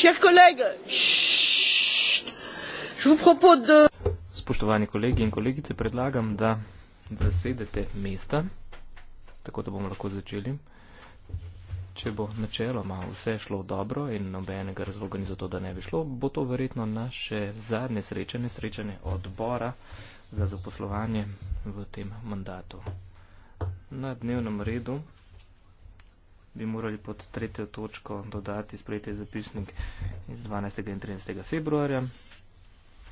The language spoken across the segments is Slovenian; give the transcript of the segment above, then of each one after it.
chers collègues, je vous propose de. Spoštovani kolegi in kolegice, predlagam, da zasedete mesta, tako da bomo lahko začeli. Če bo načeloma vse šlo dobro in nobenega razloga ni za to, da ne bi šlo, bo to verjetno naše zadnje srečanje, srečanje odbora za zaposlovanje v tem mandatu. Na dnevnem redu bi morali pod tretjo točko dodati sprejeti zapisnik iz 12. in 13. februarja.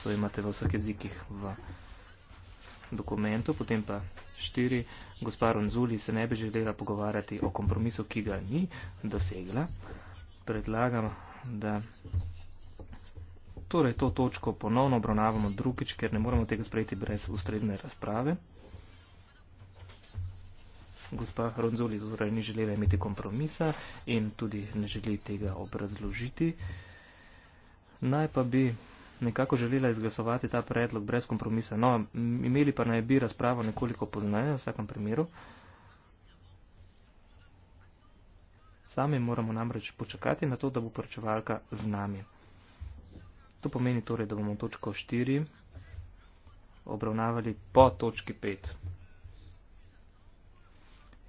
To imate v vseh jezikih v dokumentu. Potem pa štiri. Gospa Ronzuli se ne bi želela pogovarjati o kompromisu, ki ga ni dosegla. Predlagam, da torej to točko ponovno obravnavamo drugič, ker ne moremo tega sprejeti brez ustrezne razprave gospa Ronzoli torej ni želela imeti kompromisa in tudi ne želi tega obrazložiti. Naj pa bi nekako želela izglasovati ta predlog brez kompromisa. No, imeli pa naj bi razpravo nekoliko poznajo v vsakem primeru. Sami moramo namreč počakati na to, da bo poročevalka z nami. To pomeni torej, da bomo točko 4 obravnavali po točki 5.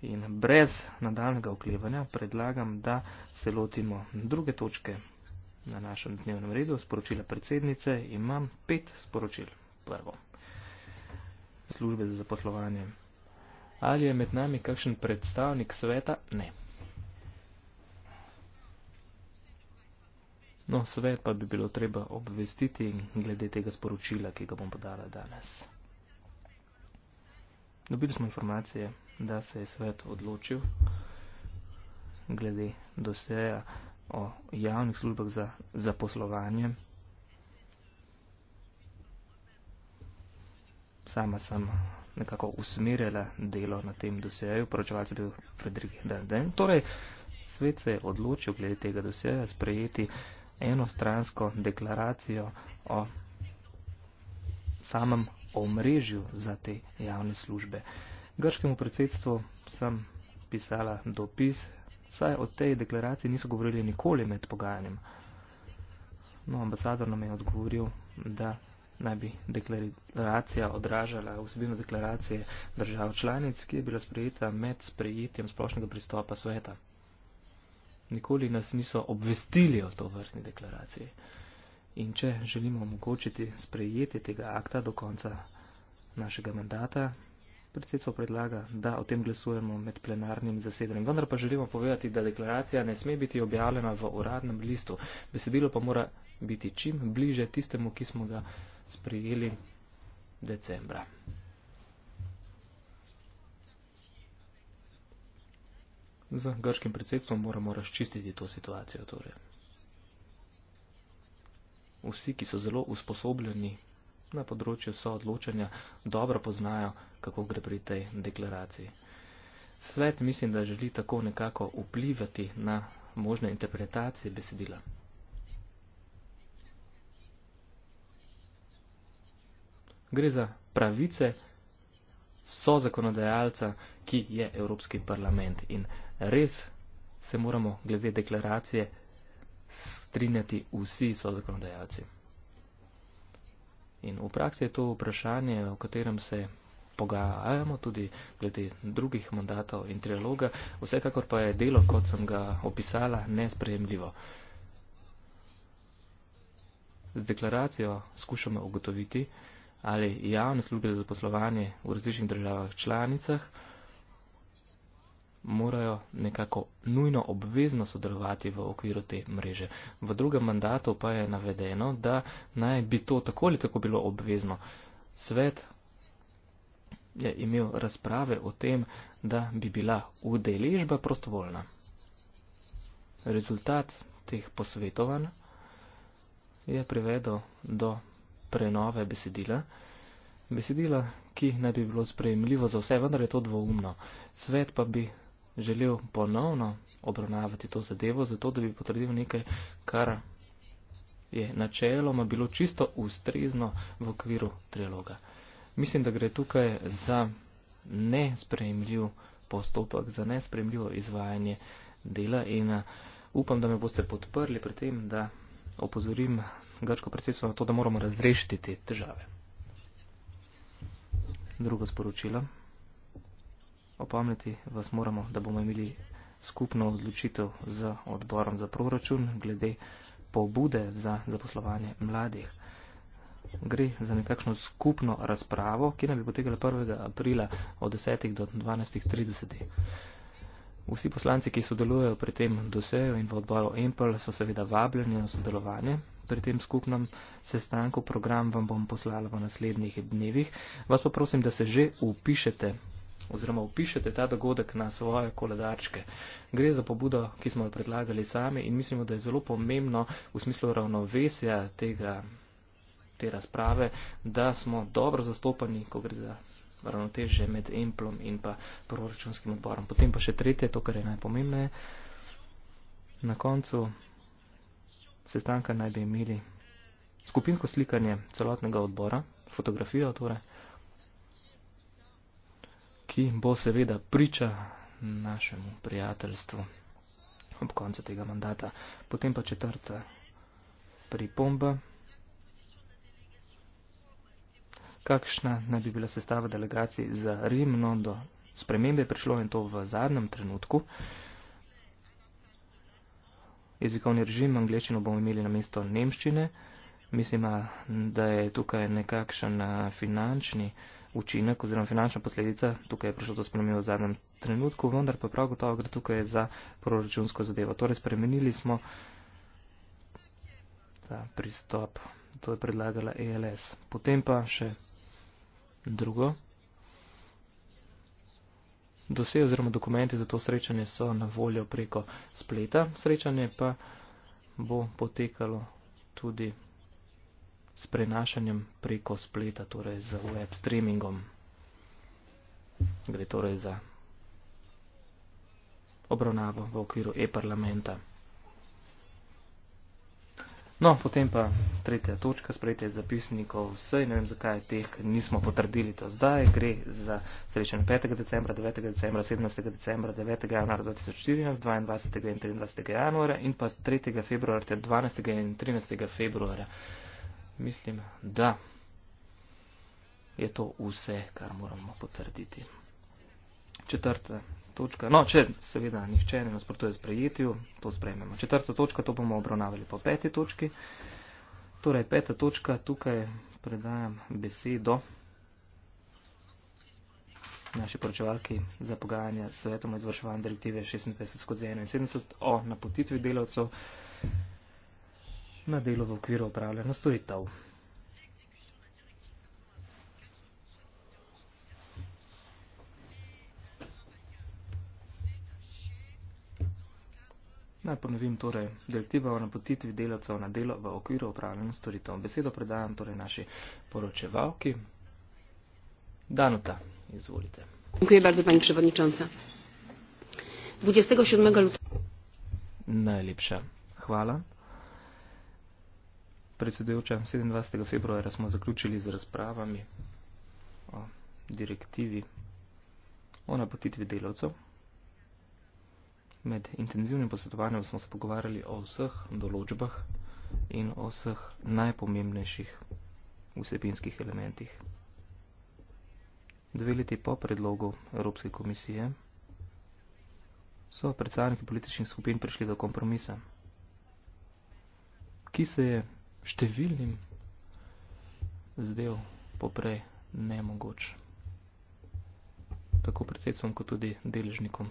In brez nadaljnega oklevanja predlagam, da se lotimo druge točke na našem dnevnem redu. Sporočila predsednice imam pet sporočil. Prvo. Službe za zaposlovanje. Ali je med nami kakšen predstavnik sveta? Ne. No, svet pa bi bilo treba obvestiti glede tega sporočila, ki ga bom podala danes. Dobili smo informacije, da se je svet odločil glede doseja o javnih službah za zaposlovanje. Sama sem nekako usmerjala delo na tem doseju, poročevalce bil Fredrik Danden. Torej, svet se je odločil glede tega doseja sprejeti enostransko deklaracijo o samem omrežju za te javne službe. Grškemu predsedstvu sem pisala dopis, saj o tej deklaraciji niso govorili nikoli med pogajanjem. No, ambasador nam je odgovoril, da naj bi deklaracija odražala vsebino deklaracije držav članic, ki je bila sprejeta med sprejetjem splošnega pristopa sveta. Nikoli nas niso obvestili o to vrstni deklaraciji in če želimo omogočiti sprejeti tega akta do konca našega mandata, predsedstvo predlaga, da o tem glasujemo med plenarnim zasedanjem. Vendar pa želimo povedati, da deklaracija ne sme biti objavljena v uradnem listu. Besedilo pa mora biti čim bliže tistemu, ki smo ga sprejeli decembra. Z grškim predsedstvom moramo razčistiti to situacijo. Torej vsi, ki so zelo usposobljeni na področju soodločanja, dobro poznajo, kako gre pri tej deklaraciji. Svet mislim, da želi tako nekako vplivati na možne interpretacije besedila. Gre za pravice so zakonodajalca, ki je Evropski parlament in res se moramo glede deklaracije strinjati vsi so zakonodajalci. In v praksi je to vprašanje, o katerem se pogajamo tudi glede drugih mandatov in trialoga, vsekakor pa je delo, kot sem ga opisala, nesprejemljivo. Z deklaracijo skušamo ugotoviti, ali javne službe za poslovanje v različnih državah članicah morajo nekako nujno obvezno sodelovati v okviru te mreže. V drugem mandatu pa je navedeno, da naj bi to tako ali tako bilo obvezno. Svet je imel razprave o tem, da bi bila udeležba prostovoljna. Rezultat teh posvetovanj je privedel do prenove besedila. Besedila, ki naj bi bilo sprejemljivo za vse, vendar je to dvoumno. Svet pa bi želel ponovno obravnavati to zadevo, zato da bi potrdil nekaj, kar je načeloma bilo čisto ustrezno v okviru triloga. Mislim, da gre tukaj za nespremljiv postopek, za nespremljivo izvajanje dela in eh, upam, da me boste podprli pri tem, da opozorim grško predsedstvo na to, da moramo razrešiti te težave. Drugo sporočilo opameti vas moramo, da bomo imeli skupno odločitev z odborom za proračun glede pobude za zaposlovanje mladih. Gre za nekakšno skupno razpravo, ki naj bi potekala 1. aprila od 10. do 12.30. Vsi poslanci, ki sodelujejo pri tem dosejo in v odboru Empel, so seveda vabljeni na sodelovanje. Pri tem skupnem sestanku program vam bom poslala v naslednjih dnevih. Vas pa prosim, da se že upišete oziroma upišete ta dogodek na svoje koledarčke. Gre za pobudo, ki smo jo predlagali sami in mislimo, da je zelo pomembno v smislu ravnovesja tega, te razprave, da smo dobro zastopani, ko gre za ravnotežje med emplom in pa proračunskim odborom. Potem pa še tretje, to, kar je najpomembneje. Na koncu sestanka naj bi imeli skupinsko slikanje celotnega odbora, fotografijo torej ki bo seveda priča našemu prijateljstvu ob koncu tega mandata. Potem pa četrta pripomba. Kakšna naj bi bila sestava delegacij za Rim? No, do spremembe je prišlo in to v zadnjem trenutku. Jezikovni režim, angliščino bomo imeli na mesto nemščine. Mislim, da je tukaj nekakšen finančni uh, učinek oziroma finančna posledica, tukaj je prišlo do spremenbe v zadnjem trenutku, vendar pa prav gotovo gre tukaj za proračunsko zadevo. Torej spremenili smo ta pristop, to je predlagala ELS. Potem pa še drugo. Dosej oziroma dokumenti za to srečanje so na voljo preko spleta, srečanje pa bo potekalo tudi s prenašanjem preko spleta, torej z web streamingom. Gre torej za obravnavo v okviru e-parlamenta. No, potem pa tretja točka, sprejte zapisnikov vse, ne vem zakaj je teh, nismo potrdili to zdaj, gre za srečanje 5. decembra, 9. decembra, 17. decembra, 9. januara 2014, 22. in 23. januara in pa 3. februarja, 12. in 13. februarja Mislim, da je to vse, kar moramo potrditi. Četrta točka. No, če seveda nihče ne nasprotuje sprejetju, to sprejmemo. Četrta točka, to bomo obravnavali po peti točki. Torej, peta točka, tukaj predajam besedo naši poročevalki za pogajanje s svetom izvrševanja direktive 26.71 o napotitvi delavcev na delo v okviru upravljanja storitev. Naj ponovim torej, direktiva o napotitvi delavcev na delo v okviru upravljanja storitev. Besedo predajam torej naši poročevalki. Danuta, izvolite. Dziękuję bardzo Pani Przewodnicząca. 27 lutego. Najlepsza. Chwala predsedujoča, 27. februarja smo zaključili z razpravami o direktivi o napotitvi delavcev. Med intenzivnim posvetovanjem smo se pogovarjali o vseh določbah in o vseh najpomembnejših vsebinskih elementih. Dve leti po predlogu Evropske komisije so predstavniki političnih skupin prišli do kompromisa, ki se je številnim zdel poprej nemogoč. Tako predsedcem, kot tudi deležnikom.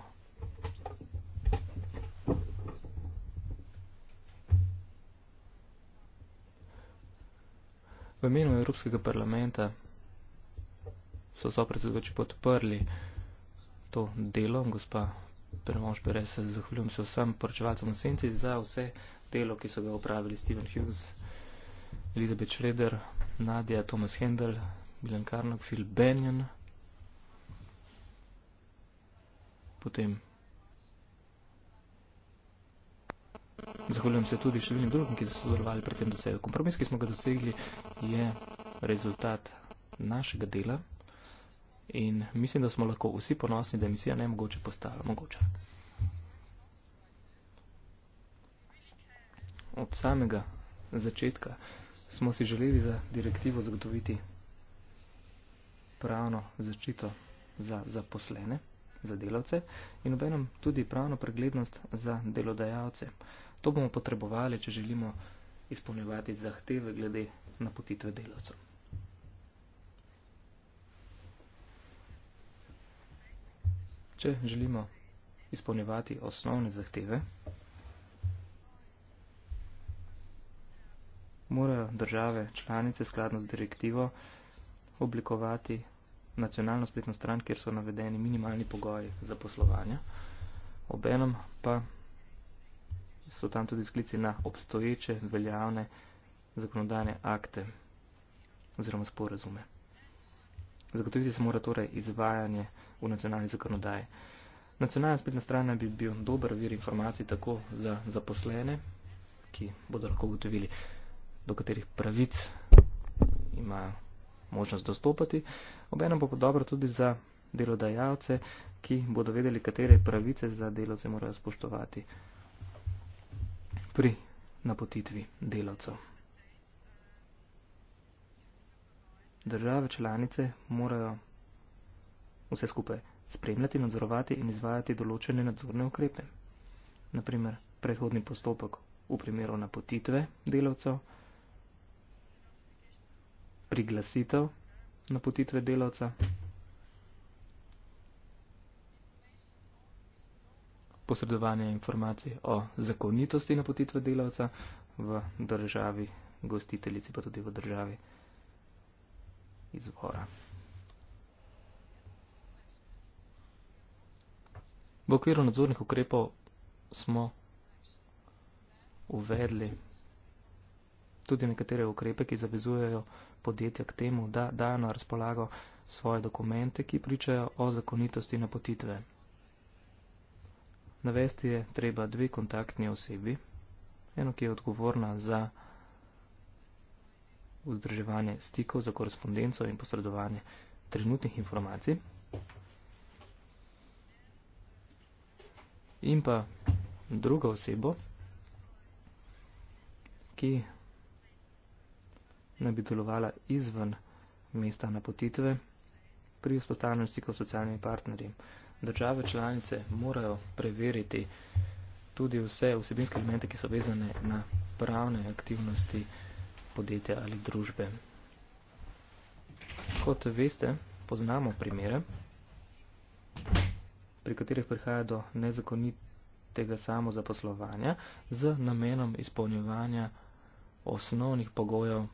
V imenu Evropskega parlamenta so so predsedoči podprli to delo, gospa Premož Perez, zahvaljujem se vsem poročevalcem v senci za vse delo, ki so ga opravili Steven Hughes. Elizabeth Schroeder, Nadia, Thomas Hendel, Milan Karnok, Phil Benjen, potem Zahvaljujem se tudi številnim drugim, ki so sodelovali pri tem dosegu. Kompromis, ki smo ga dosegli, je rezultat našega dela in mislim, da smo lahko vsi ponosni, da je misija nemogoče postala mogoča. Od samega začetka smo si želeli za direktivo zagotoviti pravno začito za zaposlene, za delavce in obenem tudi pravno preglednost za delodajalce. To bomo potrebovali, če želimo izpolnjevati zahteve glede napotitve delavcev. Če želimo izpolnjevati osnovne zahteve, morajo države članice skladno z direktivo oblikovati nacionalno spletno stran, kjer so navedeni minimalni pogoji za poslovanje. Obenem pa so tam tudi sklici na obstoječe veljavne zakonodajne akte oziroma sporazume. Zagotoviti se mora torej izvajanje v nacionalni zakonodaji. Nacionalna spletna strana bi bil dober vir informacij tako za zaposlene, ki bodo lahko ugotovili do katerih pravic ima možnost dostopati. Obenem bo dobro tudi za delodajalce, ki bodo vedeli, katere pravice za delovce morajo spoštovati pri napotitvi delovcev. Države članice morajo vse skupaj spremljati, nadzorovati in izvajati določene nadzorne ukrepe. Naprimer, predhodni postopek v primeru napotitve delovcev, priglasitev napotitve delavca. Posredovanje informacij o zakonitosti napotitve delavca v državi, gostiteljici pa tudi v državi izvora. V okviru nadzornih ukrepov smo uvedli tudi nekatere ukrepe, ki zavezujejo podjetja k temu, da dajo na razpolago svoje dokumente, ki pričajo o zakonitosti napotitve. Navesti je treba dve kontaktni osebi, eno, ki je odgovorna za vzdrževanje stikov za korespondenco in posredovanje trenutnih informacij. In pa drugo osebo, ki naj bi delovala izven mesta napotitve pri vzpostavljanju stikov s socialnimi partnerji. Države članice morajo preveriti tudi vse vsebinske elemente, ki so vezane na pravne aktivnosti podjetja ali družbe. Kot veste, poznamo primere, pri katerih prihaja do nezakonitega samozaposlovanja z namenom izpolnjevanja osnovnih pogojev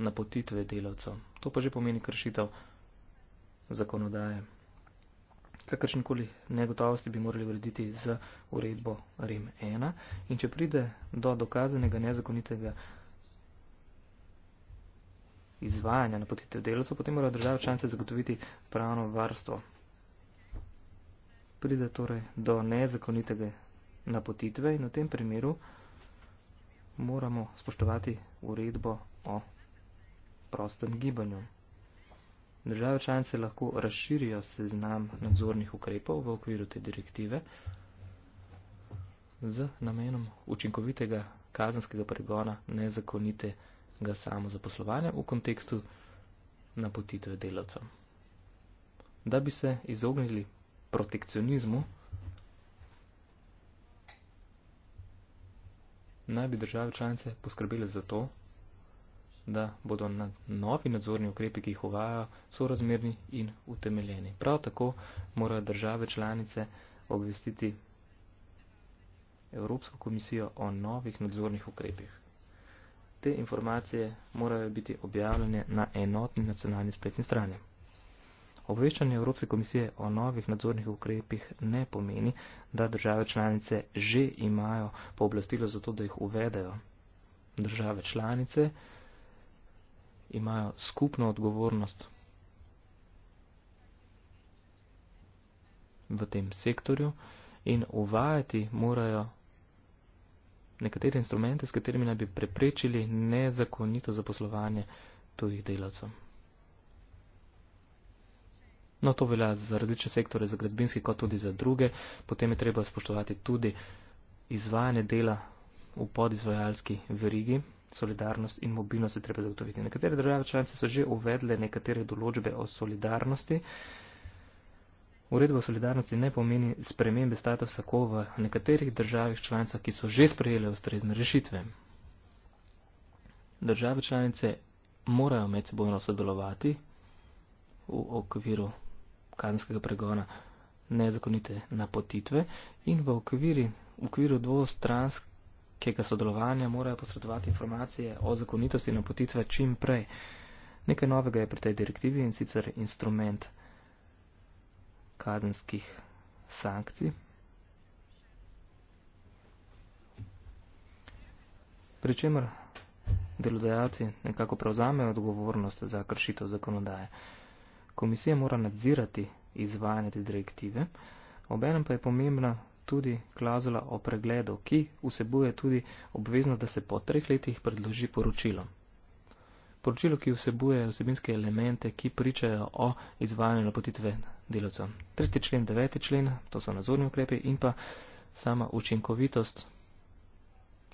napotitve delavcev. To pa že pomeni kršitev zakonodaje. Kakršnikoli negotovosti bi morali urediti z uredbo REM 1 in če pride do dokazanega nezakonitega izvajanja napotitev delavcev, potem mora država članica zagotoviti pravno varstvo. Pride torej do nezakonitega napotitve in v tem primeru moramo spoštovati uredbo o prostem gibanju. Države članice lahko razširijo seznam nadzornih ukrepov v okviru te direktive z namenom učinkovitega kazanskega pregona nezakonitega samozaposlovanja v kontekstu napotitve delavcev. Da bi se izognili protekcionizmu, naj bi države članice poskrbile za to, da bodo nad novi nadzorni ukrepi, ki jih uvajajo, sorazmerni in utemeljeni. Prav tako morajo države članice obvestiti Evropsko komisijo o novih nadzornih ukrepih. Te informacije morajo biti objavljene na enotni nacionalni spletni strani. Obveščanje Evropske komisije o novih nadzornih ukrepih ne pomeni, da države članice že imajo pooblastilo za to, da jih uvedejo. Države članice imajo skupno odgovornost v tem sektorju in uvajati morajo nekatere instrumente, s katerimi naj bi preprečili nezakonito zaposlovanje tujih delavcev. No, to velja za različne sektore, za gradbinski, kot tudi za druge. Potem je treba spoštovati tudi izvajanje dela v podizvajalski verigi solidarnost in mobilnost je treba zagotoviti. Nekatere države članice so že uvedle nekatere določbe o solidarnosti. Uredba o solidarnosti ne pomeni spremembe statusa ko v nekaterih državih članicah, ki so že sprejeli ustrezne rešitve. Države članice morajo med sebojno sodelovati v okviru kazenskega pregona nezakonite napotitve in v okviru, v okviru dvostransk nekega sodelovanja morajo posredovati informacije o zakonitosti napotitve čim prej. Nekaj novega je pri tej direktivi in sicer instrument kazenskih sankcij. Pričemer delodajalci nekako prevzamejo odgovornost za kršitev zakonodaje. Komisija mora nadzirati izvajanje te direktive, obenem pa je pomembna tudi klauzula o pregledu, ki vsebuje tudi obvezno, da se po treh letih predloži poročilo. Poročilo, ki vsebuje vsebinske elemente, ki pričajo o izvajanju napotitve delavcev. Tretji člen, deveti člen, to so nadzorni ukrepi in pa sama učinkovitost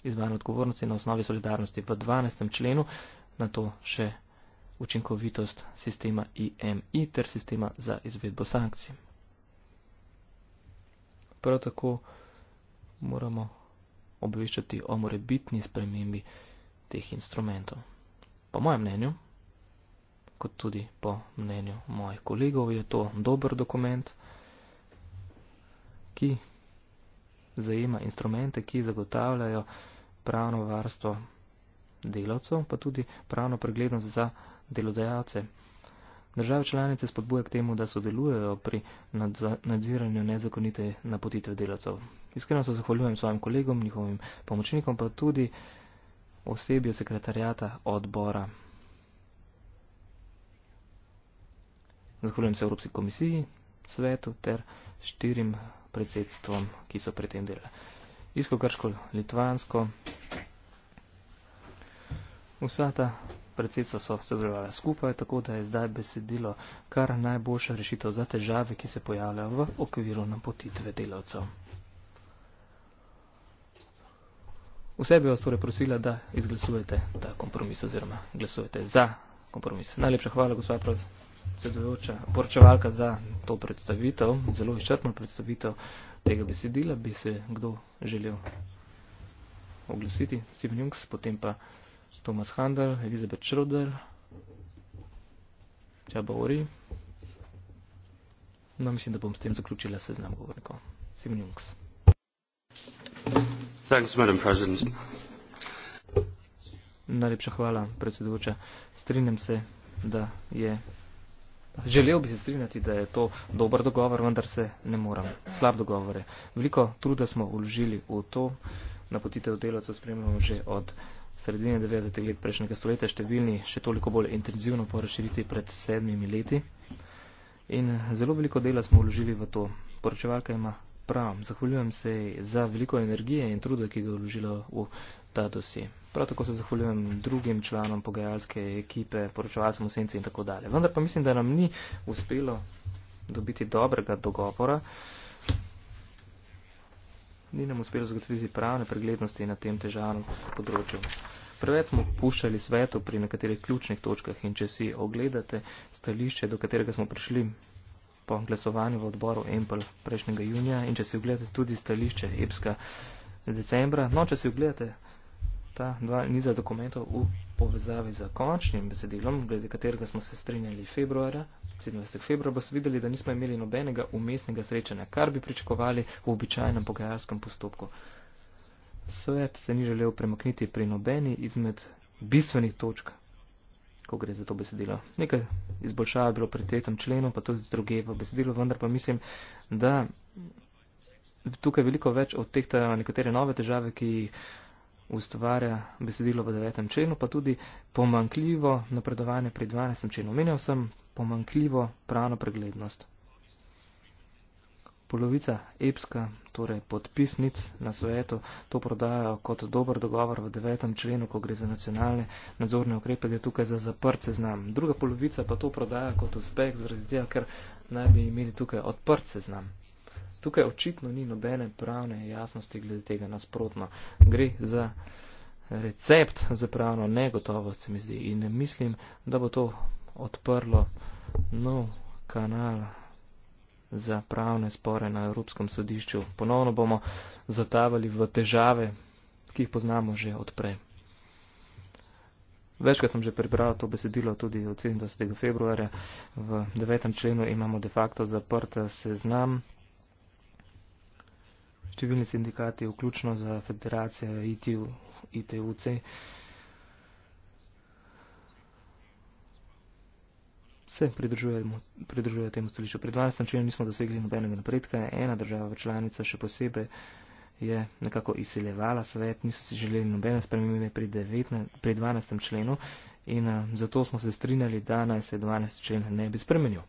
izvajanja odgovornosti na osnovi solidarnosti. V dvanajstem členu na to še učinkovitost sistema IMI ter sistema za izvedbo sankcij prav tako moramo obveščati o morebitni spremembi teh instrumentov. Po mojem mnenju, kot tudi po mnenju mojih kolegov, je to dober dokument, ki zajema instrumente, ki zagotavljajo pravno varstvo delavcev, pa tudi pravno preglednost za delodajalce. Države članice spodbuja k temu, da sodelujejo pri nadziranju nezakonite napotitve delavcev. Iskreno se zahvaljujem svojim kolegom, njihovim pomočnikom, pa tudi osebju sekretarjata odbora. Zahvaljujem se Evropski komisiji, svetu ter štirim predsedstvom, ki so pri tem delali. Isko Krško, Litvansko, vsa ta predsedstva so se vrvala skupaj, tako da je zdaj besedilo kar najboljša rešitev za težave, ki se pojavljajo v okviru napotitve delavcev. Vse bi vas torej prosila, da izglasujete ta kompromis oziroma glasujete za kompromis. Najlepša hvala, gospod predsedujoča, poročevalka za to predstavitev, zelo izčrpno predstavitev tega besedila. Bi se kdo želel oglasiti, Steven Jungs, potem pa. Thomas Handel, Elizabeth Schroeder. Tja Bauri. No, mislim, da bom s tem zaključila seznam govornikov. Simon Jungs. Thanks, Madam President. Najlepša hvala, predsedujoča. Strinjam se, da je. Želel bi se strinjati, da je to dober dogovor, vendar se ne moram. Slab dogovor je. Veliko truda smo vložili v to napotitev delavcev spremljamo že od sredine 90. let prejšnjega stoletja, številni še toliko bolj intenzivno po razširiti pred sedmimi leti. In zelo veliko dela smo vložili v to. Poročevalka ima prav. Zahvaljujem se za veliko energije in truda, ki ga je vložila v ta dosje. Prav tako se zahvaljujem drugim članom pogajalske ekipe, poročevalcem v senci in tako dalje. Vendar pa mislim, da nam ni uspelo dobiti dobrega dogovora. Uh, ni nam uspelo zagotoviti pravne preglednosti na tem težavnem področju. Preveč smo puščali svetu pri nekaterih ključnih točkah in če si ogledate stališče, do katerega smo prišli po glasovanju v odboru Empel prejšnjega junija in če si ogledate tudi stališče Epska decembra, no, če si ogledate ta dva niza dokumentov v povezavi z končnim besedilom, glede katerega smo se strinjali februarja, 27. februar, bo se videli, da nismo imeli nobenega umestnega srečanja, kar bi pričakovali v običajnem pogajalskem postopku. Svet se ni želel premakniti pri nobeni izmed bistvenih točk, ko gre za to besedilo. Nekaj izboljšava je bilo pri tretjem členu, pa tudi druge v besedilu, vendar pa mislim, da tukaj veliko več odtehtajo nekatere nove težave, ki jih ustvarja besedilo v 9. členu, pa tudi pomankljivo napredovanje pri 12. členu. Omenjal sem pomankljivo pravno preglednost. Polovica EPSKA, torej podpisnic na svetu, to prodajo kot dober dogovor v 9. členu, ko gre za nacionalne nadzorne ukrepe, gre tukaj za zaprt seznam. Druga polovica pa to prodaja kot uspeh, zaradi tega, ker naj bi imeli tukaj odprt seznam. Tukaj očitno ni nobene pravne jasnosti glede tega nasprotno. Gre za recept za pravno negotovost, se mi zdi, in mislim, da bo to odprlo nov kanal za pravne spore na Evropskem sodišču. Ponovno bomo zatavali v težave, ki jih poznamo že odprej. Večkrat sem že prebral to besedilo tudi od 27. februarja. V 9. členu imamo de facto zaprt seznam številni sindikati, vključno za federacijo ITU, ITUC. Se pridružujejo temu stoličju. Pri 12. členu nismo dosegli nobenega napredka, ena država članica še posebej je nekako izsilevala svet, niso si želeli nobene spremembe pri, pri 12. členu in a, eh, zato smo se strinjali, da naj se 12. člen ne bi spremenil.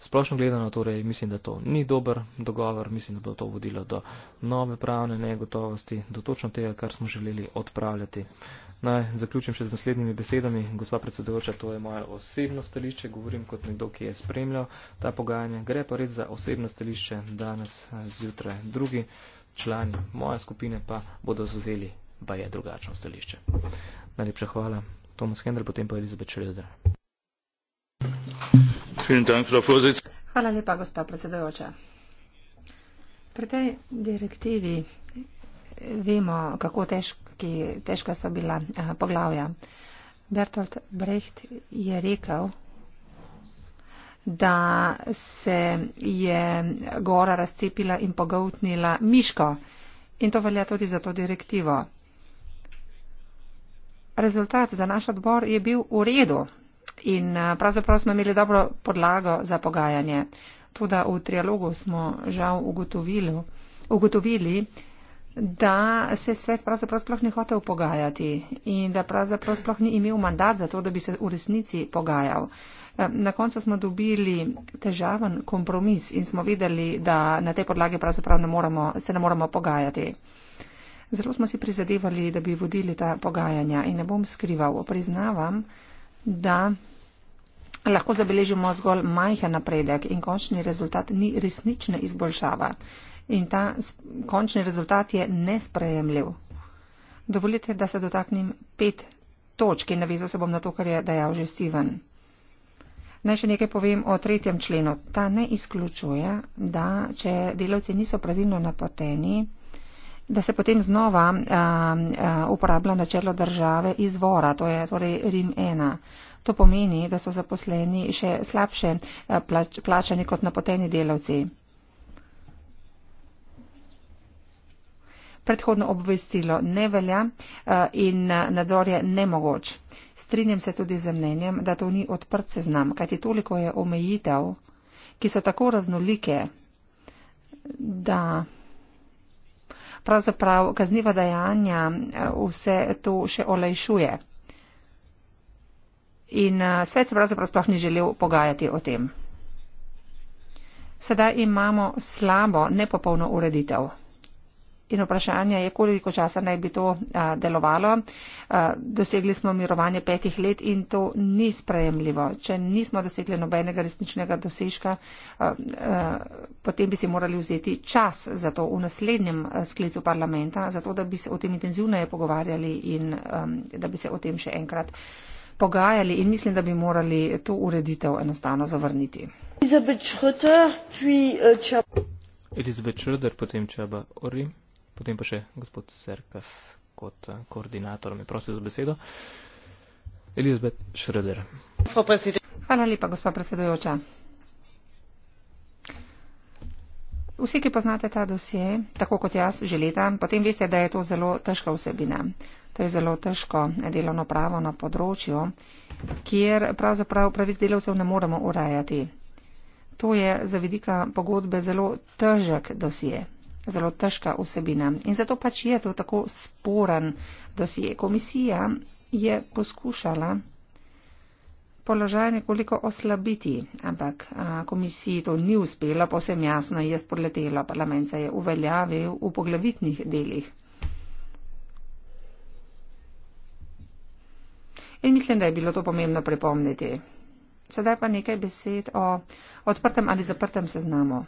Splošno gledano, torej, mislim, da to ni dober dogovor, mislim, da bo to vodilo do nove pravne negotovosti, do točno tega, kar smo želeli odpravljati. Naj zaključim še z naslednjimi besedami. Gospa predsedujoča, to je moje osebno stališče, govorim kot nekdo, ki je spremljal ta pogajanja. Gre pa res za osebno stališče danes eh, zjutraj. Drugi člani moje skupine pa bodo zauzeli, pa je drugačno stališče. Najlepša hvala. Tomas Hendr, potem pa Elizabeth Schröder. Hvala lepa, gospa predsedojoča. Pri tej direktivi vemo, kako težki, težka so bila eh, poglavja. Bertolt Brecht je rekel, da se je gora razcepila in pogoltnila miško. In to velja tudi za to direktivo. Rezultat za naš odbor je bil v redu in eh, pravzaprav smo imeli dobro podlago za pogajanje. Tudi v trialogu smo žal ugotovili, ugotovili da se svet pravzaprav sploh ni hotel pogajati in da pravzaprav sploh ni imel mandat za to, da bi se v resnici pogajal. Eh, na koncu smo dobili težaven kompromis in smo videli, da na tej podlagi pravzaprav ne moramo, se ne moramo pogajati. Zelo smo si prizadevali, da bi vodili ta pogajanja in ne bom skrival, priznavam, da lahko zabeležimo zgolj majhen napredek in končni rezultat ni resnična izboljšava. In ta končni rezultat je nesprejemljiv. Dovolite, da se dotaknem pet točk in navezal se bom na to, kar je dejal že Steven. Naj še nekaj povem o tretjem členu. Ta ne izključuje, da če delavci niso pravilno napoteni, da se potem znova a, a, uporablja načelo države izvora, to je torej Rim 1. To pomeni, da so zaposleni še slabše plač, plačani kot napoteni delavci. Predhodno obvestilo ne velja in nadzor je nemogoč. Strinjam se tudi z mnenjem, da to ni odprt seznam, kajti toliko je omejitev, ki so tako raznolike, da pravzaprav kazniva dejanja eh, vse to še olajšuje. In eh, svet se pravzaprav sploh ni želel pogajati o tem. Sedaj imamo slabo, nepopolno ureditev. In vprašanje je, koliko časa naj bi to a, delovalo. A, dosegli smo mirovanje petih let in to ni sprejemljivo. Če nismo dosegli nobenega resničnega dosežka, a, a, potem bi si morali vzeti čas za to v naslednjem sklicu parlamenta, zato da bi se o tem intenzivneje pogovarjali in a, da bi se o tem še enkrat pogajali in mislim, da bi morali to ureditev enostavno zavrniti. Elizabeth euh, Schröder, potem Čaba Ori potem pa še gospod Serkas kot eh, koordinator mi prosil za besedo. Elizabeth Schröder. Hvala lepa, gospod predsedujoča. Vsi, ki poznate ta dosje, tako kot jaz, že leta, potem veste, da je to zelo težka vsebina. To je zelo težko delovno pravo na področju, kjer pravzaprav pravic delavcev ne moremo urajati. To je za vidika pogodbe zelo težek dosje, zelo težka vsebina. In zato pač je to tako sporen dosije. Komisija je poskušala položaj nekoliko oslabiti, ampak a, komisiji to ni uspelo, posebno jasno je spodletelo, parlament se je uveljavil v poglavitnih delih. In mislim, da je bilo to pomembno pripomniti. Sedaj pa nekaj besed o odprtem ali zaprtem seznamu.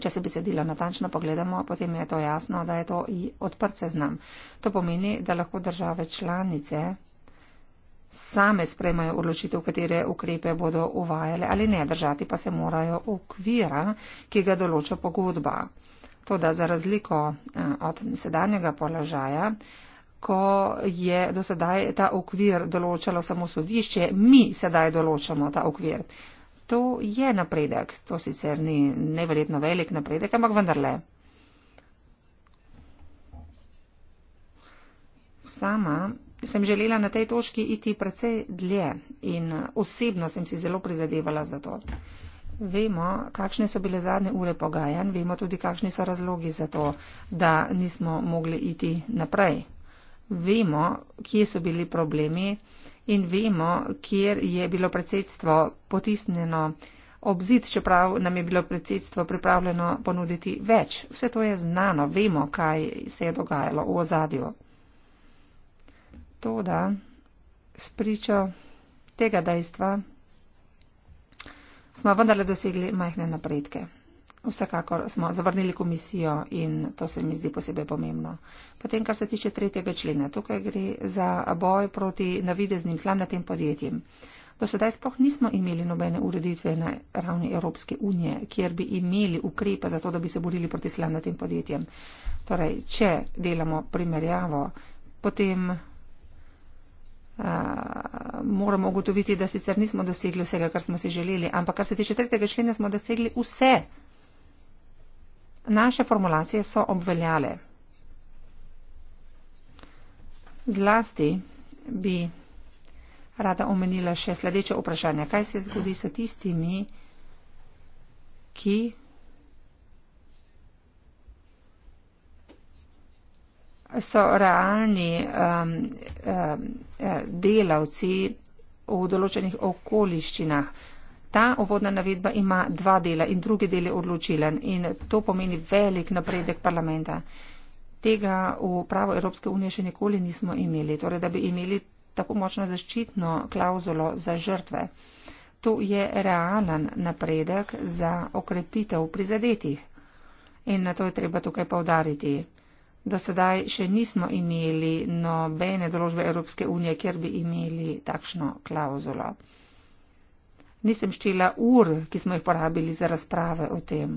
Če se besedilo natančno pogledamo, potem je to jasno, da je to i odprt seznam. To pomeni, da lahko države članice same sprejmajo odločitev, katere ukrepe bodo uvajale ali ne. Držati pa se morajo okvira, ki ga določa pogodba. To, da za razliko eh, od sedanjega položaja, ko je do sedaj ta okvir določalo samo sodišče, mi sedaj določamo ta okvir to je napredek. To sicer ni neverjetno velik napredek, ampak vendarle. Sama sem želela na tej točki iti precej dlje in osebno sem si zelo prizadevala za to. Vemo, kakšne so bile zadnje ure pogajanj, vemo tudi, kakšni so razlogi za to, da nismo mogli iti naprej. Vemo, kje so bili problemi in vemo, kjer je bilo predsedstvo potisnjeno ob zid, čeprav nam je bilo predsedstvo pripravljeno ponuditi več. Vse to je znano, vemo, kaj se je dogajalo v ozadju. To, da spričo tega dejstva smo vendarle dosegli majhne napredke. Vsekakor smo zavrnili komisijo in to se mi zdi posebej pomembno. Potem, kar se tiče tretjega člena, tukaj gre za boj proti navideznim slamnatim podjetjem. Do sedaj sploh nismo imeli nobene ureditve na ravni Evropske unije, kjer bi imeli ukrepe za to, da bi se borili proti slamnatim podjetjem. Torej, če delamo primerjavo, potem. Uh, moramo ugotoviti, da sicer nismo dosegli vsega, kar smo si želeli, ampak kar se tiče tretjega člena, smo dosegli vse, Naše formulacije so obveljale. Zlasti bi rada omenila še sledeče vprašanje. Kaj se zgodi s tistimi, ki so realni um, um, eh, delavci v določenih okoliščinah? ta uvodna navedba ima dva dela in drugi del je odločilen in to pomeni velik napredek parlamenta. Tega v pravo Evropske unije še nikoli nismo imeli, torej da bi imeli tako močno zaščitno klauzulo za žrtve. To je realen napredek za okrepitev prizadetih in na to je treba tukaj povdariti. Do sedaj še nismo imeli nobene družbe Evropske unije, kjer bi imeli takšno klauzulo. Nisem štela ur, ki smo jih porabili za razprave o tem.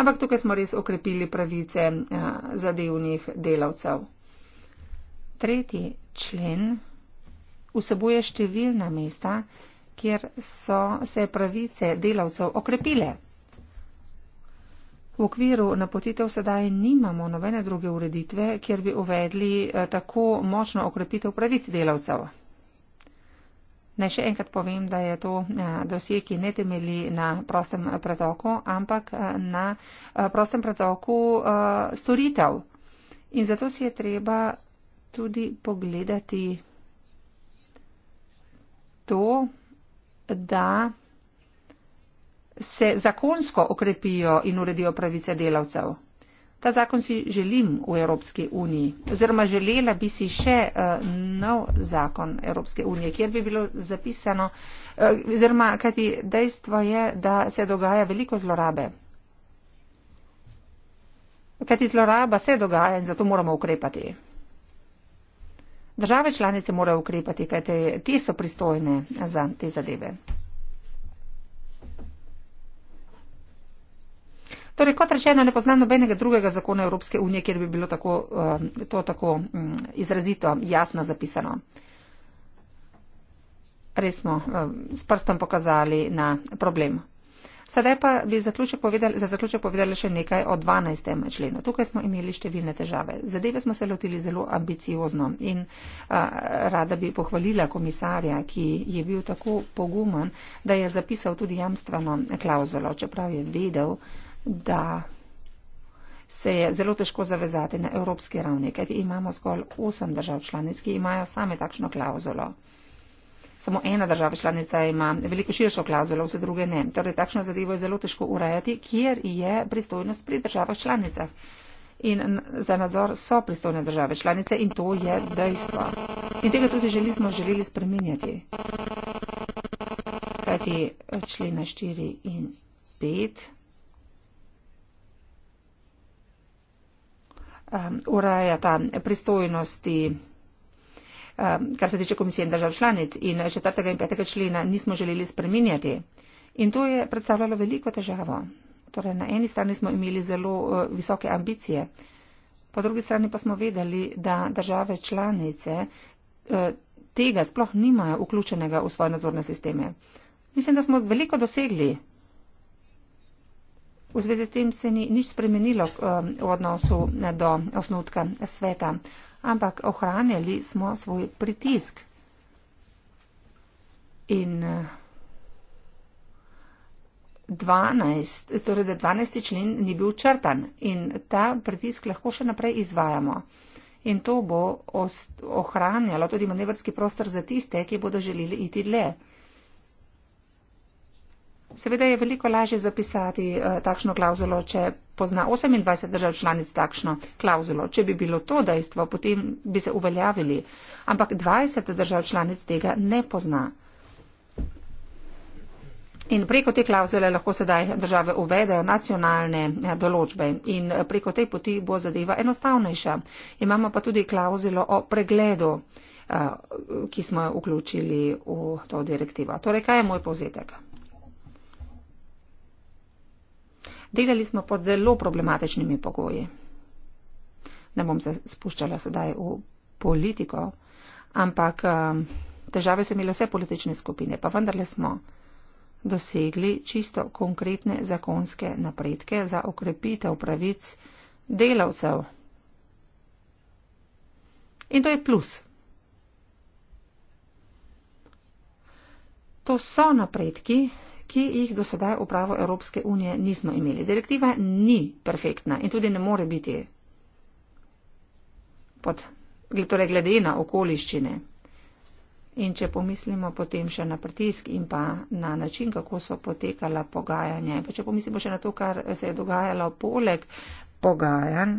Ampak tukaj smo res okrepili pravice eh, zadevnih delavcev. Tretji člen vsebuje številna mesta, kjer so se pravice delavcev okrepile. V okviru napotitev sedaj nimamo nobene druge ureditve, kjer bi uvedli eh, tako močno okrepitev pravic delavcev. Naj še enkrat povem, da je to eh, dosje, ki ne temeli na prostem pretoku, ampak eh, na prostem pretoku storitev. In zato si je treba tudi pogledati to, da se zakonsko okrepijo in uredijo pravice delavcev. Ta zakon si želim v Evropski uniji, oziroma želela bi si še uh, nov zakon Evropske unije, kjer bi bilo zapisano, uh, oziroma kajti dejstvo je, da se dogaja veliko zlorabe. Kajti zloraba se dogaja in zato moramo ukrepati. Države članice morajo ukrepati, kajti te so pristojne za te zadeve. Torej, kot rečeno, ne poznam nobenega drugega zakona Evropske unije, kjer bi bilo tako, um, to tako um, izrazito jasno zapisano. Res smo um, s prstom pokazali na problem. Sedaj pa bi zaključek povedali, za zaključek povedali še nekaj o 12. členu. Tukaj smo imeli številne težave. Zadeve smo se lotili zelo ambiciozno in a, uh, rada bi pohvalila komisarja, ki je bil tako pogumen, da je zapisal tudi jamstveno klauzulo, čeprav je vedel, da se je zelo težko zavezati na evropski ravni, kajti imamo zgolj 8 držav članic, ki imajo same takšno klauzulo. Samo ena država članica ima veliko širšo klauzulo, vse druge ne. Torej, takšno zadevo je zelo težko urejati, kjer je pristojnost pri državah članicah. In za nadzor so pristojne države članice in to je dejstvo. In tega tudi želi, smo želeli spremenjati. Kajti eh, člena 4 in 5 Um, urajata pristojnosti um, kar se tiče komisije in držav članic in 4. in 5. člena nismo želeli spreminjati. In to je predstavljalo veliko težavo. Torej, na eni strani smo imeli zelo uh, visoke ambicije, po drugi strani pa smo vedeli, da države članice uh, tega sploh nimajo vključenega v svoje nadzorne sisteme. Mislim, da smo veliko dosegli V zvezi s tem se ni nič spremenilo um, v odnosu eh, do osnutka sveta, ampak ohranjali smo svoj pritisk. In 12, eh, torej 12. člen ni bil črtan in ta pritisk lahko še naprej izvajamo. In to bo ohranjalo tudi manevrski prostor za tiste, ki bodo želeli iti dlje. Seveda je veliko lažje zapisati uh, takšno klauzulo, če pozna 28 držav članic takšno klauzulo. Če bi bilo to dejstvo, potem bi se uveljavili. Ampak 20 držav članic tega ne pozna. In preko te klauzule lahko sedaj države uvedejo nacionalne eh, določbe in eh, preko te poti bo zadeva enostavnejša. Imamo pa tudi klauzulo o pregledu, ki smo jo vključili v to direktivo. Torej, kaj je moj povzetek? delali smo pod zelo problematičnimi pogoji. Ne bom se spuščala sedaj v politiko, ampak um, težave so imele vse politične skupine, pa vendarle smo dosegli čisto konkretne zakonske napredke za okrepitev pravic delavcev. In to je plus. To so napredki, ki jih do sedaj v pravo Evropske unije nismo imeli. Direktiva ni perfektna in tudi ne more biti. Pod, torej glede na okoliščine. In če pomislimo potem še na pritisk in pa na način, kako so potekala pogajanja. In pa če pomislimo še na to, kar se je dogajalo poleg pogajanj,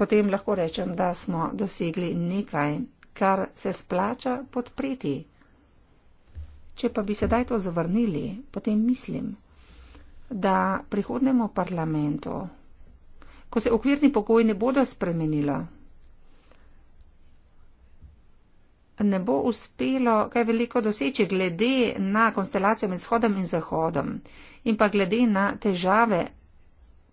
potem lahko rečem, da smo dosegli nekaj, kar se splača podpreti. Če pa bi sedaj to zavrnili, potem mislim, da prihodnemu parlamentu, ko se okvirni pogoji ne bodo spremenila, ne bo uspelo kaj veliko doseči glede na konstelacijo med shodom in zahodom in pa glede na težave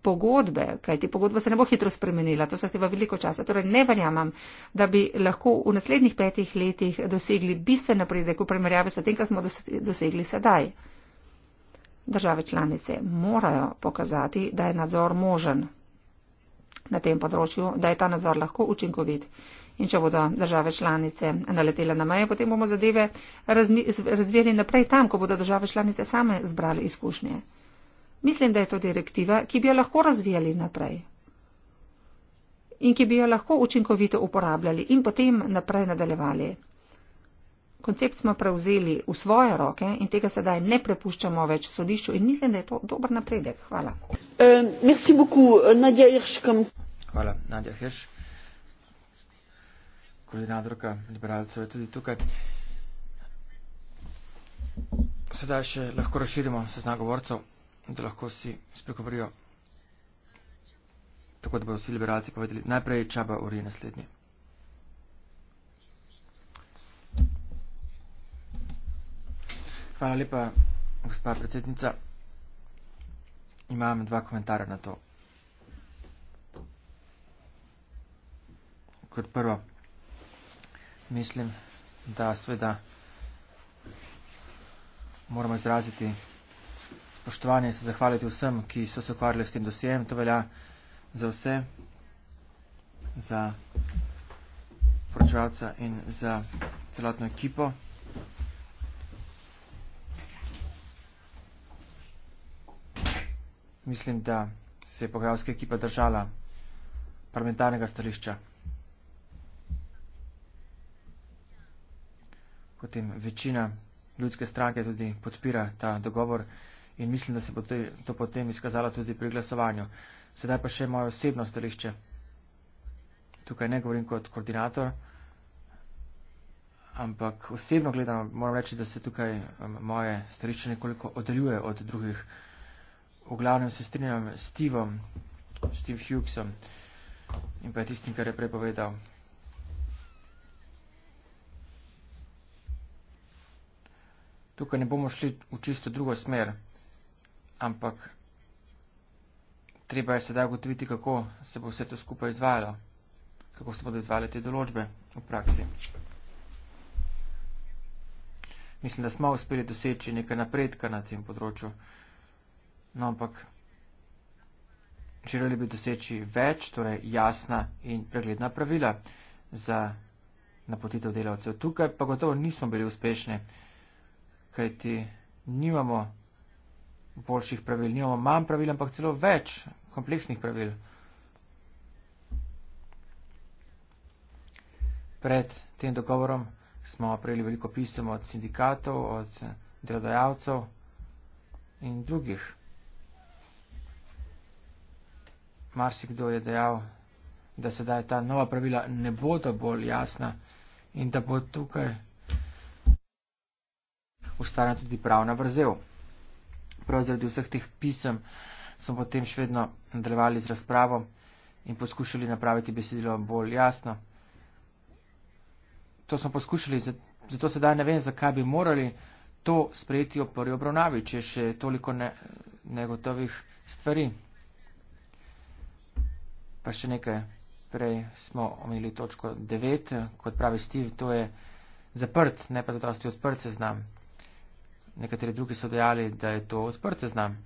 pogodbe, kajti pogodba se ne bo hitro spremenila, to zahteva veliko časa. Torej ne verjamem, da bi lahko v naslednjih petih letih dosegli bistven napredek v primerjavi s tem, kar smo dosegli sedaj. Države članice morajo pokazati, da je nadzor možen na tem področju, da je ta nadzor lahko učinkovit. In če bodo države članice naletele na meje, potem bomo zadeve razvijali naprej tam, ko bodo države članice same zbrali izkušnje. Mislim, da je to direktiva, ki bi jo lahko razvijali naprej in ki bi jo lahko učinkovito uporabljali in potem naprej nadaljevali. Koncept smo prevzeli v svoje roke in tega sedaj ne prepuščamo več sodišču in mislim, da je to dober napredek. Hvala. Eh, eh, Hvala, Nadja Hirš. Koordinatorka liberalcev je tudi tukaj. Sedaj še lahko razširimo seznam govorcev da lahko vsi spregovorijo, tako da bodo vsi liberalci povedali, najprej Čaba uri naslednji. Hvala lepa, gospa predsednica. Imam dva komentarja na to. Kot prvo, mislim, da sveda moramo izraziti spoštovanje se zahvaliti vsem, ki so se ukvarjali s tem dosjem. To velja za vse, za poročevalca in za celotno ekipo. Mislim, da se je pogajalska ekipa držala parlamentarnega stališča. Potem večina ljudske stranke tudi podpira ta dogovor in mislim, da se bo to potem izkazalo tudi pri glasovanju. Sedaj pa še moje osebno stališče. Tukaj ne govorim kot koordinator, ampak osebno gledam, moram reči, da se tukaj um, moje stališče nekoliko oddaljuje od drugih. V glavnem se strinjam s Stevom, Steve Hughesom in pa tistim, kar je prepovedal. Tukaj ne bomo šli v čisto drugo smer ampak treba je sedaj ugotoviti, kako se bo vse to skupaj izvajalo, kako se bodo izvajale te določbe v praksi. Mislim, da smo uspeli doseči nekaj napredka na tem področju, no ampak želeli bi doseči več, torej jasna in pregledna pravila za napotitev delavcev. Tukaj pa gotovo nismo bili uspešni, kajti nimamo boljših pravil, nimamo manj pravil, ampak celo več kompleksnih pravil. Pred tem dogovorom smo prejeli veliko pisem od sindikatov, od delodajalcev in drugih. Marsikdo je dejal, da sedaj ta nova pravila ne bodo bolj jasna in da bo tukaj ustvarjena tudi pravna vrzel prav zaradi vseh teh pisem smo potem še vedno nadaljevali z razpravo in poskušali napraviti besedilo bolj jasno. To smo poskušali, zato sedaj ne vem, zakaj bi morali to sprejeti v prvi obravnavi, če še toliko ne, negotovih stvari. Pa še nekaj, prej smo omenili točko 9, kot pravi Steve, to je zaprt, ne pa zadosti odprt seznam. Nekateri drugi so dejali, da je to odprt seznam.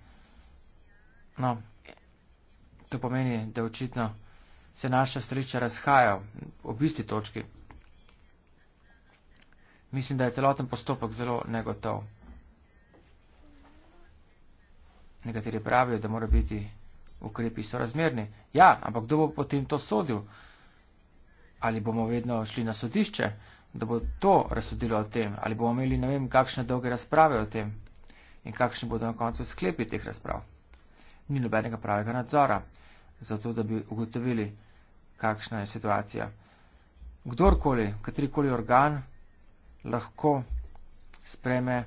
No, to pomeni, da očitno se naša stališča razhajajo ob isti točki. Mislim, da je celoten postopek zelo negotov. Nekateri pravijo, da mora biti ukrepi sorazmerni. Ja, ampak kdo bo potem to sodil? Ali bomo vedno šli na sodišče? da bo to razsodilo o tem, ali bomo imeli ne vem, kakšne dolge razprave o tem in kakšni bodo na koncu sklepi teh razprav. Ni nobenega pravega nadzora, zato da bi ugotovili, kakšna je situacija. Kdorkoli, katerikoli organ lahko spreme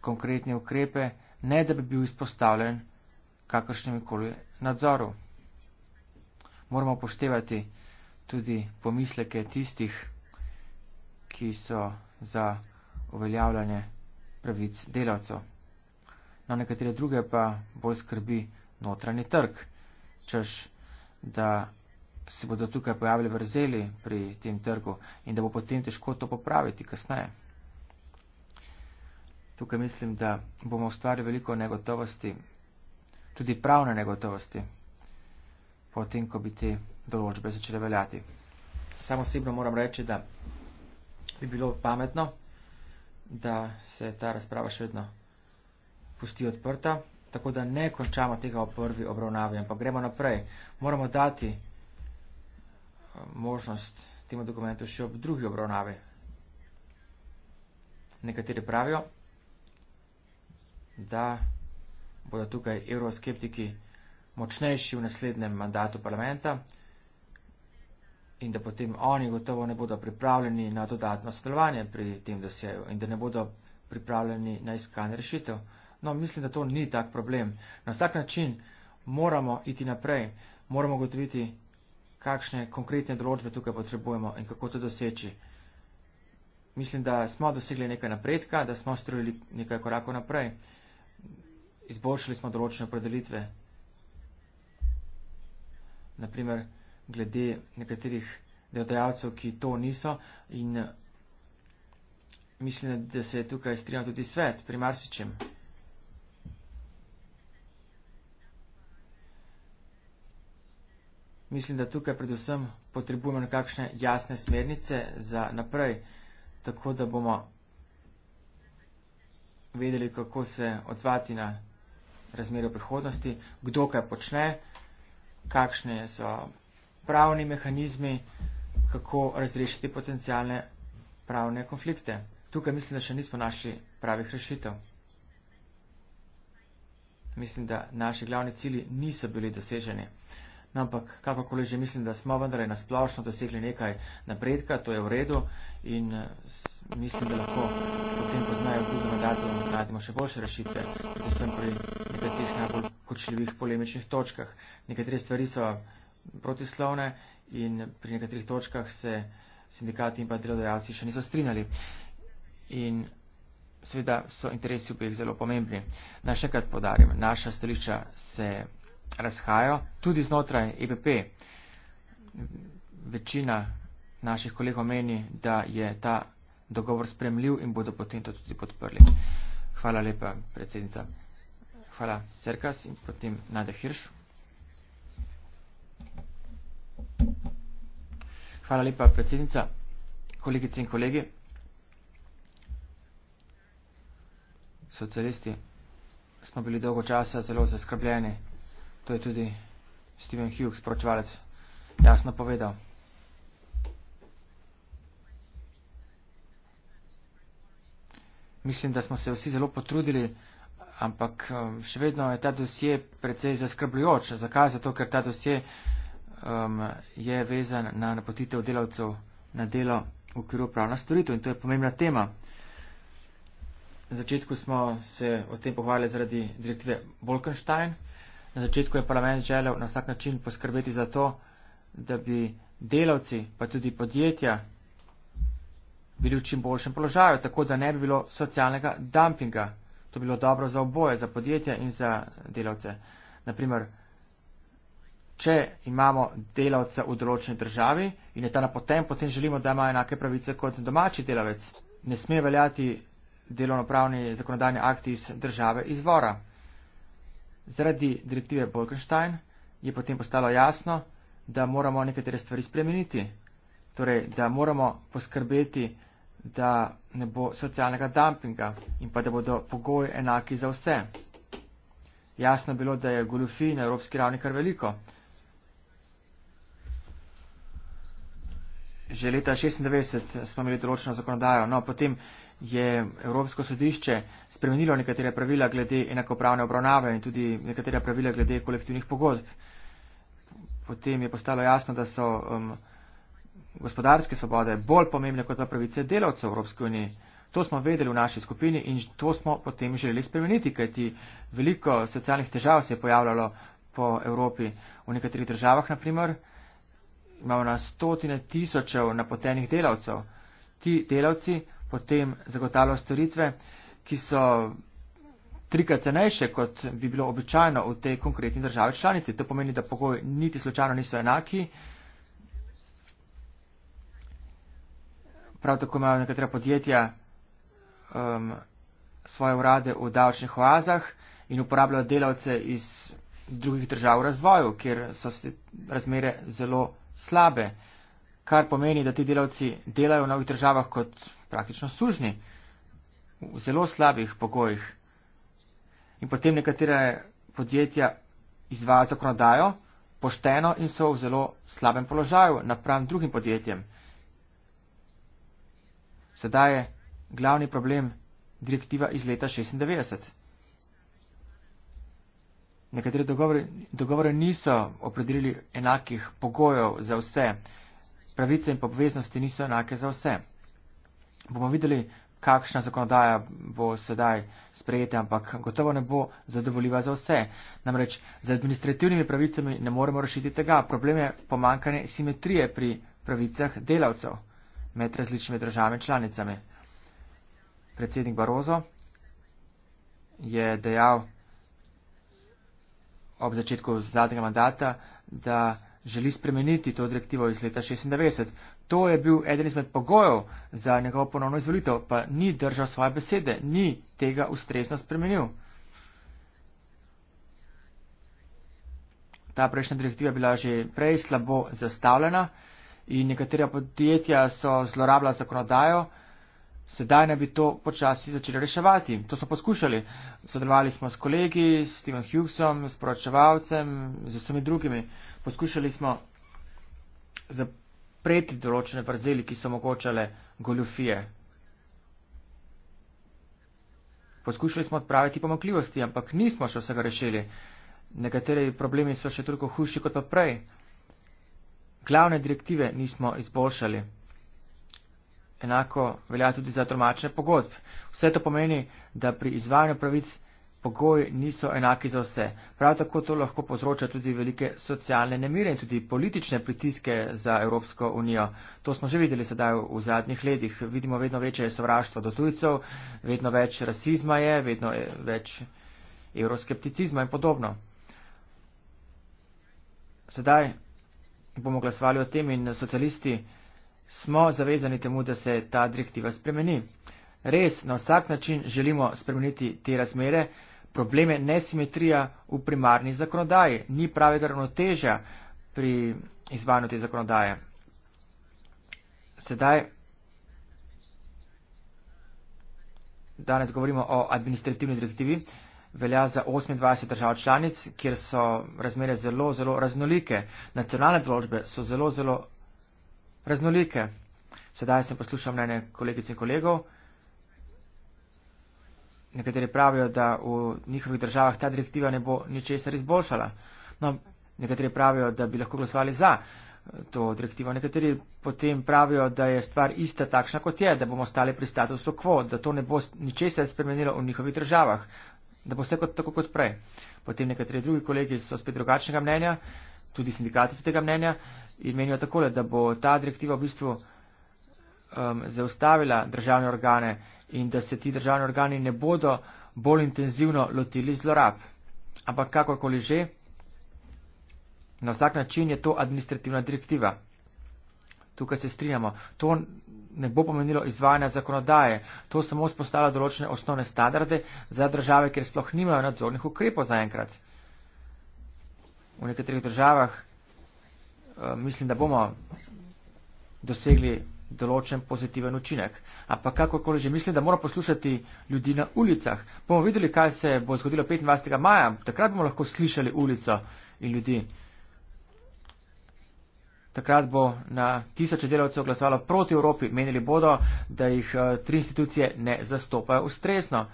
konkretne ukrepe, ne da bi bil izpostavljen kakršnemu koli nadzoru. Moramo poštevati tudi pomisleke tistih, ki ki so za uveljavljanje pravic delavcev. Na nekatere druge pa bolj skrbi notranji trg, češ, da se bodo tukaj pojavili vrzeli pri tem trgu in da bo potem težko to popraviti kasneje. Tukaj mislim, da bomo ustvarili veliko negotovosti, tudi pravne negotovosti, potem, ko bi te določbe začele veljati. Samo osebno moram reči, da bi bilo pametno, da se ta razprava še vedno pusti odprta, tako da ne končamo tega v prvi obravnavi, ampak gremo naprej. Moramo dati eh, možnost temu dokumentu še ob drugi obravnavi. Nekateri pravijo, da bodo tukaj evroskeptiki močnejši v naslednjem mandatu parlamenta, in da potem oni gotovo ne bodo pripravljeni na dodatno sodelovanje pri tem dosjeju in da ne bodo pripravljeni na iskanje rešitev. No, mislim, da to ni tak problem. Na vsak način moramo iti naprej, moramo gotoviti, kakšne konkretne določbe tukaj potrebujemo in kako to doseči. Mislim, da smo dosegli nekaj napredka, da smo strojili nekaj korakov naprej. Izboljšali smo določene predelitve. Naprimer, glede nekaterih delodajalcev, ki to niso in eh, mislim, da se je tukaj strinjal tudi svet pri Marsičem. Mislim, da tukaj predvsem potrebujemo nekakšne jasne smernice za naprej, tako da bomo vedeli, kako se odzvati na razmere v prihodnosti, kdo kaj počne, kakšne so pravni mehanizmi, kako razrešiti potencijalne pravne konflikte. Tukaj mislim, da še nismo našli pravih rešitev. Mislim, da naši glavni cilji niso bili doseženi. No, ampak kakorkoli že mislim, da smo vendar na splošno dosegli nekaj napredka, to je v redu in eh, mislim, da lahko potem poznajo v drugem mandatu in najdemo še boljše rešitve, predvsem pri nekaterih najbolj kočljivih polemičnih točkah. Nekatere stvari so protislovne in pri nekaterih točkah se sindikati in pa delodajalci še niso strinjali. In seveda so interesi obeh zelo pomembni. Naj še krat podarim, naša stališča se razhajajo tudi znotraj EPP. Večina naših kolegov meni, da je ta dogovor spremljiv in bodo potem to tudi podprli. Hvala lepa, predsednica. Hvala, Cerkas in potem Nade Hiršu. Hvala lepa, predsednica, kolegice in kolegi, socialisti smo bili dolgo časa zelo zaskrbljeni, to je tudi Steven Hughes, poročevalec, jasno povedal. Mislim, da smo se vsi zelo potrudili, ampak um, še vedno je ta dosje precej zaskrbljujoč. Zakaj? Zato, ker ta dosje um, je vezan na napotitev delavcev na delo v okviru upravna storitev in to je pomembna tema. Na začetku smo se o tem pohvali zaradi direktive Bolkenstein. Na začetku je parlament želel na vsak način poskrbeti za to, da bi delavci pa tudi podjetja bili v čim boljšem položaju, tako da ne bi bilo socialnega dumpinga. To bi bilo dobro za oboje, za podjetja in za delavce. Naprimer, če imamo delavca v določeni državi in je ta napoten, potem želimo, da ima enake pravice kot domači delavec. Ne sme veljati delovnopravni zakonodajni akti iz države izvora. Zaradi direktive Bolkenstein je potem postalo jasno, da moramo nekatere stvari spremeniti. Torej, da moramo poskrbeti, da ne bo socialnega dumpinga in pa da bodo pogoji enaki za vse. Jasno je bilo, da je goljufij na evropski ravni kar veliko, že leta 96 smo imeli določeno zakonodajo. No, potem je Evropsko sodišče spremenilo nekatere pravila glede enakopravne obravnave in tudi nekatere pravila glede kolektivnih pogodb. Potem je postalo jasno, da so um, gospodarske svobode bolj pomembne kot pa pravice delavcev Evropske unije. To smo vedeli v naši skupini in to smo potem želeli spremeniti, kajti veliko socialnih težav se je pojavljalo po Evropi v nekaterih državah, naprimer imamo na stotine tisočev napotenih delavcev. Ti delavci potem zagotavljajo storitve, ki so trikrat cenejše, kot bi bilo običajno v tej konkretni državi članici. To pomeni, da pogoji niti slučajno niso enaki. Prav tako imajo nekatera podjetja um, svoje urade v davčnih oazah in uporabljajo delavce iz drugih držav v razvoju, kjer so se razmere zelo slabe, kar pomeni, da ti delavci delajo v novih državah kot praktično sužni, v zelo slabih pogojih. In potem nekatere podjetja izvaja zakonodajo pošteno in so v zelo slabem položaju napram drugim podjetjem. Sedaj je glavni problem direktiva iz leta 96. Nekateri dogovori niso opredelili enakih pogojev za vse, pravice in obveznosti niso enake za vse. Bomo videli, kakšna zakonodaja bo sedaj sprejeta, ampak gotovo ne bo zadovoljiva za vse. Namreč z administrativnimi pravicami ne moremo rešiti tega. Problem je pomankanje simetrije pri pravicah delavcev med različnimi državami članicami. Predsednik Barozo je dejal, ob začetku zadnjega mandata, da želi spremeniti to direktivo iz leta 96. To je bil eden izmed pogojev za njegovo ponovno izvolitev, pa ni držal svoje besede, ni tega ustrezno spremenil. Ta prejšnja direktiva bila že prej slabo zastavljena in nekatera podjetja so zlorabljala zakonodajo, sedaj ne bi to počasi začeli reševati. To smo poskušali. Sodelovali smo s kolegi, s Stephen Hughesom, s poročevalcem, z vsemi drugimi. Poskušali smo zapreti določene vrzeli, ki so omogočale goljufije. Poskušali smo odpraviti pomakljivosti, ampak nismo še vsega rešili. Nekateri problemi so še toliko hujši kot pa prej. Glavne direktive nismo izboljšali enako velja tudi za tromačne pogodb. Vse to pomeni, da pri izvajanju pravic pogoji niso enaki za vse. Prav tako to lahko povzroča tudi velike socialne nemire in tudi politične pritiske za Evropsko unijo. To smo že videli sedaj v zadnjih letih. Vidimo vedno večje sovraštvo do tujcev, vedno več rasizma je, vedno e, več euroskepticizma in podobno. Sedaj bomo glasovali o tem in socialisti smo zavezani temu, da se ta direktiva spremeni. Res, na vsak način želimo spremeniti te razmere, probleme nesimetrija v primarni zakonodaji, ni pravega ravnotežja pri izvajanju te zakonodaje. Sedaj, danes govorimo o administrativni direktivi, velja za 28 držav članic, kjer so razmere zelo, zelo raznolike. Nacionalne določbe so zelo, zelo raznolike. Sedaj sem poslušal mnenje kolegice in kolegov. Nekateri pravijo, da v njihovih državah ta direktiva ne bo ničesar izboljšala. No, nekateri pravijo, da bi lahko glasovali za eh, to direktivo. Nekateri potem pravijo, da je stvar ista takšna, kot je, da bomo stali pri statusu quo, da to ne bo ničesar spremenilo v njihovih državah, da bo vse kot, tako kot prej. Potem nekateri drugi kolegi so spet drugačnega mnenja tudi sindikati so tega mnenja in menijo takole, da bo ta direktiva v bistvu um, zaustavila državne organe in da se ti državni organi ne bodo bolj intenzivno lotili zlorab. Ampak kakorkoli že, na vsak način je to administrativna direktiva. Tukaj se strinjamo. To ne bo pomenilo izvajanja zakonodaje. To samo spostavlja določene osnovne standarde za države, kjer sploh nimajo nadzornih ukrepov zaenkrat v nekaterih državah. Eh, mislim, da bomo dosegli določen pozitiven učinek. Ampak kakorkoli že mislim, da moramo poslušati ljudi na ulicah. Bomo videli, kaj se bo zgodilo 25. maja. Takrat bomo lahko slišali ulico in ljudi. Takrat bo na tisoče delavcev glasovalo proti Evropi. Menili bodo, da jih eh, tri institucije ne zastopajo ustrezno.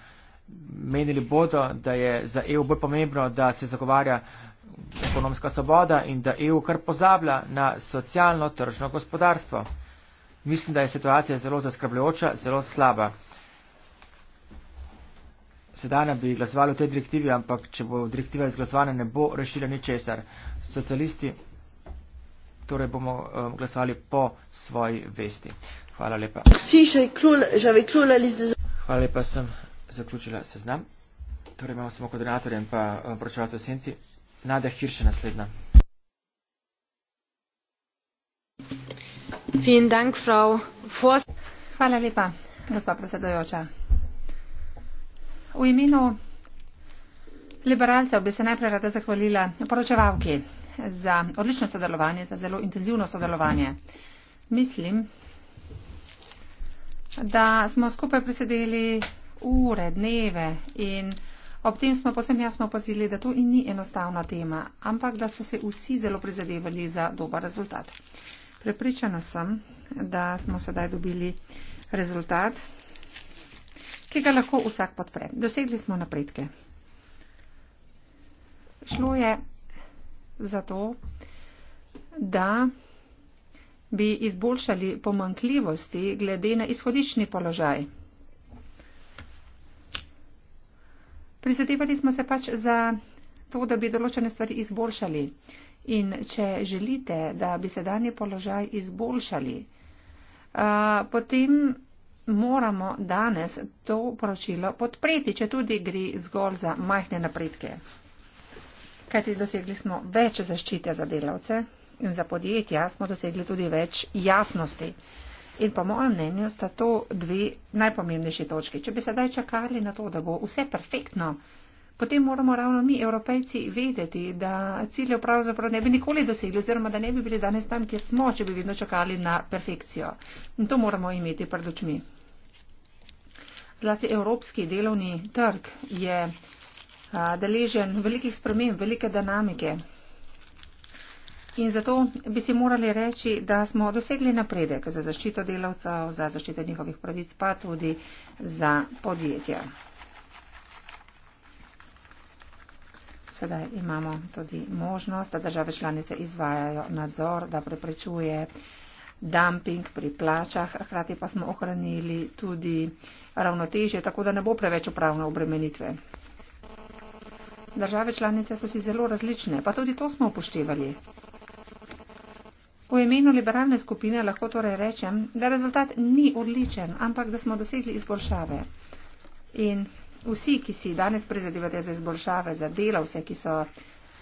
Menili bodo, da je za EU bolj pomembno, da se zagovarja uh, ekonomska svoboda in da EU kar pozablja na socialno tržno gospodarstvo. Mislim, da je situacija zelo zaskrbljujoča, zelo slaba. Sedaj ne bi glasovali v tej direktivi, ampak če bo direktiva izglasovana, ne bo rešila ničesar. Socialisti torej bomo um, glasovali po svoji vesti. Hvala lepa. Hvala lepa, sem zaključila seznam. Torej imamo samo koordinatorja in pa um, pročevalce v senci. Nadja Hirše naslednja. Hvala lepa, gospod predsedojoča. V imenu liberalcev bi se najprej rada zahvalila poročevalki za odlično sodelovanje, za zelo intenzivno sodelovanje. Mislim, da smo skupaj presedeli ure, dneve in vse, Ob tem smo posem jasno opazili, da to in ni enostavna tema, ampak da so se vsi zelo prizadevali za dober rezultat. Prepričana sem, da smo sedaj dobili rezultat, ki ga lahko vsak podpre. Dosegli smo napredke. Šlo je za to, da bi izboljšali pomankljivosti glede na izhodični položaj Prizadevali smo se pač za to, da bi določene stvari izboljšali. In če želite, da bi se danji položaj izboljšali, potem moramo danes to poročilo podpreti, če tudi gre zgolj za majhne napredke. Kajti dosegli smo več zaščite za delavce in za podjetja, smo dosegli tudi več jasnosti. In po mojem mnenju sta to dve najpomembnejši točki. Če bi sedaj čakali na to, da bo vse perfektno, potem moramo ravno mi, evropejci, vedeti, da ciljev pravzaprav ne bi nikoli dosegli oziroma da ne bi bili danes tam, kjer smo, če bi vedno čakali na perfekcijo. In to moramo imeti pred očmi. Zlasti evropski delovni trg je deležen velikih sprememb, velike dinamike. In zato bi si morali reči, da smo dosegli napredek za zaščito delavcev, za zaščito njihovih pravic, pa tudi za podjetja. Sedaj imamo tudi možnost, da države članice izvajajo nadzor, da preprečuje dumping pri plačah, hkrati pa smo ohranili tudi ravnotežje, tako da ne bo preveč upravne obremenitve. Države članice so si zelo različne, pa tudi to smo upoštevali. V imenu liberalne skupine lahko torej rečem, da rezultat ni odličen, ampak da smo dosegli izboljšave. In vsi, ki si danes prizadevate za izboljšave, za delavce, ki so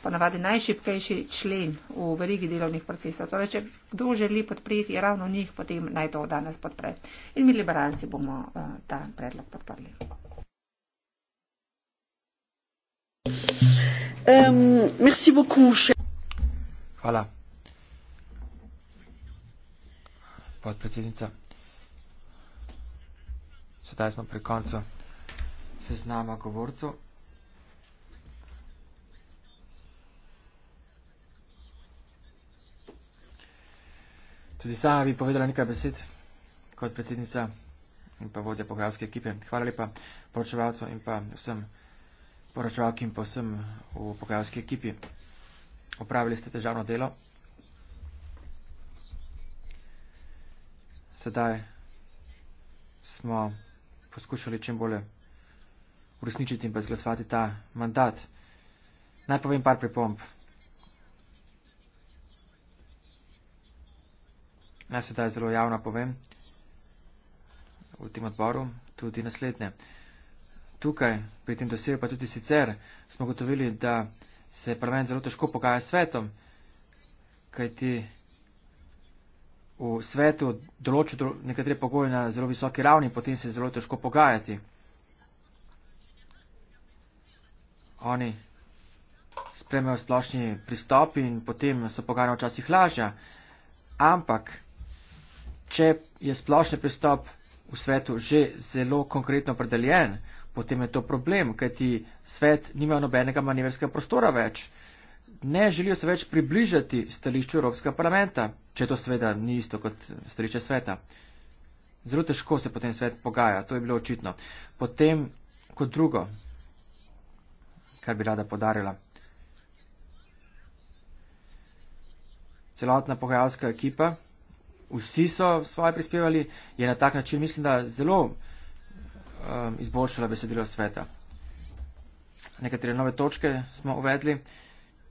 ponavadi najšipkejši člen v verigi delovnih procesov, torej če kdo želi podpreti ravno njih, potem naj to danes podpre. In mi liberalci bomo uh, ta predlog podprli. Um, merci beaucoup. Voilà. podpredsednica. Sedaj smo pri koncu seznama govorcev. Tudi sama bi povedala nekaj besed kot predsednica in pa vodja pogajalske ekipe. Hvala lepa poročevalcu in pa vsem poročevalkim in pa vsem v pogajalski ekipi. Opravili ste težavno delo. sedaj smo poskušali čim bolje uresničiti in pa izglasovati ta mandat. Naj povem par pripomb. Naj sedaj zelo javno povem v tem odboru tudi naslednje. Tukaj, pri tem dosegu, pa tudi sicer, smo gotovili, da se parlament zelo težko pogaja s svetom, kajti v svetu določil nekatere pogoje na zelo visoki ravni, potem se je zelo težko pogajati. Oni spremljajo splošni pristop in potem so pogajanja včasih lažja. Ampak, če je splošni pristop v svetu že zelo konkretno predeljen, potem je to problem, kajti svet nima nobenega manevrskega prostora več ne želijo se več približati stališču Evropskega parlamenta, če to seveda ni isto kot stališče sveta. Zelo težko se potem svet pogaja, to je bilo očitno. Potem, kot drugo, kar bi rada podarila. Celotna pogajalska ekipa, vsi so svoje prispevali, je na tak način, mislim, da zelo um, izboljšala besedilo sveta. Nekatere nove točke smo uvedli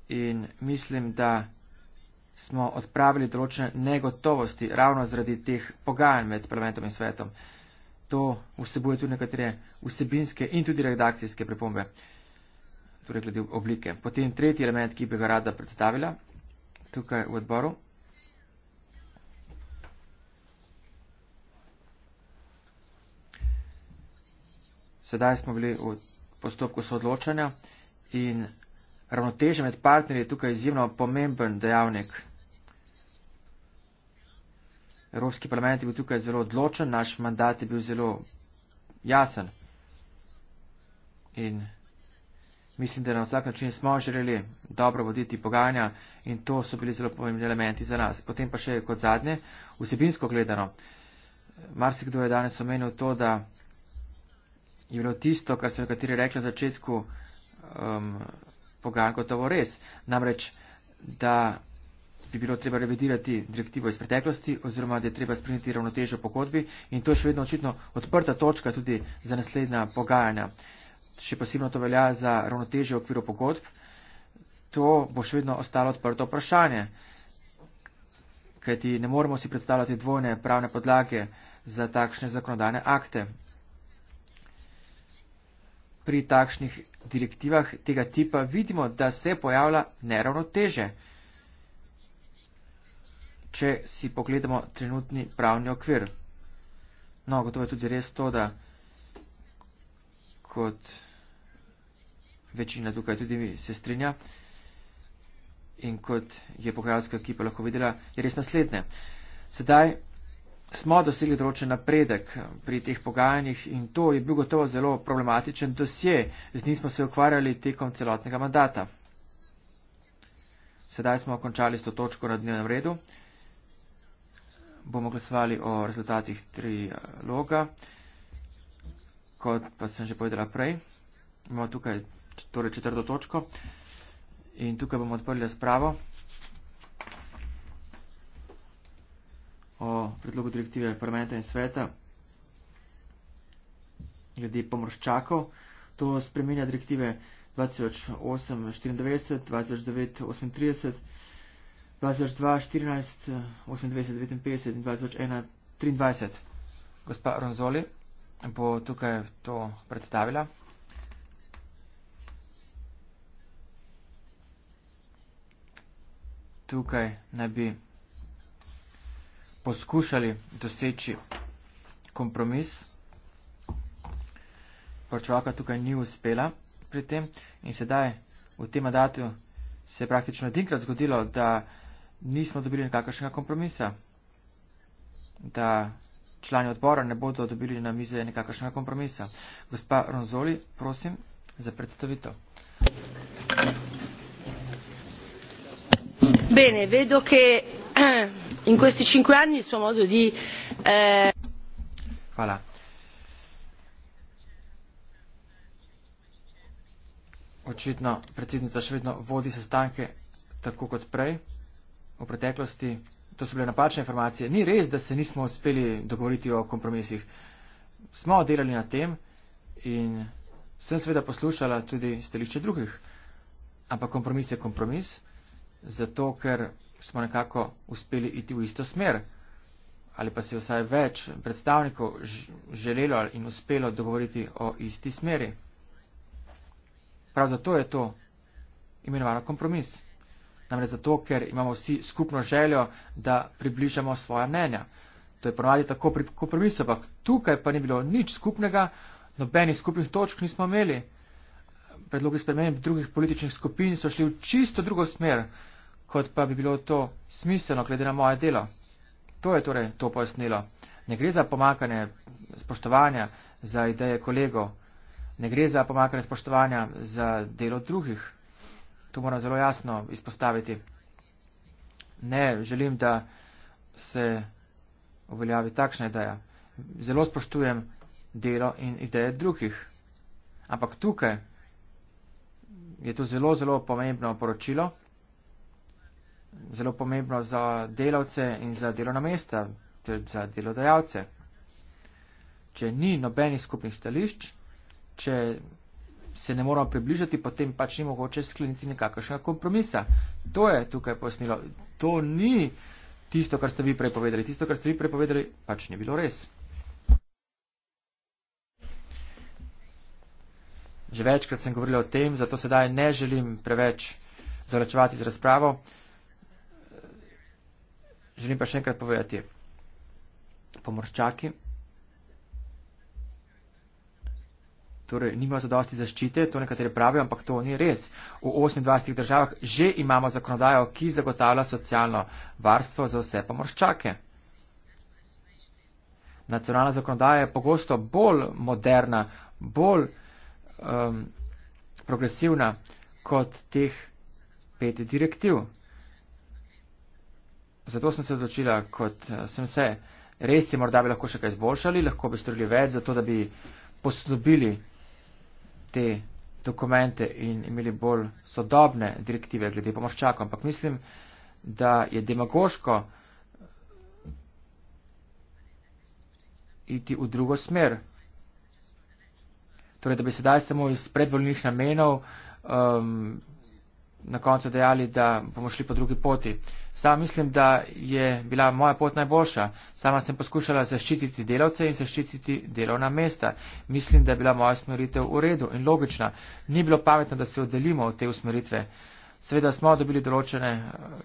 in mislim, da smo odpravili določene negotovosti ravno zaradi teh pogajanj med parlamentom in svetom. To vsebuje tudi nekatere vsebinske in tudi redakcijske pripombe, torej glede oblike. Potem tretji element, ki bi ga rada predstavila tukaj v odboru. Sedaj smo bili v postopku soodločanja in ravnoteže med partnerji je tukaj izjemno pomemben dejavnik. Evropski parlament je bil tukaj zelo odločen, naš mandat je bil zelo jasen. In mislim, da na vsak način smo želeli dobro voditi pogajanja in to so bili zelo pomembni elementi za nas. Potem pa še kot zadnje, vsebinsko gledano. Marsikdo je danes omenil to, da je bilo tisto, kar so nekateri rekli na začetku um, Boga, gotovo res. Namreč, da bi bilo treba revidirati direktivo iz preteklosti oziroma da je treba spremeniti ravnotežo pogodbi in to je še vedno očitno odprta točka tudi za naslednja pogajanja. Še posebno to velja za ravnotežje v okviru pogodb. To bo še vedno ostalo odprto vprašanje, kajti ne moremo si predstavljati dvojne pravne podlage za takšne zakonodajne akte pri takšnih direktivah tega tipa vidimo, da se pojavlja neravnoteže, če si pogledamo trenutni pravni okvir. No, gotovo je tudi res to, da kot večina tukaj tudi se strinja in kot je pohajalska ekipa lahko videla, je res naslednje. Sedaj smo dosegli določen napredek eh, pri teh pogajanjih in to je bil gotovo zelo problematičen dosje, z njim smo se ukvarjali tekom celotnega mandata. Sedaj smo končali s to točko na dnevnem redu. Bomo glasovali o rezultatih triloga, kot pa sem že povedala prej. Imamo tukaj torej četrto točko in tukaj bomo odprli razpravo. o predlogu direktive parlamenta in sveta glede pomorščakov. To spremenja direktive 2008, 94, 2009, 38, 2002, 14, 28, 29 in 2001, 23. Gospa Ronzoli bo tukaj to predstavila. Tukaj naj bi poskušali doseči kompromis. Porčevalka tukaj ni uspela pri tem in sedaj v tem mandatu se je praktično edinkrat zgodilo, da nismo dobili nekakšnega kompromisa, da člani odbora ne bodo dobili na mize nekakšnega kompromisa. Gospa Ronzoli, prosim za predstavitev. Bene, vedo, che in questi cinque anni il suo modo di. Eh, očitno predsednica še vedno vodi sestanke tako kot prej v preteklosti. To so bile napačne informacije. Ni res, da se nismo uspeli dogovoriti o kompromisih. Smo delali na tem in sem seveda poslušala tudi stališče drugih. Ampak kompromis je kompromis, zato ker smo nekako uspeli iti v isto smer ali pa se je vsaj več predstavnikov želelo in uspelo dogovoriti o isti smeri. Prav zato je to imenovano kompromis. Namreč zato, ker imamo vsi skupno željo, da približamo svoja mnenja. To je ponovadi tako pri kompromisu, ampak tukaj pa ni bilo nič skupnega, nobenih skupnih točk nismo imeli. Predlogi spremenjenih drugih političnih skupin so šli v čisto drugo smer kot pa bi bilo to smiselno glede na moje delo. To je torej to pojasnilo. Ne gre za pomakanje spoštovanja za ideje kolegov, ne gre za pomakanje spoštovanja za delo drugih. To moram zelo jasno izpostaviti. Ne želim, da se uveljavi takšna ideja. Zelo spoštujem delo in ideje drugih. Ampak tukaj je to zelo, zelo pomembno poročilo, zelo pomembno za delavce in za delovna mesta, tudi za delodajalce. Če ni nobenih skupnih stališč, če se ne moramo približati, potem pač ni mogoče skleniti nekakšnega kompromisa. To je tukaj posnilo. To ni tisto, kar ste vi prepovedali. Tisto, kar ste vi prepovedali, pač ni bilo res. Že večkrat sem govorila o tem, zato sedaj ne želim preveč zaračevati z razpravo. Želim pa še enkrat povedati, pomorščaki torej nima zadosti zaščite, to nekateri pravijo, ampak to ni res. V 28 državah že imamo zakonodajo, ki zagotavlja socialno varstvo za vse pomorščake. Nacionalna zakonodaja je pogosto bolj moderna, bolj um, progresivna kot teh pet direktiv. Zato sem se odločila, kot eh, sem se, res je, morda bi lahko še kaj izboljšali, lahko bi storili več, zato da bi posodobili te dokumente in imeli bolj sodobne direktive glede pomorščakov. Ampak mislim, da je demagoško eh, iti v drugo smer. Torej, da bi sedaj samo iz predvoljnih namenov um, na koncu dejali, da bomo šli po drugi poti. Sam mislim, da je bila moja pot najboljša. Sama sem poskušala zaščititi delavce in zaščititi delovna mesta. Mislim, da je bila moja usmeritev v redu in logična. Ni bilo pametno, da se oddelimo od te usmeritve. Seveda smo dobili določene eh,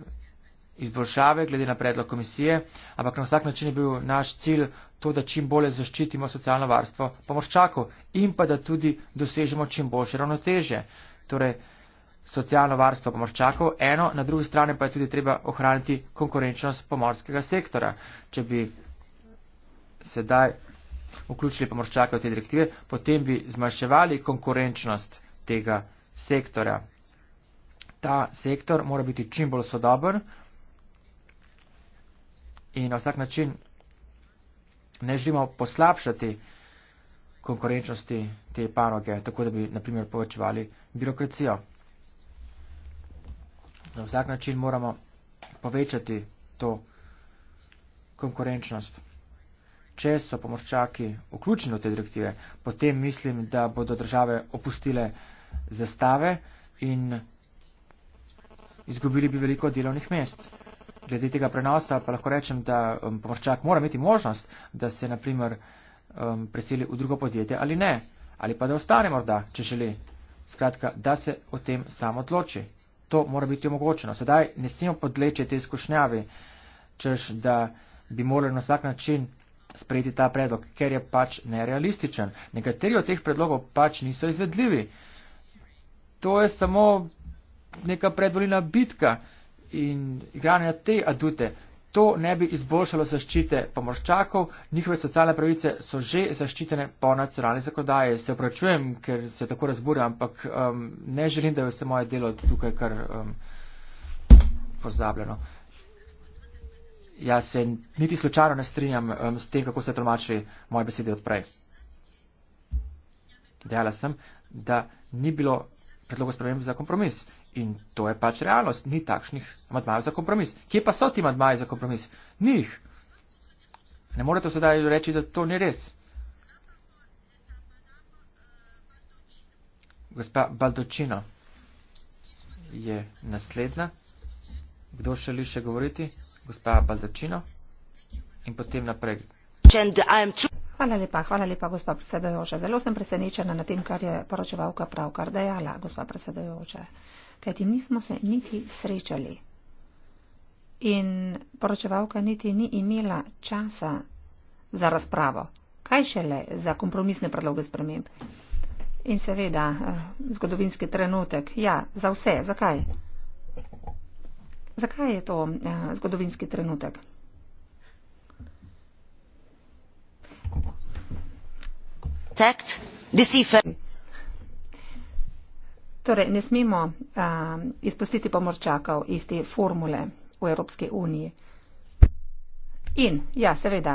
izboljšave glede na predlog komisije, ampak na vsak način je bil naš cilj to, da čim bolje zaščitimo socialno varstvo pomorščakov in pa da tudi dosežemo čim boljše ravnoteže. Torej, socialno varstvo pomorščakov, eno, na drugi strani pa je tudi treba ohraniti konkurenčnost pomorskega sektora. Če bi sedaj vključili pomorščake v te direktive, potem bi zmanjševali konkurenčnost tega sektora. Ta sektor mora biti čim bolj sodoben in na vsak način ne želimo poslabšati konkurenčnosti te panoge, tako da bi naprimer povečevali birokracijo. Na vsak način moramo povečati to konkurenčnost. Če so pomorščaki vključeni v te direktive, potem mislim, da bodo države opustile zastave in izgubili bi veliko delovnih mest. Glede tega prenosa pa lahko rečem, da um, pomorščak mora imeti možnost, da se naprimer um, preseli v drugo podjetje ali ne, ali pa da ostane morda, če želi. Skratka, da se o tem sam odloči to mora biti omogočeno. Sedaj ne smemo podleči te izkušnjavi, čež da bi morali na vsak način sprejeti ta predlog, ker je pač nerealističen. Nekateri od teh predlogov pač niso izvedljivi. To je samo neka predvoljena bitka in igranje te adute, To ne bi izboljšalo zaščite pomorščakov, njihove socialne pravice so že zaščitene po nacionalni zakonodaji. Se opračujem, ker se tako razburja, ampak um, ne želim, da je vse moje delo tukaj kar um, pozabljeno. Ja, se niti slučajno ne strinjam um, s tem, kako ste tromačili moje besede odprej. Dejala sem, da ni bilo predlogo sprememb za kompromis In to je pač realnost, ni takšnih amadmajev za kompromis. Kje pa so ti amadmaji za kompromis? Nih. Ne morete sedaj reči, da to ni res. Gospa Baldočina je naslednja. Kdo želi še govoriti? Gospa Baldočina. In potem naprej. Hvala lepa, hvala lepa, gospa predsedojoča. Zelo sem presenečena na tem, kar je poročevalka pravkar dejala, gospa predsedojoča kajti nismo se niti srečali. In poročevalka niti ni imela časa za razpravo, kaj šele za kompromisne predloge sprememb. In seveda, eh, zgodovinski trenutek, ja, za vse, zakaj? Zakaj je to eh, zgodovinski trenutek? Tact, deceiver. Torej, ne smemo um, izpustiti pomorčakov iz te formule v Evropske unije. In, ja, seveda,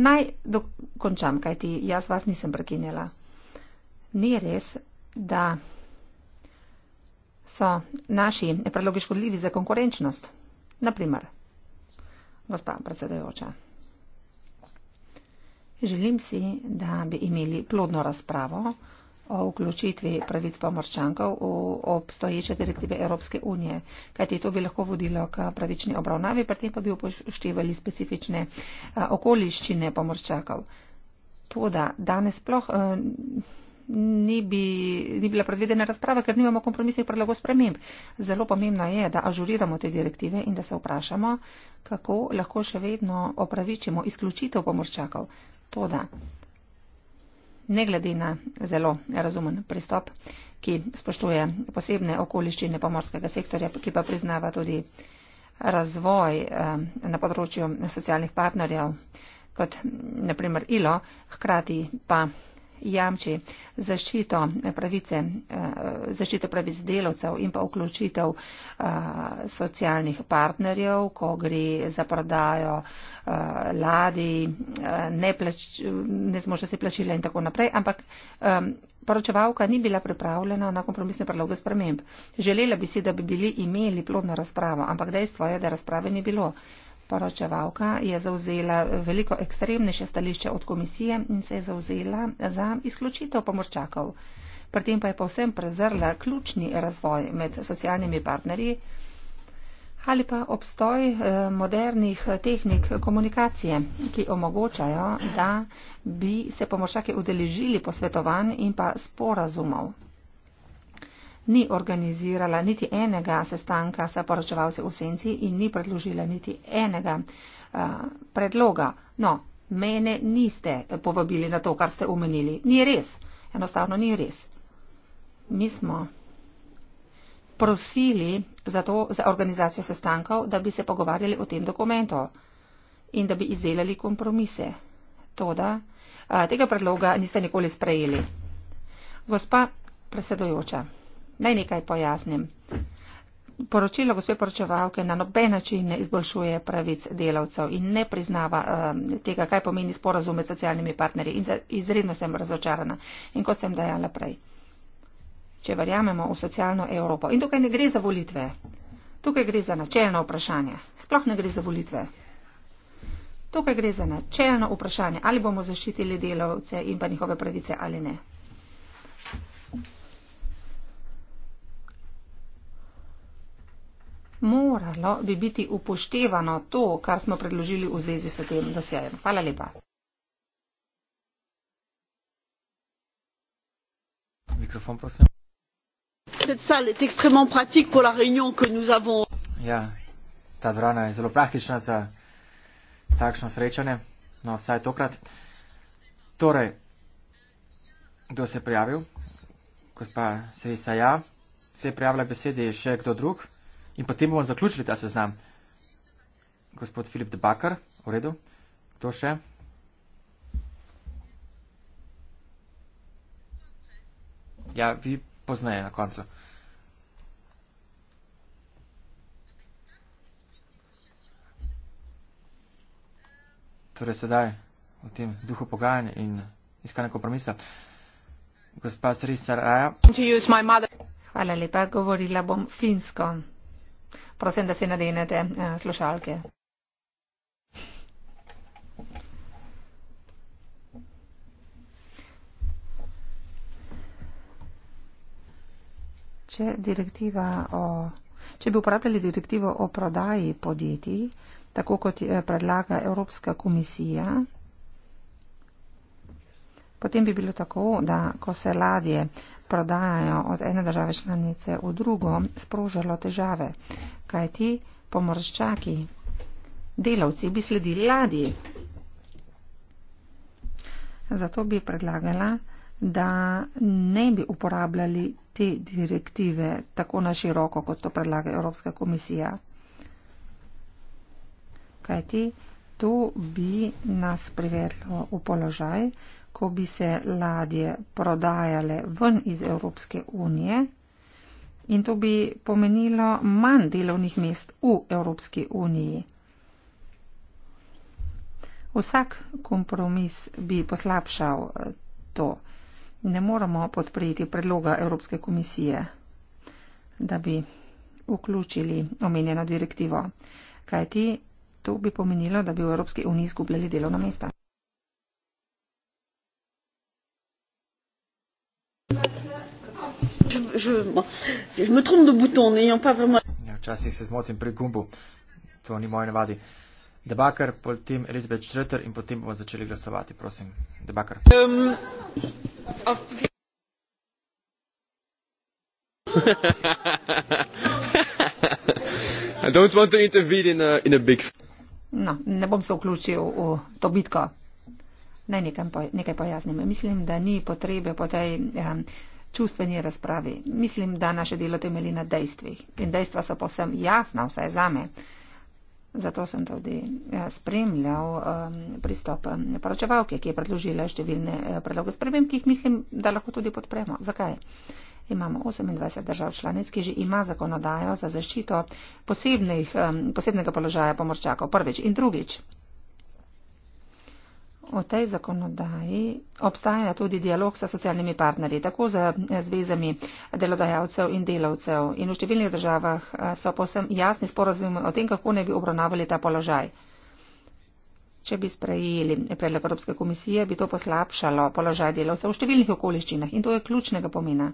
naj dokončam, kajti jaz vas nisem prekinjala. Ni res, da so naši predlogi škodljivi za konkurenčnost. Naprimer, gospa predsedajoča, želim si, da bi imeli plodno razpravo o vključitvi pravic pomorčankov v obstoječe direktive Evropske unije, kajti to bi lahko vodilo k pravični obravnavi, pri tem pa bi upoštevali specifične okoliščine pomorčakov. Toda danes sploh ni, bi, ni bila predvedena razprava, ker nimamo kompromisnih predlogov sprememb. Zelo pomembno je, da ažuriramo te direktive in da se vprašamo, kako lahko še vedno opravičimo izključitev pomorčakov. Toda ne glede na zelo razumen pristop, ki spoštuje posebne okoliščine pomorskega sektorja, ki pa priznava tudi razvoj eh, na področju socialnih partnerjev kot naprimer ILO, hkrati pa jamči zaščito eh, pravice, eh, zaščito pravic delovcev in pa vključitev eh, socialnih partnerjev, ko gre za prodajo ladi, nezmožnost ne se plačila in tako naprej, ampak poročevalka ni bila pripravljena na kompromisne predloge sprememb. Želela bi si, da bi bili imeli plodno razpravo, ampak dejstvo je, da razprave ni bilo. Poročevalka je zauzela veliko ekstremnejše stališče od komisije in se je zauzela za izključitev pomorčakov. Pri tem pa je povsem prezrla ključni razvoj med socialnimi partnerji ali pa obstoj eh, modernih tehnik komunikacije, ki omogočajo, da bi se pomorčaki udeležili posvetovanj in pa sporazumov ni organizirala niti enega sestanka sa poročevalci v senci in ni predložila niti enega uh, predloga. No, mene niste povabili na to, kar ste omenili. Ni res. Enostavno ni res. Mi smo prosili za, to, za organizacijo sestankov, da bi se pogovarjali o tem dokumentu in da bi izdelali kompromise. Toda eh, tega predloga niste nikoli sprejeli. Gospa predsedujoča. Naj nekaj pojasnim. Poročilo gospe poročevalke na noben način ne izboljšuje pravic delavcev in ne priznava um, tega, kaj pomeni sporazum med socialnimi partnerji. In izredno sem razočarana. In kot sem dejala prej, če verjamemo v socialno Evropo. In tukaj ne gre za volitve. Tukaj gre za načelno vprašanje. Sploh ne gre za volitve. Tukaj gre za načelno vprašanje, ali bomo zaščitili delavce in pa njihove pravice ali ne. moralo bi biti upoštevano to, kar smo predložili v zvezi s tem dosjejem. Hvala lepa. Mikrofon, prosim. Cette salle est extrêmement pratique pour la réunion que nous avons. Ja, ta vrana je zelo praktična za takšno srečanje. No, vsaj tokrat. Torej, kdo se je prijavil? Gospa Serisa, ja. Se je prijavila besedi še kdo drug? In potem bomo zaključili ta seznam. Gospod Filip Debakar, v redu. Kdo še? Ja, vi poznaje na koncu. Torej sedaj v tem duhu pogajanja in iskanja kompromisa. Gospa Srisa Raja. Hvala lepa, govorila bom finsko. Prosim, da si nadenete eh, slušalke. Če, o, če bi uporabljali direktivo o prodaji podjetij, tako kot eh, predlaga Evropska komisija, Potem bi bilo tako, da ko se ladje prodajajo od ene države članice v drugo, sprožalo težave, kaj ti pomorščaki, delavci bi sledili ladji. Zato bi predlagala, da ne bi uporabljali te direktive tako na široko, kot to predlaga Evropska komisija. Kajti to bi nas privedlo v položaj, ko bi se ladje prodajale ven iz Evropske unije in to bi pomenilo manj delovnih mest v Evropski uniji. Vsak kompromis bi poslabšal eh, to. Ne moramo podpreti predloga Evropske komisije, da bi vključili omenjeno direktivo, kajti to bi pomenilo, da bi v Evropski uniji izgubljali delovna mesta. je, bon, je me trompe de bouton, n'ayant pas vraiment. Ja, včasih se zmotim pri gumbu, to ni moje navadi. Debaker, potem Elizabeth Schröter in potem bomo začeli glasovati, prosim. Debaker. Um, no, ne bom se vključil v to bitko. Naj nekaj pojasnim. Mislim, da ni potrebe po tej. Um, čustveni razpravi. Mislim, da naše delo temelji na dejstvih in dejstva so povsem jasna, vsaj za me. Zato sem tudi eh, spremljal ehm, pristop ehm, poročevalke, ki je predložila številne eh, predloge sprememb, ki jih mislim, da lahko tudi podpremo. Zakaj? Imamo 28 držav članic, ki že ima zakonodajo za zaščito ehm, posebnega položaja pomorščakov. Prvič in drugič. V tej zakonodaji obstaja tudi dialog sa socialnimi partnerji, tako za zvezami delodajalcev in delavcev. In v številnih državah so posem jasni sporozumi o tem, kako ne bi obravnavali ta položaj. Če bi sprejeli predlog Evropske komisije, bi to poslabšalo položaj delavcev v številnih okoliščinah in to je ključnega pomena.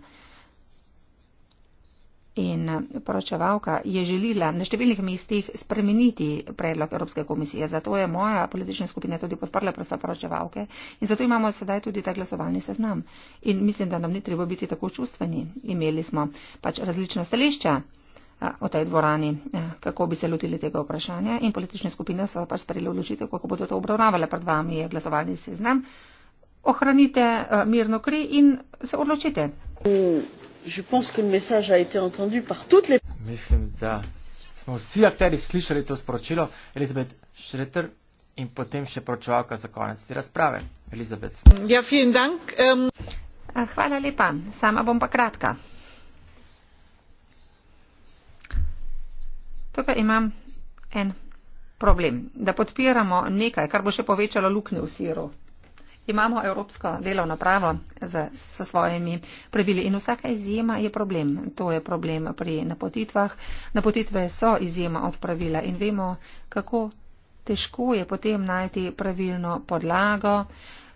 In eh, poročevalka je želila na številnih mestih spremeniti predlog Evropske komisije. Zato je moja politična skupina tudi podprla predsta poročevalke in zato imamo sedaj tudi ta glasovalni seznam. In mislim, da nam ni treba biti tako čustveni. Imeli smo pač različna stališča o eh, tej dvorani, eh, kako bi se lotili tega vprašanja in politične skupine so pač sprejeli odločitev, kako bodo to obravnavali. Pred vami je glasovalni seznam. Ohranite mirno kri in se odločite. Mm je pense que le message a été entendu par toutes les Mislim, da smo vsi akteri slišali to sporočilo. Elizabeth Schretter in potem še pročevalka za konec te razprave. Elizabeth. Ja, vielen dank. Um... Hvala lepa. Sama bom pa kratka. Tukaj imam en problem, da podpiramo nekaj, kar bo še povečalo luknje v siru imamo evropsko delovno pravo s svojimi pravili in vsaka izjema je problem. To je problem pri napotitvah. Napotitve so izjema od pravila in vemo, kako težko je potem najti pravilno podlago,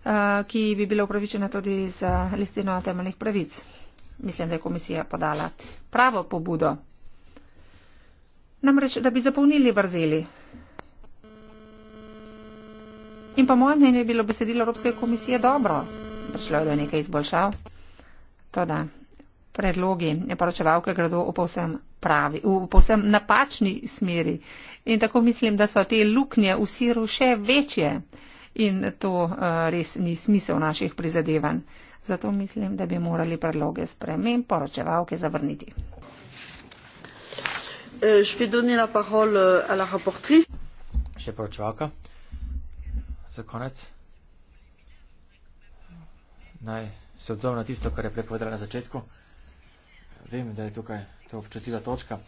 eh, ki bi bila upravičena tudi z listino temeljnih pravic. Mislim, da je komisija podala pravo pobudo. Namreč, da bi zapolnili vrzeli In po mojem mnenju je bilo besedilo Evropske komisije dobro, prišlo je do nekaj izboljšav. Toda predlogi poročevalke gredo v povsem pravi, v povsem napačni smeri. In tako mislim, da so te luknje v siru še večje. In to uh, res ni smisel naših prizadevanj. Zato mislim, da bi morali predloge spremem poročevalke zavrniti. Eh, eh, še poročevalka za konec. Naj se odzovem na tisto, kar je prepovedala na začetku. Vem, da je tukaj to občutljiva točka.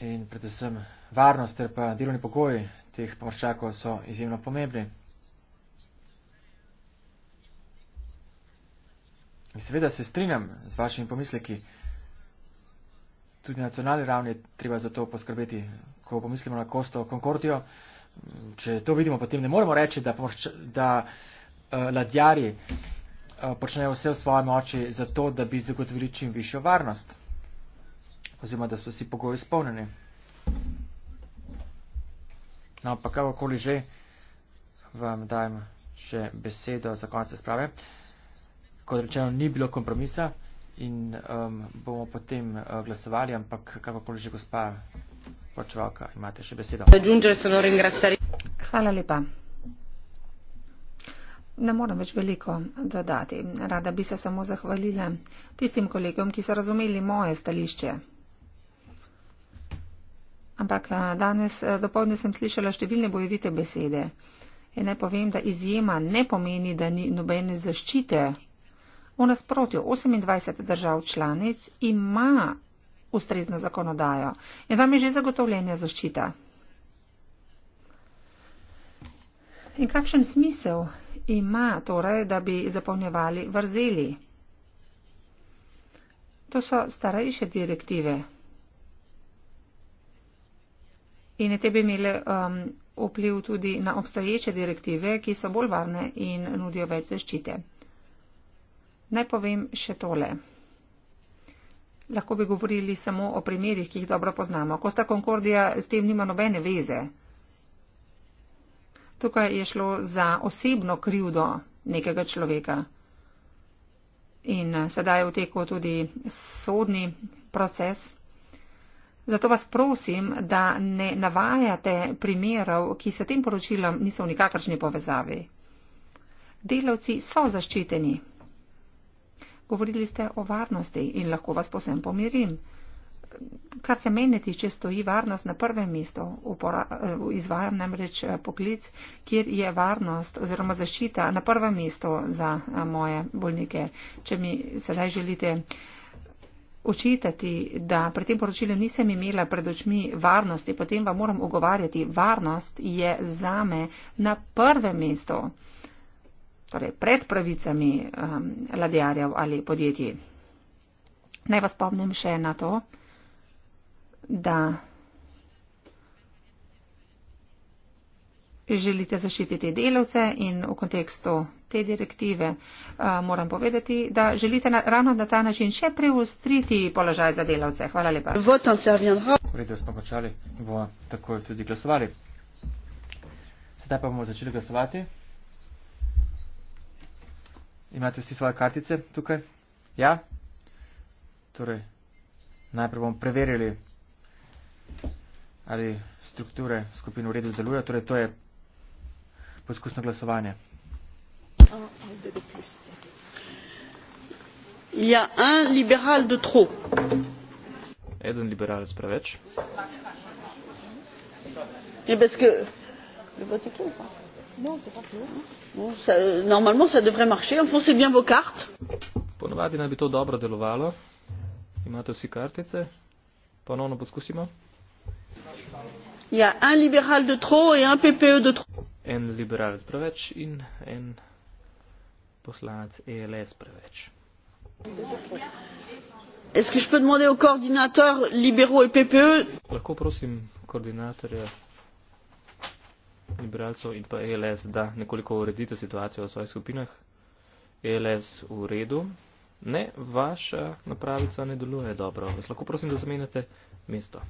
In predvsem varnost ter pa delovni pogoji teh pomorščakov so izjemno pomembni. In seveda se strinjam z vašimi pomisleki. Tudi na nacionalni ravni treba za to poskrbeti ko pomislimo na Kosto Konkordijo, če to vidimo, potem ne moremo reči, da, da uh, eh, ladjari uh, eh, počnejo vse v svoje moči za to, da bi zagotovili čim višjo varnost oziroma da so vsi pogoji izpolnjeni. No, pa kakorkoli že vam dajem še besedo za konec sprave. Kot rečeno, ni bilo kompromisa in um, bomo potem uh, glasovali, ampak kakorkoli že gospa počvalka, imate še besedo. Hvala lepa. Ne moram več veliko dodati. Rada bi se samo zahvalila tistim kolegom, ki so razumeli moje stališče. Ampak eh, danes eh, dopolne sem slišala številne bojevite besede. In naj povem, da izjema ne pomeni, da ni nobene zaščite. V nasprotju, 28 držav članic ima ustrezno zakonodajo. In tam je že zagotovljena zaščita. In kakšen smisel ima torej, da bi zapolnjevali vrzeli? To so starejše direktive. In te bi imele um, vpliv tudi na obstoječe direktive, ki so bolj varne in nudijo več zaščite. Naj povem še tole. Lahko bi govorili samo o primerjih, ki jih dobro poznamo. Kosta Concordia s tem nima nobene veze. Tukaj je šlo za osebno krivdo nekega človeka. In eh, sedaj je v teku tudi sodni proces. Zato vas prosim, da ne navajate primerov, ki se tem poročilom niso v nikakršni povezavi. Delavci so zaščiteni. Govorili ste o varnosti in lahko vas posem pomirim. Kar se meni tiče, stoji varnost na prvem mestu. Eh, izvajam namreč eh, poklic, kjer je varnost oziroma zaščita na prvem mestu za eh, moje bolnike. Če mi sedaj želite očitati, da pri tem poročilu nisem imela pred očmi varnosti, potem vam moram ogovarjati, varnost je zame na prvem mestu torej pred pravicami um, ladjarjev ali podjetij. Naj vas spomnim še na to, da želite zaščititi delavce in v kontekstu te direktive uh, moram povedati, da želite na, ravno na ta način še preustriti položaj za delavce. Hvala lepa. Vrede smo končali, bomo tako tudi glasovali. Sedaj pa bomo začeli glasovati imate vsi svoje kartice tukaj? Ja? Torej, najprej bomo preverili, ali strukture skupin v redu delujejo. Torej, to je poskusno glasovanje. Ja, en liberal de trop. Eden liberalec preveč. Je, eh, parce que... Le vote est clos, ça. Non, pas clair. Bon, ça, euh, normalement, ça devrait marcher. Enfoncez bien vos cartes. Ponovadi naj bi to dobro delovalo. Imate vsi kartice? Ponovno poskusimo. Ja, en liberal de trop in en PPE de trop. En liberal preveč in en poslanec ELS preveč. Est-ce que je peux demander aux coordinateurs libéraux et PPE? Lahko prosim koordinatorja liberalcev in pa ELS, da nekoliko uredite situacijo v svojih skupinah. ELS v redu. Ne, vaša napravica ne deluje dobro. Vas lahko prosim, da zamenjate mesto.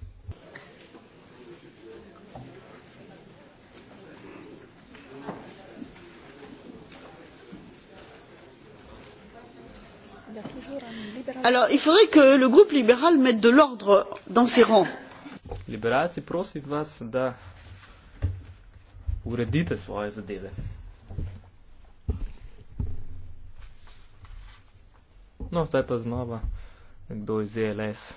Alors, il faudrait que le groupe libéral mette de l'ordre dans ses rangs. Liberalci, prosim vas, da uredite svoje zadeve. No, zdaj pa znova nekdo iz ELS,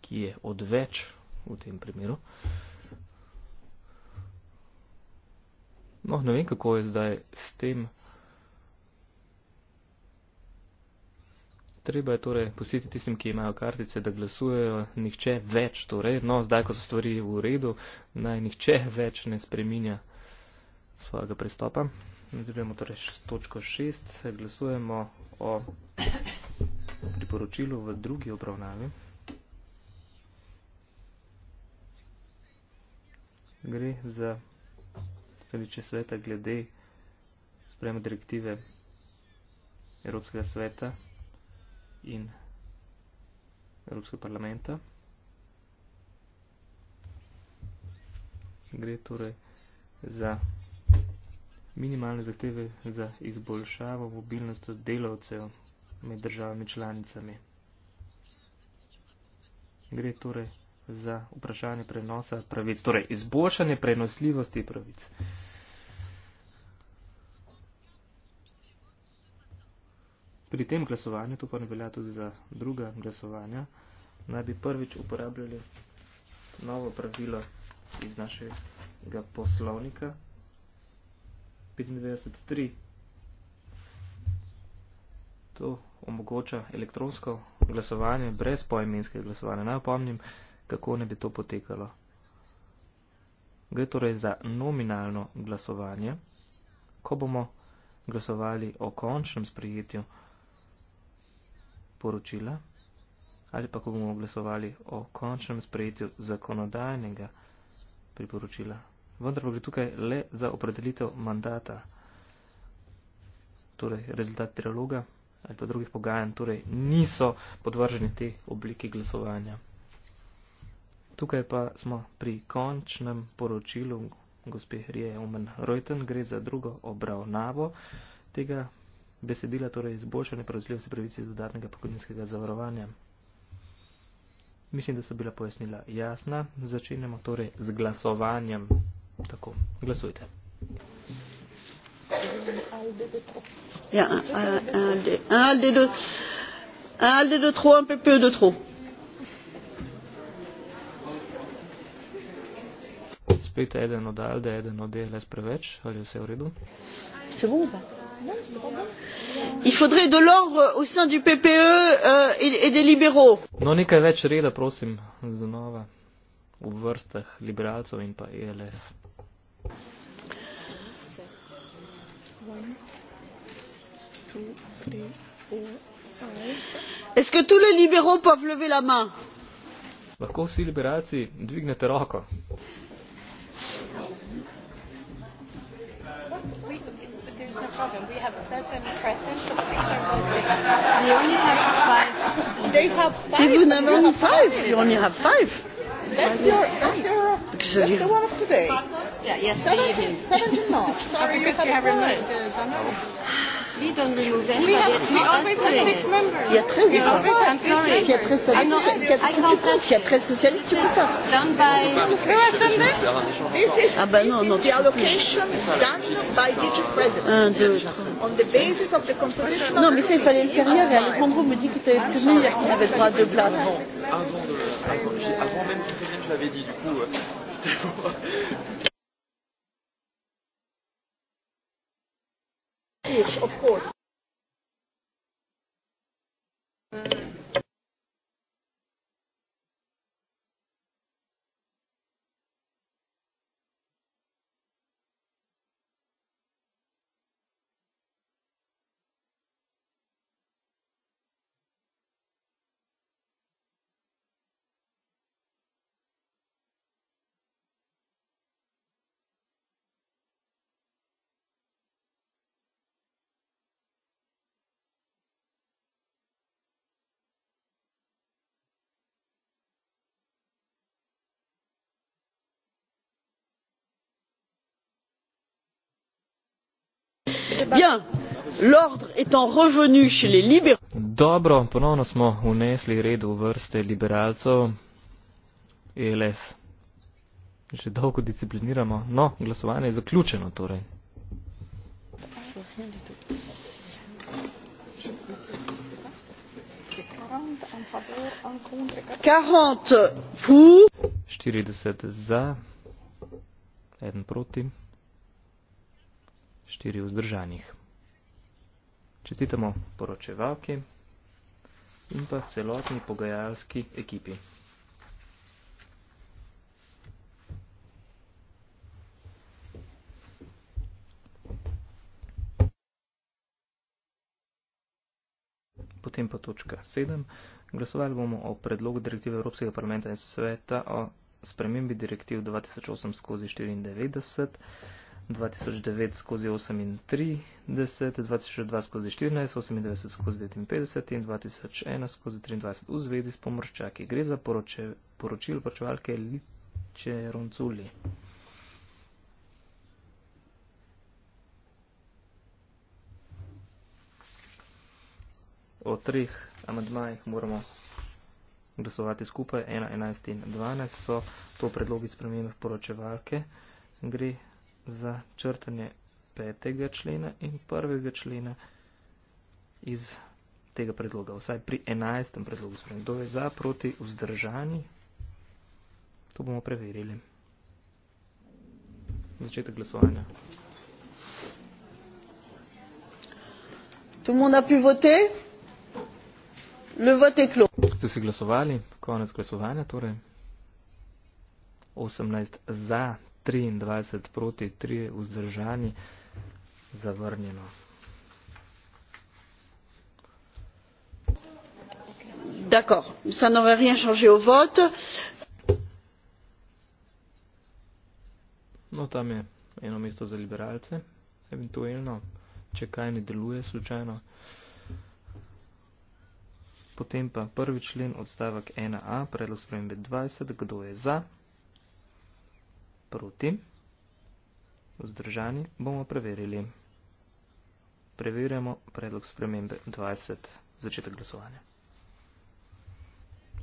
ki je odveč v tem primeru. No, ne vem, kako je zdaj s tem. treba je torej pustiti tistim, ki imajo kartice, da glasujejo, nihče več torej, no zdaj, ko so stvari v redu, naj nihče več ne spreminja svojega pristopa. Nadaljujemo torej s točko 6, glasujemo o priporočilu v drugi obravnavi. Gre za stališče sveta glede sprejema direktive Evropskega sveta 2021-2027 in Evropskega parlamenta. Gre torej za minimalne zahteve za izboljšavo mobilnosti delavcev med državami članicami. Gre torej za vprašanje prenosa pravic, torej izboljšanje prenosljivosti pravic. pri tem glasovanju, to pa ne velja tudi za druga glasovanja, naj bi prvič uporabljali novo pravilo iz našega poslovnika 95.3. To omogoča elektronsko glasovanje brez poimenskega glasovanja. Naj opomnim, kako ne bi to potekalo. Gre torej za nominalno glasovanje, ko bomo glasovali o končnem sprejetju sporočila ali pa ko bomo glasovali o končnem sprejetju zakonodajnega priporočila. Vendar pa gre tukaj le za opredelitev mandata, torej rezultat triloga ali pa drugih pogajanj, torej niso podvrženi te obliki glasovanja. Tukaj pa smo pri končnem poročilu gospe Rije Omen Reuten, gre za drugo obravnavo tega besedila, torej izboljšanje prevzljivosti pravice iz dodatnega pokojninskega zavarovanja. Mislim, da so bila pojasnila jasna. Začenjamo torej z glasovanjem. Tako, glasujte. Ja, al de do tro, un peu peu do tro. Spet eden od Alde, eden od DLS preveč, ali vse v redu? Se bo, pa. Il faudrait de l'ordre au sein du PPE euh, et, et des libéraux. No, nekaj več reda, prosim, znova v vrstah liberalcev in pa ELS. Est-ce que tous les libéraux peuvent lever la main? Lahko vsi liberalci dvignete roko. there's no problem. We have seven presents of six or We only have five. They have five. If you never have five, you only have five. That's your, that's your because That's you the one of today. Yeah, yes, 17 marks. Sorry, you, you have removed the banner. We don't remove any. We, have, we always have six members. Y a très no, I'm sorry. Si y a très I'm not. Si a, I can't touch. Si this is done by. No, I've done this. This is, ah ben non, this non, is the allocation done by each president. On the basis of the composition. Non, mais ça, il fallait le faire hier. Et Alejandro me dit qu'il t'avait tenu hier qu'il avait le droit de place. Avant même que je l'avais dit, du coup te bo. Ob kod? Eh bien l'ordre étant revenu chez les libéraux Dobro, ponovno smo unesli red v vrste liberalcev. ELS. Že dolgo discipliniramo. No, glasovanje je zaključeno torej. Štirideset za, eden proti štiri vzdržanih. Čestitamo poročevalki in pa celotni pogajalski ekipi. Potem pa točka 7. Glasovali bomo o predlogu direktive Evropskega parlamenta in sveta o spremembi direktiv 2008 skozi 94. 2009 skozi 38, 2002 skozi 14, 98 skozi 59 in 2001 skozi 23 v zvezi s pomorščaki. Gre za poročilo poročevalke Liče Ronculi. O treh amadmajih moramo glasovati skupaj. 1, 11 in 12 so to predlogi spremembe poročevalke. Gre za črtanje petega člena in prvega člena iz tega predloga, vsaj pri enajstem predlogu spremenj. Kdo je za, proti, vzdržani? To bomo preverili. Začetek glasovanja. Tout le monde a pu voter. Le vote est clos. Ste si glasovali? Konec glasovanja, torej. 18 za, 23 proti 3 vzdržani, zavrnjeno. D'accord, ça n'aurait rien changé au vote. No, tam je eno mesto za liberalce, eventuelno, če kaj ne deluje slučajno. Potem pa prvi člen odstavek 1a, predlog spremembe 20, kdo je za? proti, vzdržani bomo preverili. Preverjamo predlog spremembe 20, začetek glasovanja.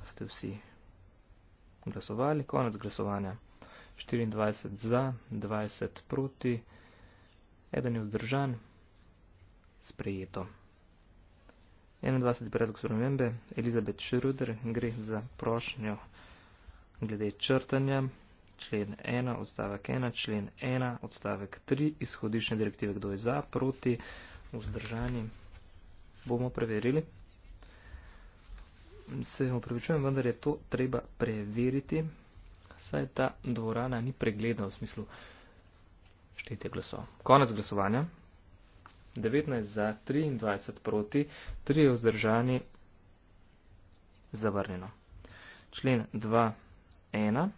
Ste vsi glasovali, konec glasovanja. 24 za, 20 proti, eden je vzdržan, sprejeto. 21. predlog spremembe, Elizabeth Schröder gre za prošnjo glede črtanja člen 1, odstavek 1, člen 1, odstavek 3, izhodišnje direktive, kdo je za, proti, vzdržani, bomo preverili. Se upravičujem, vendar je to treba preveriti, saj ta dvorana ni pregledna v smislu štete glasov. Konec glasovanja. 19 za, 23 proti, 3 je vzdržani, zavrnjeno. Člen 2, 1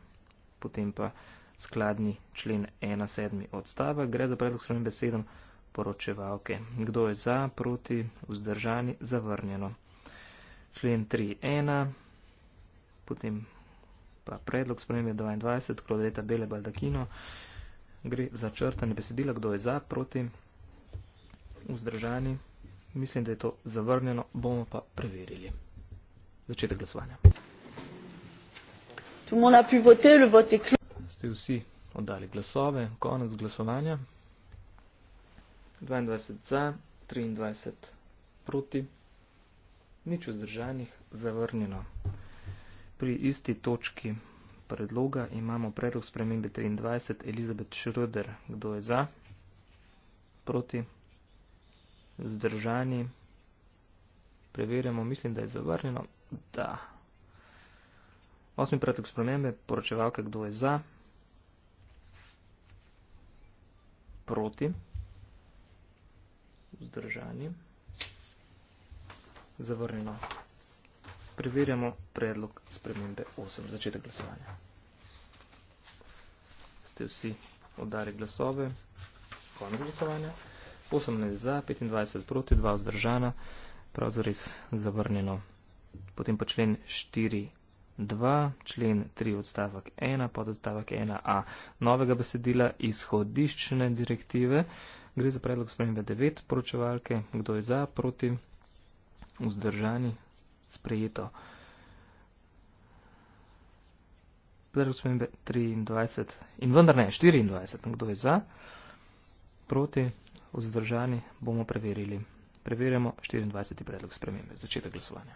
potem pa skladni člen 1.7. odstavek. Gre za predlog spremembe 7 poročevalke. Kdo je za, proti, vzdržani, zavrnjeno. Člen 3.1, potem pa predlog spremembe 22, klodeta bele baldakino. Gre za črtanje besedila, kdo je za, proti, vzdržani. Mislim, da je to zavrnjeno, bomo pa preverili. Začetek glasovanja. Tout le monde a pu voter, le vote est clos. Ste vsi oddali glasove, konec glasovanja. 22 za, 23 proti, nič vzdržanih, zavrnjeno. Pri isti točki predloga imamo predlog spremembe 23, Elizabeth Schröder, kdo je za, proti, vzdržani, preverjamo, mislim, da je zavrnjeno, da. Osmi predlog spremembe, poročevalka, kdo je za, proti, vzdržani, zavrnjeno. Preverjamo predlog spremembe 8, začetek glasovanja. Ste vsi oddali glasove, konec glasovanja. 18 za, 25 proti, 2 vzdržana, pravzor res zavrnjeno. Potem pa člen 4. 2, člen 3, odstavek 1, podstavek 1a novega besedila izhodiščne direktive. Gre za predlog spremembe 9 poročevalke, kdo je za, proti, vzdržani, sprejeto. Predlog spremembe 23 in vendar ne 24, kdo je za, proti, vzdržani, bomo preverili. Preverjamo 24. predlog spremembe. Začetek glasovanja.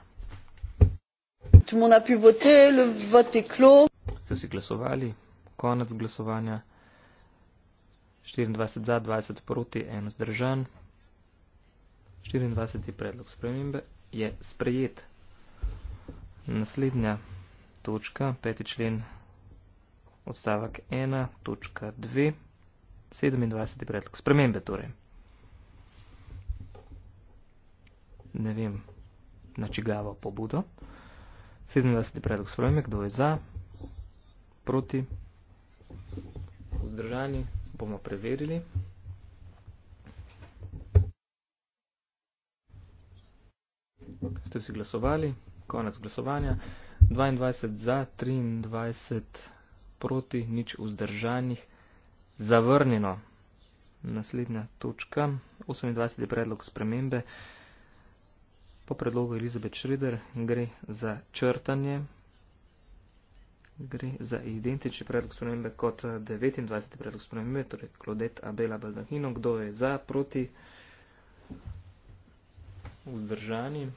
Tout le monde a pu voter, le vote est clos. Vse si glasovali, konec glasovanja. 24 za, 20 proti, 1 zdržan. 24 je predlog spremembe, je sprejet. Naslednja točka, 5. člen, odstavak 1, točka 2, 27 je predlog spremembe torej. Ne vem, na čigavo pobudo. 27. predlog spremembe, kdo je za, proti, vzdržani, bomo preverili. Ste vsi glasovali, konec glasovanja. 22 za, 23 proti, nič vzdržanih, zavrnjeno. Naslednja točka, 28. predlog spremembe po predlogu Elizabeth Schroeder gre za črtanje, gre za identični predlog spremembe kot 29. Eh, predlog spremembe, torej Klodet Abela Baldahino, kdo je za, proti, vzdržani.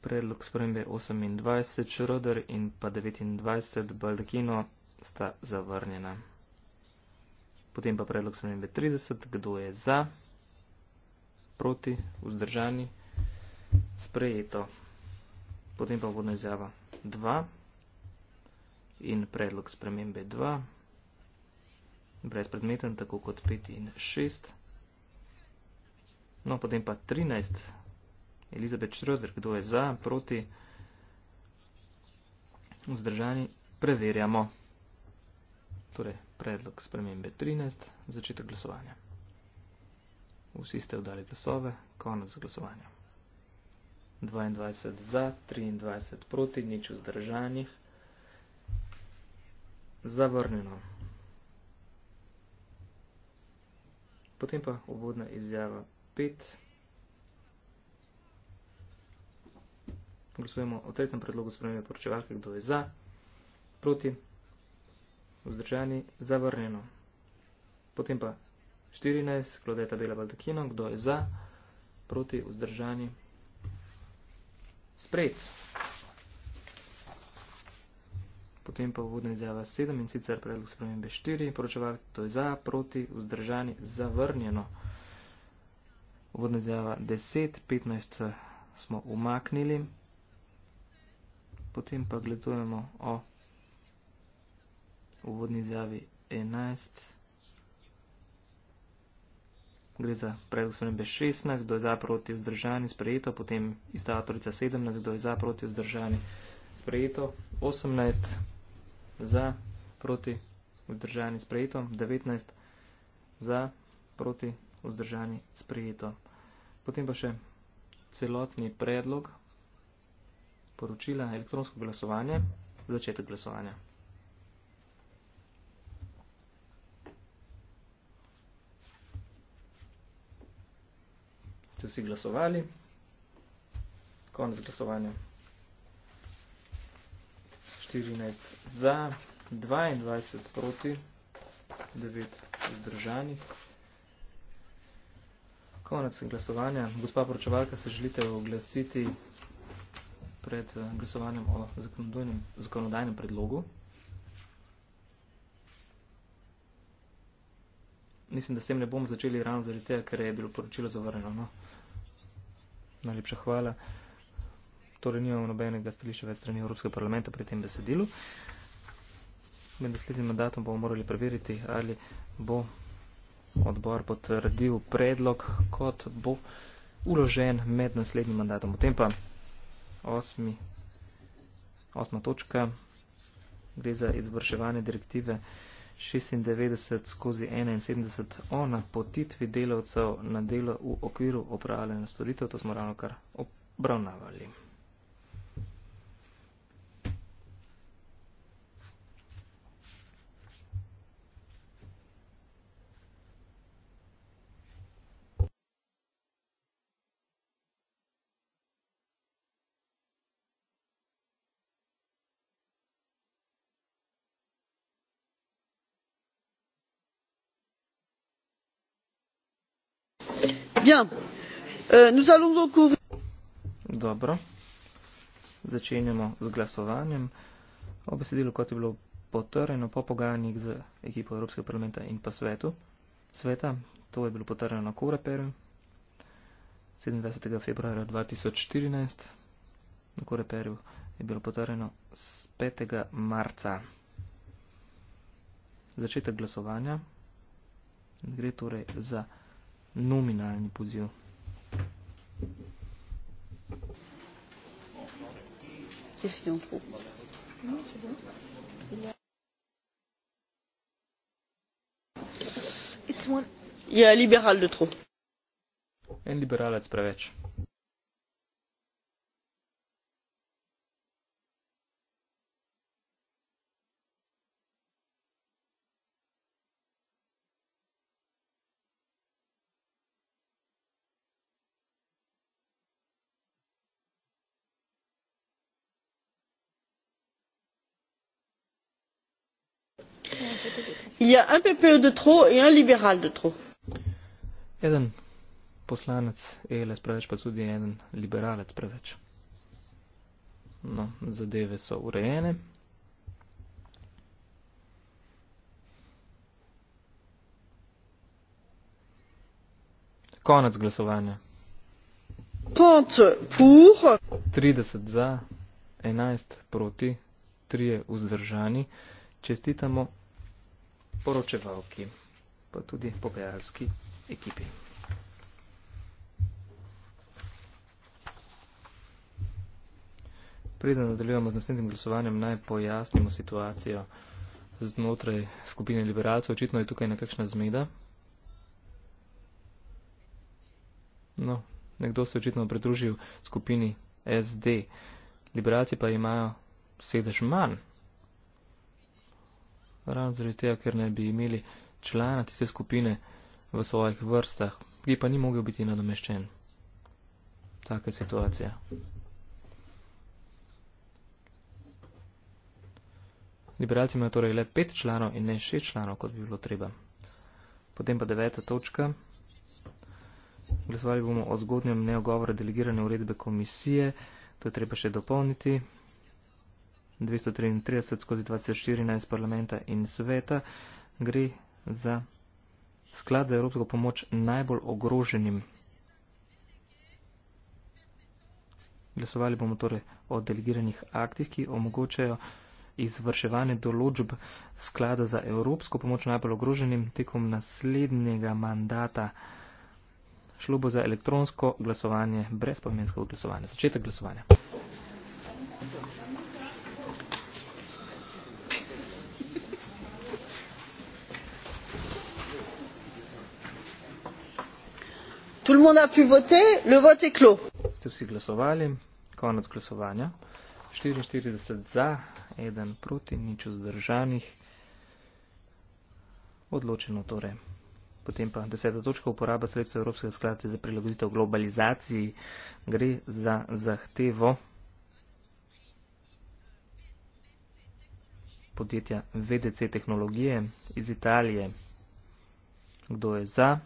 Predlog spremembe 28 Schroeder in pa 29 Baldahino sta zavrnjena. Potem pa predlog spremembe 30, kdo je za, proti, vzdržani, sprejeto. Potem pa vodna izjava 2 in predlog spremembe 2, brezpredmeten, tako kot 5 in 6. No, potem pa 13, Elizabeth Schroeder, kdo je za, proti, vzdržani, preverjamo torej predlog spremembe 13, začetek glasovanja. Vsi ste vdali glasove, konec glasovanja. 22 za, 23 proti, nič vzdržanih. Zavrnjeno. Potem pa obvodna izjava 5. Glasujemo o tretjem predlogu spremembe poročevalke, kdo je za, proti, vzdržani, zavrnjeno. Potem pa 14, klodeta bela baldakino, kdo je za, proti, vzdržani, sprejet. Potem pa uvodna izjava 7 in sicer predlog spremembe 4, poročeval, to je za, proti, vzdržani, zavrnjeno. Uvodna izjava 10, 15 smo umaknili, potem pa gledujemo o uvodni izjavi 11, gre za predlog spremembe 16, kdo je za proti vzdržani sprejeto, potem ista avtorica 17, kdo je za proti vzdržani sprejeto, 18 za proti vzdržani sprejeto, 19 za proti vzdržani sprejeto. Potem pa še celotni predlog poročila elektronsko glasovanje, začetek glasovanja. ste vsi glasovali. Konec glasovanja. 14 za, 22 proti, 9 vzdržanih. Konec glasovanja. Gospa poročevalka, se želite oglasiti pred eh, glasovanjem o zakonodajnem predlogu? mislim, da s tem ne bom začeli ravno zaradi tega, ker je bilo poročilo zavrnjeno. No. Najlepša hvala. Torej nimamo nobenega stališča več strani Evropskega parlamenta pri tem besedilu. Med naslednjim mandatom bomo morali preveriti, ali bo odbor potrdil predlog, kot bo uložen med naslednjim mandatom. Potem pa osmi, osma točka gre za izvrševanje direktive 96 skozi 71 o napotitvi delavcev na delo v okviru opravljanja storitev, to smo ravno kar obravnavali. Euh, Dobro. Začenjamo z glasovanjem. O besedilu, kot je bilo potrjeno po pogajanjih z ekipo Evropskega parlamenta in pa svetu. Sveta, to je bilo potrjeno na Koreperu 27. februarja 2014. Na Koreperu je bilo potrjeno 5. marca. Začetek glasovanja. Gre torej za nominalni poziv. Je liberal de trop. En liberalec preveč. y a un ppe de trop et un libéral de trop. Eden poslanec ELS preveč, pa tudi en liberalec preveč. No, zadeve so urejene. Konec glasovanja. 30 za, 11 proti, 3 vzdržani. Čestitamo poročevalki, pa tudi pogajalski ekipi. Preden nadaljujemo z naslednjim glasovanjem, naj pojasnimo situacijo znotraj skupine liberalcev. Očitno je tukaj nekakšna zmeda. No, nekdo se je očitno pridružil skupini SD. Liberalci pa imajo sedež manj ravno zaradi tega, ker ne bi imeli člana tiste skupine v svojih vrstah, ki pa ni mogel biti nadomeščen. Taka je situacija. Liberalci imajo torej le pet članov in ne šest članov, kot bi bilo treba. Potem pa deveta točka. Glasovali bomo o zgodnjem neogovore delegirane uredbe komisije, to je treba še dopolniti. 233 skozi 2014 parlamenta in sveta gre za sklad za evropsko pomoč najbolj ogroženim. Glasovali bomo torej o delegiranih aktih, ki omogočajo izvrševanje določb sklada za evropsko pomoč najbolj ogroženim tekom naslednjega mandata. Šlo bo za elektronsko glasovanje brez pomenskega glasovanja. Začetek glasovanja. Thank you. tout le monde a pu voter le vote est clos ste vsi glasovali konec glasovanja 44 za 1 proti nič vzdržanih odločeno torej potem pa 10. točka uporaba sredstev evropskega sklada za prilagoditev globalizaciji gre za zahtevo podjetja VDC tehnologije iz Italije. Kdo je za?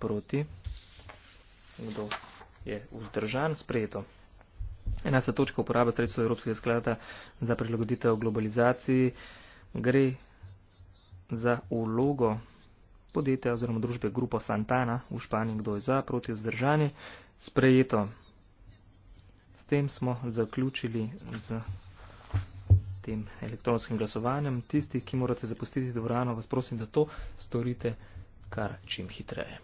proti. Kdo je vzdržan? Sprejeto. 11. točka uporaba sredstva Evropskega sklada za prilagoditev globalizaciji gre za ulogo podjetja oziroma družbe Grupo Santana v Španiji, kdo je za, proti vzdržanje, sprejeto. S tem smo zaključili z tem elektronskim glasovanjem. Tisti, ki morate zapustiti dvorano, vas prosim, da to storite kar čim hitreje.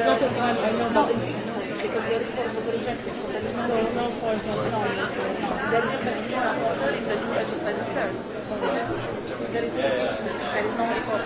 There is no There is no report.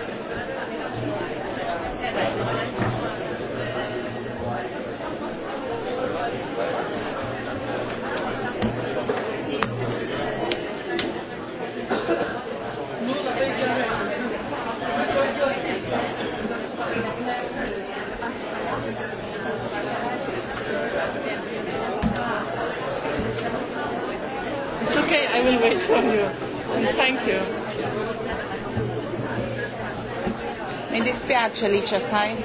It's okay, I will wait for you. Thank you. Mi dispiace Alicia, sai?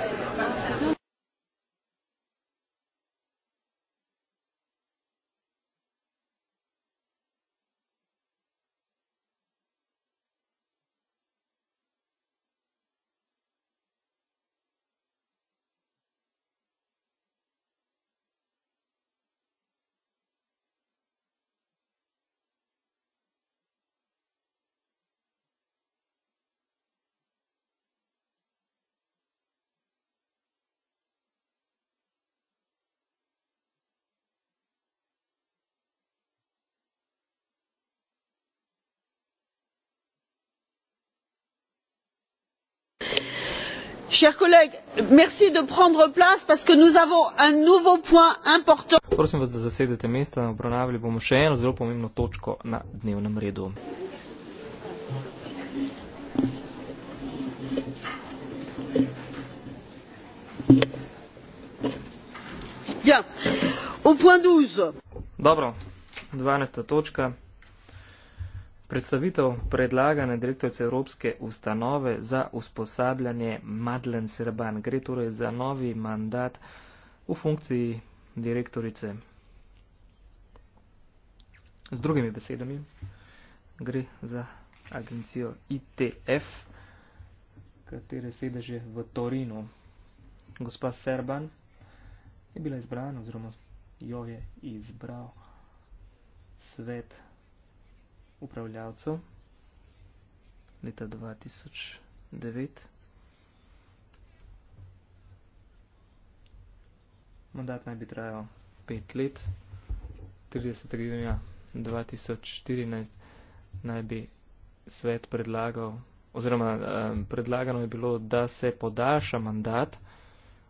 chers collègues merci de prendre place parce que nous avons un nouveau point important prosim vas da zasedete mesta obravnavali bomo še eno zelo pomembno točko na dnevnem redu Bien. Au point 12. Dobro, 12. točka. Predstavitev predlagane direktorice Evropske ustanove za usposabljanje Madlen Serban gre torej za novi mandat v funkciji direktorice. Z drugimi besedami gre za agencijo ITF, katere sedeže v Torinu. Gospa Serban je bila izbrana oziroma jo je izbral svet upravljavcev leta 2009. Mandat naj bi trajal 5 let, 30. junija 2014 naj bi svet predlagal, oziroma eh, predlagano je bilo, da se podaljša mandat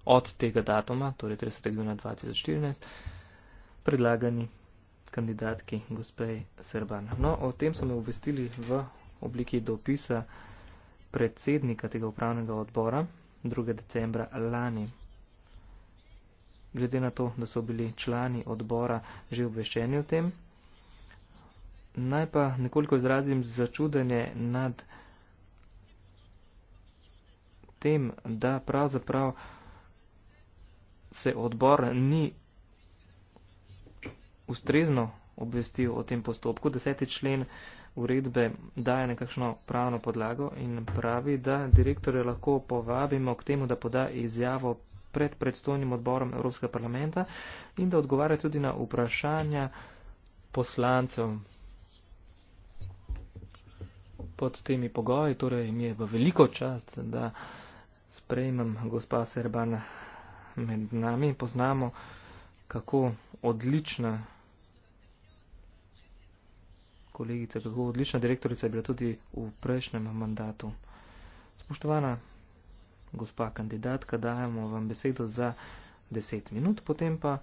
od tega datuma, torej 30. junija 2014, predlagani kandidatki, gospej Serban. No, o tem so me obvestili v obliki dopisa predsednika tega upravnega odbora 2. decembra lani. Glede na to, da so bili člani odbora že obveščeni o tem, naj pa nekoliko izrazim začudenje nad tem, da pravzaprav se odbor ni ustrezno obvestil o tem postopku. Deseti člen uredbe daje nekakšno pravno podlago in pravi, da direktore lahko povabimo k temu, da poda izjavo pred predstojnim odborom Evropskega parlamenta in da odgovarja tudi na vprašanja poslancev. Pod temi pogoji, torej mi je v veliko čast, da sprejmem gospa Serban med nami, poznamo, kako odlična kolegica, kako odlična direktorica je bila tudi v prejšnjem mandatu. Spoštovana gospa kandidatka, dajemo vam besedo za 10 minut, potem pa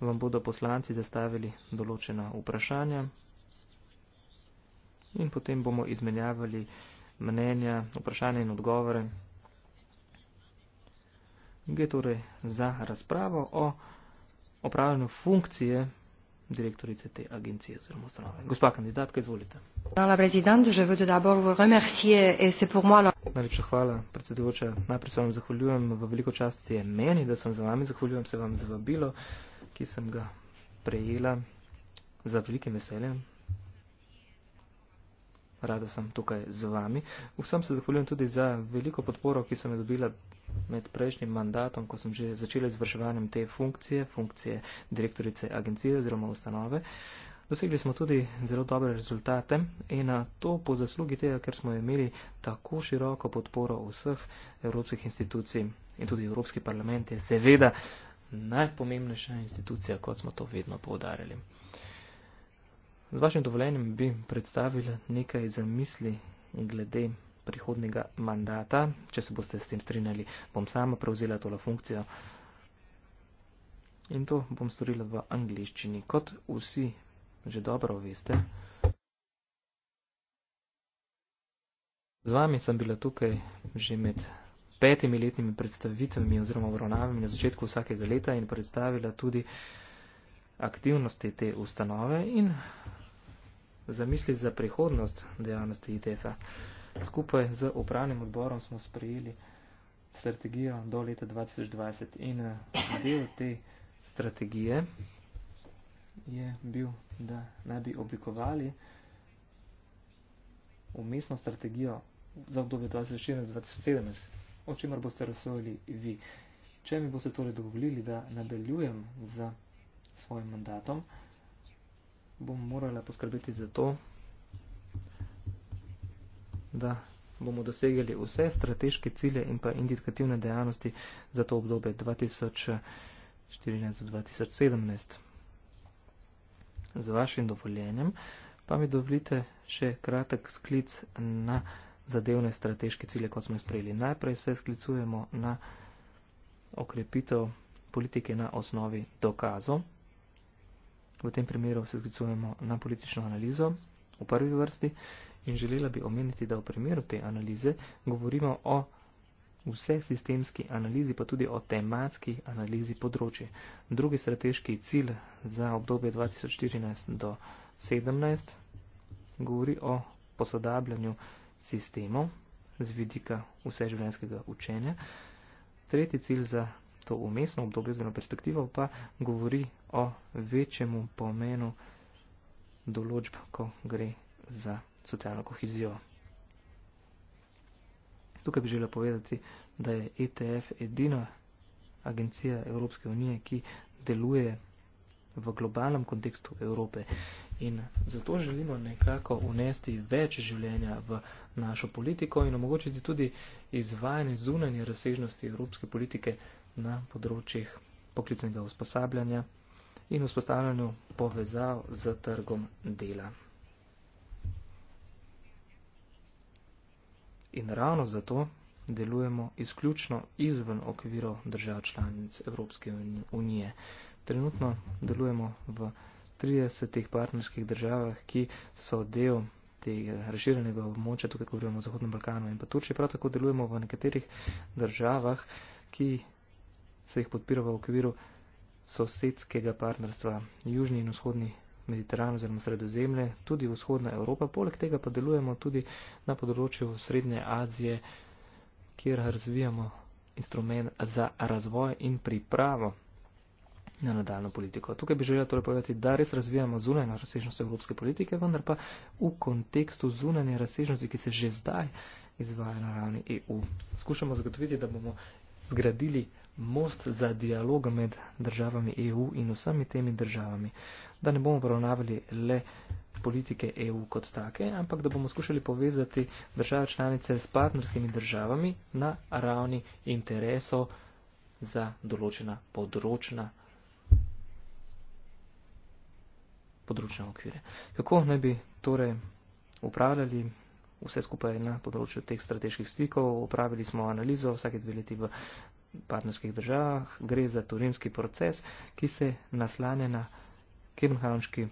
vam bodo poslanci zastavili določena vprašanja in potem bomo izmenjavali mnenja, vprašanja in odgovore. Gre torej za razpravo o opravljanju funkcije direktorice te agencije oziroma ustanove. Gospa kandidatka, izvolite. Najlepša hvala, predsedujoča. Najprej se vam zahvaljujem. V veliko časti je meni, da sem za vami. Zahvaljujem se vam za vabilo, ki sem ga prejela za velikim veseljem rada sem tukaj z vami. Vsem se zahvaljujem tudi za veliko podporo, ki sem jo dobila med prejšnjim mandatom, ko sem že začela izvrševanjem te funkcije, funkcije direktorice agencije oziroma ustanove. Dosegli smo tudi zelo dobre rezultate in to po zaslugi tega, ker smo imeli tako široko podporo vseh evropskih institucij in tudi Evropski parlament je seveda najpomembnejša institucija, kot smo to vedno povdarjali. Z vašim dovoljenjem bi predstavil nekaj zamisli glede prihodnega mandata. Če se boste s tem strinjali, bom sama prevzela tole funkcijo. In to bom storila v angliščini, kot vsi že dobro veste. Z vami sem bila tukaj že med petimi letnimi predstavitvami oziroma obravnavami na začetku vsakega leta in predstavila tudi aktivnosti te ustanove in zamisli za prihodnost dejavnosti ITF-a. Skupaj z upravnim odborom smo sprejeli strategijo do leta 2020 in del te strategije je bil, da naj bi oblikovali umestno strategijo za obdobje 2014-2017, o čemer boste razsojili vi. Če mi boste torej dovolili, da nadaljujem z svojim mandatom, bom morala poskrbeti za to, da bomo dosegeli vse strateške cilje in pa indikativne dejavnosti za to obdobje 2014-2017. Z vašim dovoljenjem pa mi dovolite še kratek sklic na zadevne strateške cilje, kot smo sprejeli. Najprej se sklicujemo na okrepitev politike na osnovi dokazov v tem primeru se sklicujemo na politično analizo v prvi vrsti in želela bi omeniti, da v primeru te analize govorimo o vse sistemski analizi, pa tudi o tematski analizi področje. Drugi strateški cilj za obdobje 2014 do 2017 govori o posodabljanju sistemov z vidika vseživljenjskega učenja. Tretji cilj za to umestno obdobje oziroma perspektivo pa govori o večjemu pomenu določb, ko gre za socialno kohezijo. Tukaj bi želela povedati, da je ETF edina agencija Evropske unije, ki deluje v globalnem kontekstu Evrope. In zato želimo nekako unesti več življenja v našo politiko in omogočiti tudi izvajanje zunanje razsežnosti evropske politike na področjih poklicnega usposabljanja in vzpostavljanju povezav z trgom dela. In ravno zato delujemo izključno izven okvirov držav članic Evropske unije. Trenutno delujemo v 30 partnerskih državah, ki so del tega razširjenega območja, tukaj govorimo o Zahodnem Balkanu in pa Turčiji, prav tako delujemo v nekaterih državah, ki se jih podpira v okviru sosedskega partnerstva Južni in Vzhodni Mediteran oziroma Sredozemlje, tudi Vzhodna Evropa. Poleg tega pa delujemo tudi na področju Srednje Azije, kjer razvijamo instrument za razvoj in pripravo na nadaljno politiko. Tukaj bi želela torej povedati, da res razvijamo zunanjo razsežnost evropske politike, vendar pa v kontekstu zunanje razsežnosti, ki se že zdaj izvaja na ravni EU. Skušamo zagotoviti, da bomo zgradili most za dialog med državami EU in vsemi temi državami. Da ne bomo obravnavali le politike EU kot take, ampak da bomo skušali povezati države članice s partnerskimi državami na ravni interesov za določena področna, področna okvire. Kako naj bi torej upravljali vse skupaj na področju teh strateških stikov? Upravili smo analizo vsake dve leti v partnerskih državah, gre za turinski proces, ki se naslanja na kebenhavnški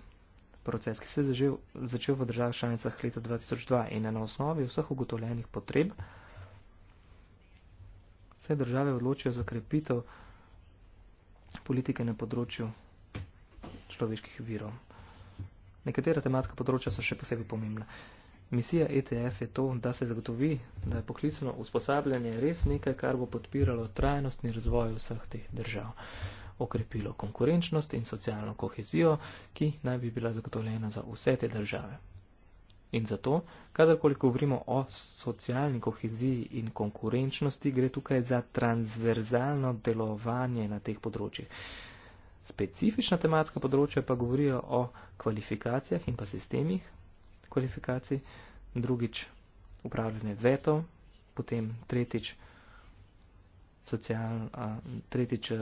proces, ki se je zažel, začel v državah članicah leta 2002 in je na osnovi vseh ugotovljenih potreb vse države odločijo za krepitev politike na področju človeških virov. Nekatera tematska področja so še posebej pomembna. Misija ETF je to, da se zagotovi, da je poklicno usposabljanje res nekaj, kar bo podpiralo trajnostni razvoj vseh teh držav, okrepilo konkurenčnost in socialno kohezijo, ki naj bi bila zagotovljena za vse te države. In zato, kadarkoli govorimo o socialni koheziji in konkurenčnosti, gre tukaj za transverzalno delovanje na teh področjih. Specifična tematska področja pa govorijo o kvalifikacijah in pa sistemih, kvalifikacij, drugič upravljanje vetov, potem tretjič, social, a, tretjič e,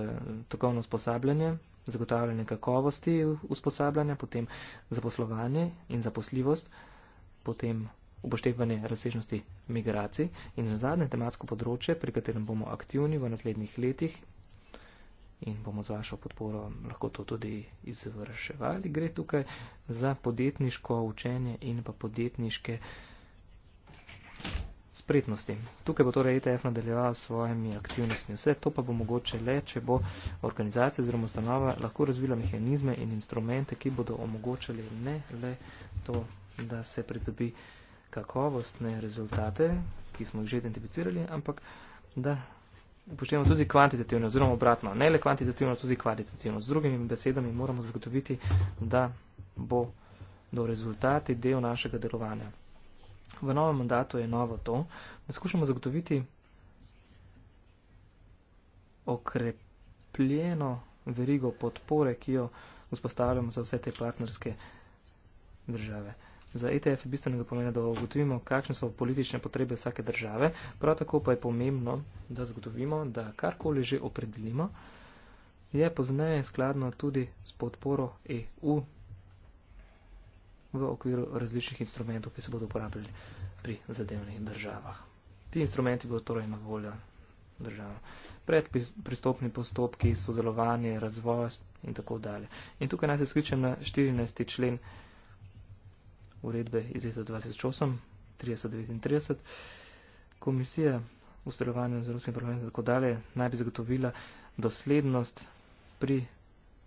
trgovno usposabljanje, zagotavljanje kakovosti usposabljanja, potem zaposlovanje in zaposljivost, potem upoštevanje razsežnosti migracij in zadnje tematsko področje, pri katerem bomo aktivni v naslednjih letih in bomo z vašo podporo lahko to tudi izvrševali. Gre tukaj za podjetniško učenje in pa podjetniške spretnosti. Tukaj bo torej ETF nadaljeval s svojimi aktivnostmi. Vse to pa bo mogoče le, če bo organizacija oziroma ustanova lahko razvila mehanizme in instrumente, ki bodo omogočali ne le to, da se pridobi kakovostne rezultate, ki smo jih že identificirali, ampak da upoštevamo tudi kvantitativno, oziroma obratno, ne le kvantitativno, tudi kvalitativno. Z drugimi besedami moramo zagotoviti, da bo do rezultati del našega delovanja. V novem mandatu je novo to, da skušamo zagotoviti okrepljeno verigo podpore, ki jo vzpostavljamo za vse te partnerske države. Za ETF bistvenega pomena, da ugotovimo, kakšne so politične potrebe vsake države, prav tako pa je pomembno, da zagotovimo, da karkoli že opredelimo, je pozneje skladno tudi s podporo EU v okviru različnih instrumentov, ki se bodo uporabljali pri zadevnih državah. Ti instrumenti bodo torej na voljo država. Predpristopni postopki, sodelovanje, razvoj in tako dalje. In tukaj nas je skričen na 14. člen uredbe iz leta 2008-39. Komisija v sodelovanju z Evropskim parlamentom tako dalje naj bi zagotovila doslednost pri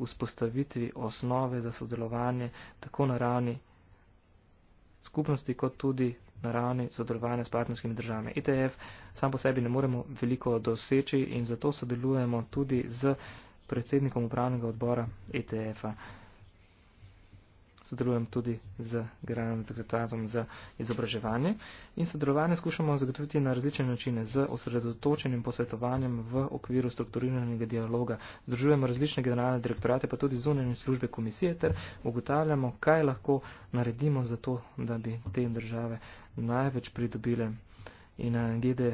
vzpostavitvi osnove za sodelovanje tako na ravni skupnosti, kot tudi na ravni sodelovanja s partnerskimi državami. ITF e sam po sebi ne moremo veliko doseči in zato sodelujemo tudi z predsednikom upravnega odbora ITF-a. E sodelujem tudi z Generalnim sekretarjem za izobraževanje. In sodelovanje skušamo zagotoviti na različne načine, z osredotočenim posvetovanjem v okviru strukturiranega dialoga. Združujemo različne generalne direktorate, pa tudi zunanje službe komisije, ter ugotavljamo, kaj lahko naredimo za to, da bi te države največ pridobile. In eh, GD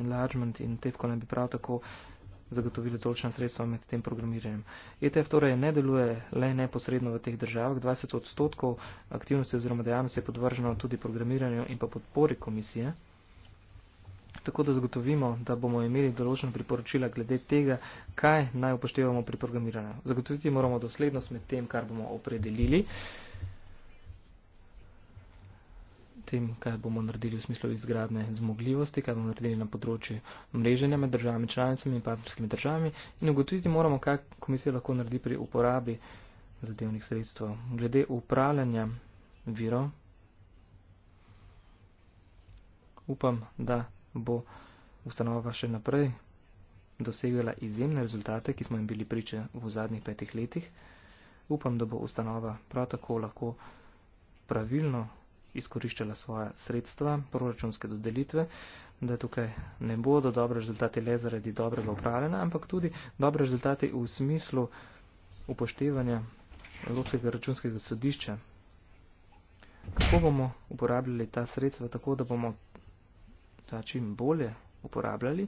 enlargement in TEPCO naj bi prav tako zagotovili določena sredstva med tem programiranjem. ETF torej ne deluje le neposredno v teh državah, 20 odstotkov aktivnosti oziroma dejavnosti je podvrženo tudi programiranju in pa podpori komisije. Tako da zagotovimo, da bomo imeli določena priporočila glede tega, kaj naj upoštevamo pri programiranju. Zagotoviti moramo doslednost med tem, kar bomo opredelili. Uh, tem, kaj bomo naredili v smislu izgradne zmogljivosti, kaj bomo naredili na področju mreženja med državami članicami in partnerskimi državami in ugotoviti moramo, kaj komisija lahko naredi pri uporabi zadevnih sredstv. Glede upravljanja viro, upam, da bo ustanova še naprej dosegala izjemne rezultate, ki smo jim bili priče v zadnjih petih letih. Upam, da bo ustanova prav tako lahko pravilno izkoriščala svoja sredstva, proračunske dodelitve, da tukaj ne bodo dobre rezultate le zaradi dobrega upravljanja, ampak tudi dobre rezultate v smislu upoštevanja Evropskega računskega sodišča. Kako bomo uporabljali ta sredstva tako, da bomo ta čim bolje uporabljali?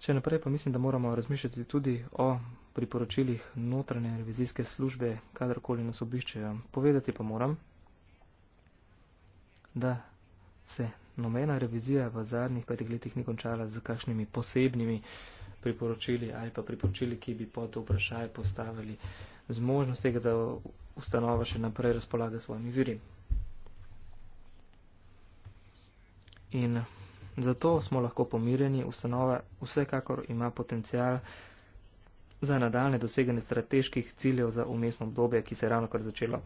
Če naprej pa mislim, da moramo razmišljati tudi o priporočilih notranje revizijske službe, kadarkoli nas obiščejo. Povedati pa moram, da se nomena revizija v zadnjih petih letih ni končala z kakšnimi posebnimi priporočili ali pa priporočili, ki bi pod vprašaj postavili zmožnost tega, da ustanova še naprej razpolaga svojimi viri. In zato smo lahko pomirjeni, ustanova vsekakor ima potencial, za nadaljne doseganje strateških ciljev za umestno obdobje, ki se je ravno kar začelo,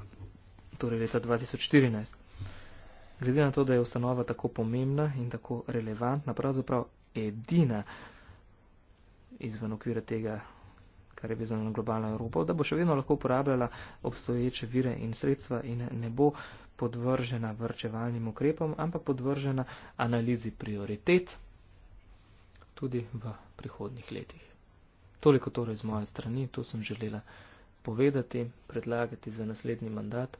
torej leta 2014. Glede na to, da je ustanova tako pomembna in tako relevantna, pravzaprav edina izven okvira tega, kar je vezano na globalno Evropo, da bo še vedno lahko uporabljala obstoječe vire in sredstva in ne bo podvržena vrčevalnim ukrepom, ampak podvržena analizi prioritet tudi v prihodnih letih. Toliko torej z moje strani, to sem želela povedati, predlagati za naslednji mandat.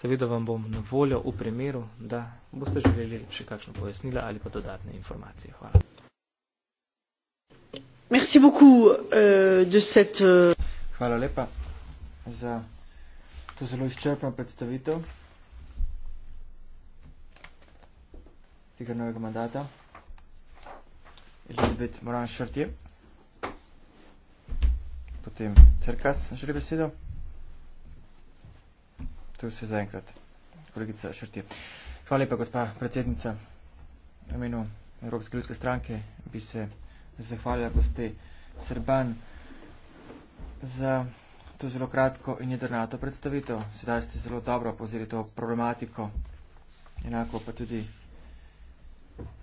Seveda vam bom na voljo v primeru, da boste želeli še kakšno pojasnila ali pa dodatne informacije. Hvala. Merci beaucoup, uh, de cette, uh... Hvala lepa za to zelo izčrpno predstavitev tega novega mandata. Elizabeth Moran-Šrtje potem Čerkas želi besedo. To je vse zaenkrat, kolegica Šrti. Hvala lepa, gospa predsednica. V imenu Evropske ljudske stranke bi se zahvalila gospe Srban za to zelo kratko in jedrnato predstavitev. Sedaj ste zelo dobro pozeli to problematiko, enako pa tudi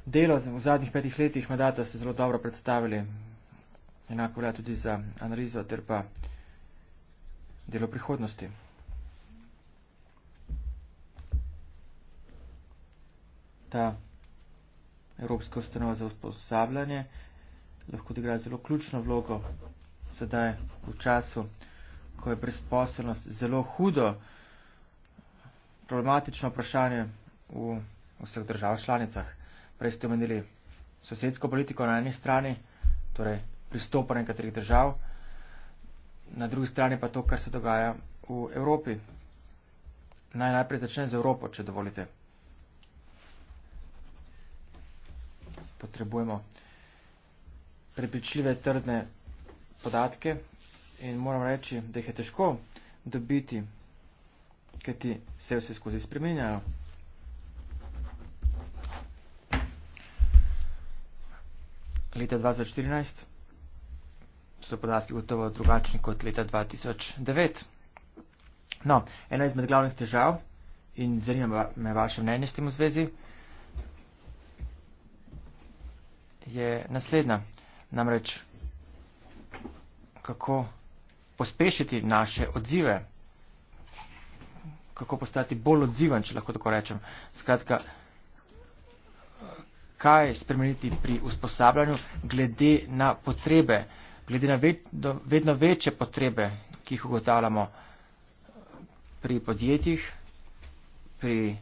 delo v zadnjih petih letih mandata ste zelo dobro predstavili enako velja tudi za analizo ter pa delo prihodnosti. Ta Evropska ustanova za usposabljanje lahko odigra zelo ključno vlogo sedaj v času, ko je brezposelnost zelo hudo, problematično vprašanje v vseh državah članicah. Prej ste omenili sosedsko politiko na eni strani, torej pristopa nekaterih držav, na drugi strani pa to, kar se dogaja v Evropi. Naj najprej začne z Evropo, če dovolite. Potrebujemo prepričljive trdne podatke in moram reči, da jih je težko dobiti, ker ti se vse skozi spremenjajo. Leta 2014 so podatki gotovo drugačni kot leta 2009. No, ena izmed glavnih težav in zanima me vaše mnenje s tem v zvezi je naslednja. Namreč, kako pospešiti naše odzive, kako postati bolj odziven, če lahko tako rečem. Skratka, kaj spremeniti pri usposabljanju glede na potrebe, uh, glede na vedno večje potrebe, ki jih ugotavljamo eh, pri podjetjih, pri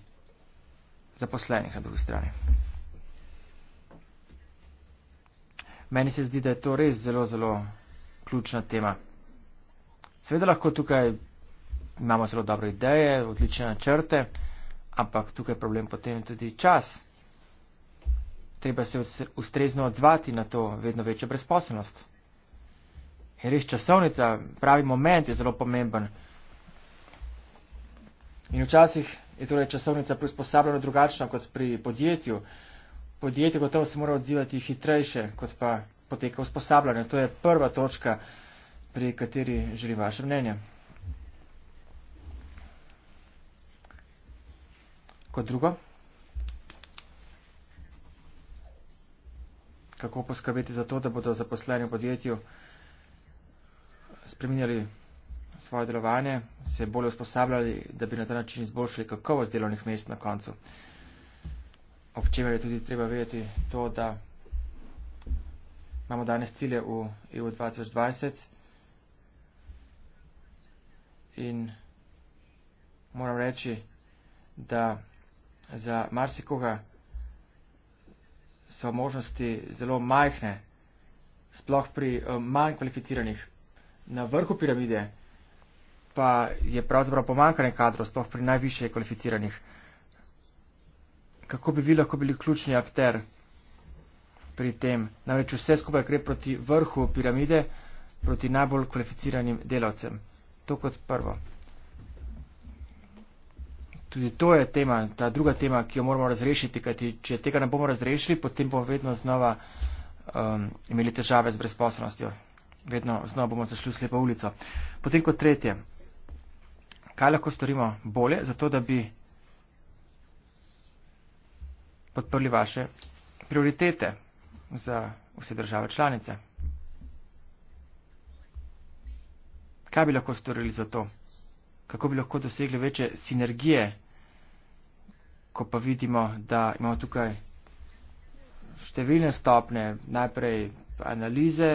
zaposlenih na drugi strani. Meni se zdi, da je to res zelo, zelo ključna tema. Seveda lahko tukaj imamo zelo dobre ideje, odlične načrte, ampak tukaj problem potem je tudi čas. Treba se ustrezno odzvati na to vedno večjo brezposobnost je res časovnica, pravi moment je zelo pomemben. In včasih je torej časovnica prisposabljena drugačna kot pri podjetju. Podjetje gotovo se mora odzivati hitrejše, kot pa poteka usposabljanje. To je prva točka, pri kateri želim vaše mnenje. Kot drugo, kako poskrbeti za to, da bodo zaposleni v podjetju spremenjali svoje delovanje, se bolje usposabljali, da bi na ta način izboljšali kakovost delovnih mest na koncu. Ob čemer je tudi treba vedeti to, da imamo danes cilje v EU 2020 in moram reči, da za marsikoga so možnosti zelo majhne, sploh pri eh, manj kvalificiranih na vrhu piramide, pa je pravzaprav pomankanje kadrov, sploh pri najviše kvalificiranih. Kako bi vi lahko bili ključni akter pri tem? Namreč vse skupaj gre proti vrhu piramide, proti najbolj kvalificiranim delavcem. To kot prvo. Tudi to je tema, ta druga tema, ki jo moramo razrešiti, kajti če tega ne bomo razrešili, potem bomo vedno znova um, imeli težave z brezposobnostjo vedno znova bomo zašli v slepo ulico. Potem kot tretje, kaj lahko storimo bolje, zato da bi podprli vaše prioritete za vse države članice? Kaj bi lahko storili za to? Kako bi lahko dosegli večje sinergije, ko pa vidimo, da imamo tukaj številne stopne, najprej analize,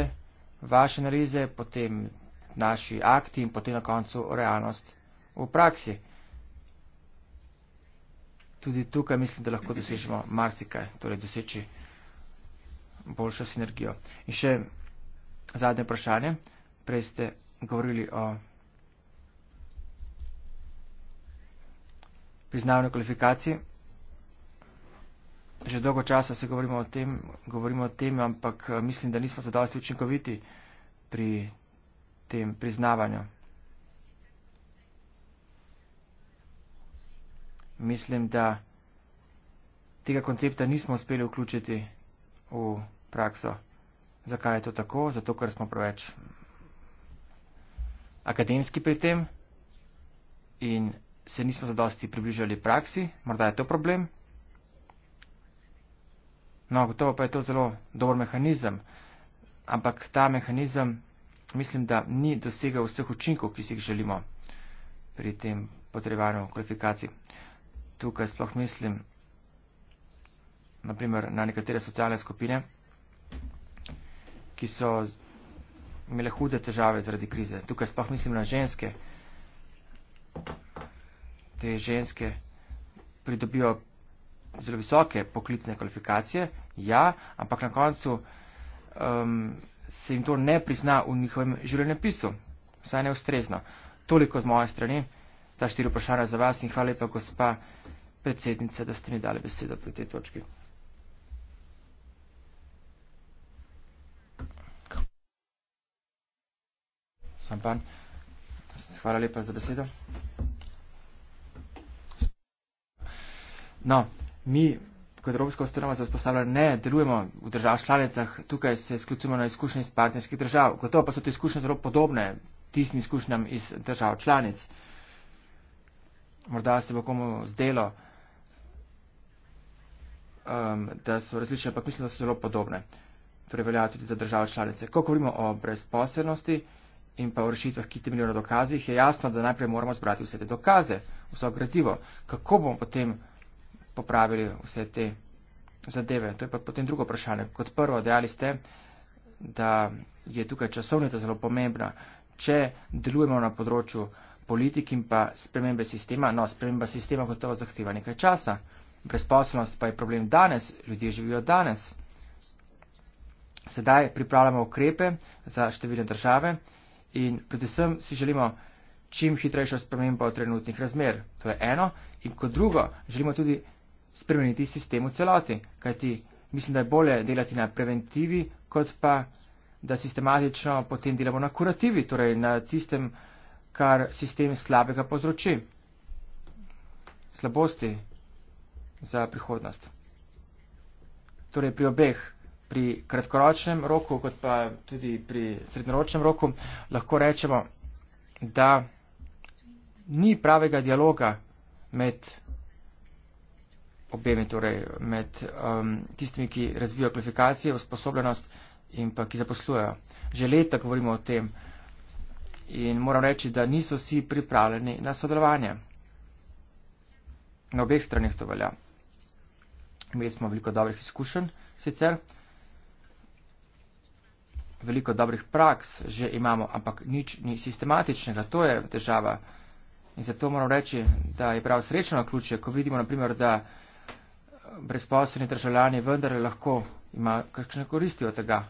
vaše narize, potem naši akti in potem na koncu realnost v praksi. Tudi tukaj mislim, da lahko dosežemo marsikaj, torej doseči boljšo sinergijo. In še zadnje vprašanje. Prej ste govorili o priznavni kvalifikaciji že dolgo časa se govorimo o tem, govorimo o tem ampak eh, mislim, da nismo zadosti učinkoviti pri tem priznavanju. Mislim, da tega koncepta nismo uspeli vključiti v prakso. Zakaj je to tako? Zato, ker smo preveč akademski pri tem in se nismo zadosti približali praksi. Morda je to problem. No, gotovo pa je to zelo dober mehanizem, ampak ta mehanizem mislim, da ni dosegel vseh učinkov, ki si jih želimo pri tem potrebovanju kvalifikacij. Tukaj sploh mislim naprimer, na nekatere socialne skupine, ki so imele hude težave zaradi krize. Tukaj sploh mislim na ženske. Te ženske pridobijo zelo visoke poklicne kvalifikacije, ja, ampak na koncu um, se jim to ne prizna v njihovem življenjepisu, vsaj neustrezno. Toliko z moje strani, ta štiri vprašanja za vas in hvala lepa, gospa predsednica, da ste mi dali besedo pri tej točki. Sampan, hvala lepa za besedo. No mi kot Evropska ustanova za vzpostavljanje ne delujemo v državah članicah, tukaj se sklicujemo na izkušnje iz partnerskih držav. Gotovo pa so te izkušnje zelo podobne tistim izkušnjam iz držav članic. Morda se bo komu zdelo, um, da so različne, ampak mislim, da so zelo podobne. Torej veljajo tudi za države članice. Ko govorimo o brezposelnosti in pa o rešitvah, ki temeljijo na dokazih, je jasno, da najprej moramo zbrati vse te dokaze, vso gradivo. Kako bomo potem popravili vse te zadeve. To je pa potem drugo vprašanje. Kot prvo, dejali ste, da je tukaj časovnica zelo pomembna. Če delujemo na področju politik in pa spremembe sistema, no, sprememba sistema gotovo zahteva nekaj časa. Brezposobnost pa je problem danes, ljudje živijo danes. Sedaj pripravljamo ukrepe za številne države in predvsem si želimo čim hitrejšo spremembo trenutnih razmer. To je eno. In kot drugo, želimo tudi spremeniti sistem v celoti, kajti mislim, da je bolje delati na preventivi, kot pa da sistematično potem delamo na kurativi, torej na tistem, kar sistem slabega povzroči. Slabosti za prihodnost. Torej pri obeh, pri kratkoročnem roku, kot pa tudi pri srednjeročnem roku, lahko rečemo, da ni pravega dialoga med obeme torej med um, tistimi, ki razvijajo kvalifikacije, usposobljenost in pa ki zaposlujejo. Že leta govorimo o tem in moram reči, da niso vsi pripravljeni na sodelovanje. Na obeh stranih to velja. Imeli smo veliko dobrih izkušenj sicer, veliko dobrih praks že imamo, ampak nič ni sistematičnega, to je težava. In zato moram reči, da je prav srečno ključje, ko vidimo, naprimer, da brezposobni državljani vendar lahko ima kakšne koristi od tega.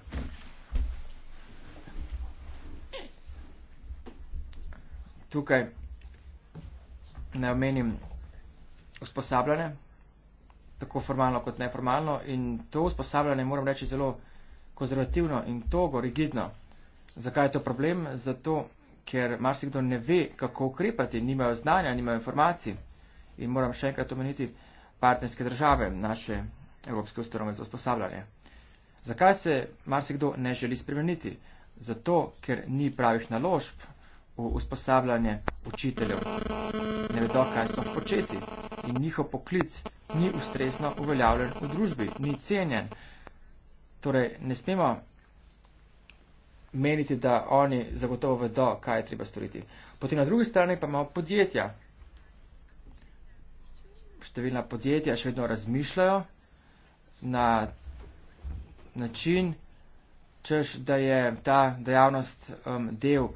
Tukaj ne omenim usposabljanje, tako formalno kot neformalno in to usposabljanje moram reči zelo konzervativno in togo, rigidno. Zakaj je to problem? Zato, ker marsikdo ne ve, kako ukrepati, nimajo znanja, nimajo informacij. In moram še enkrat omeniti, partnerske države, naše Evropske ustanove za usposabljanje. Zakaj se marsikdo ne želi spremeniti? Zato, ker ni pravih naložb v usposabljanje učiteljev. Ne vedo, kaj sploh početi in njihov poklic ni ustrezno uveljavljen v družbi, ni cenjen. Torej, ne smemo meniti, da oni zagotovo vedo, kaj je treba storiti. Potem na drugi strani pa imamo podjetja, številna podjetja še vedno razmišljajo na način, češ, da je ta dejavnost um, del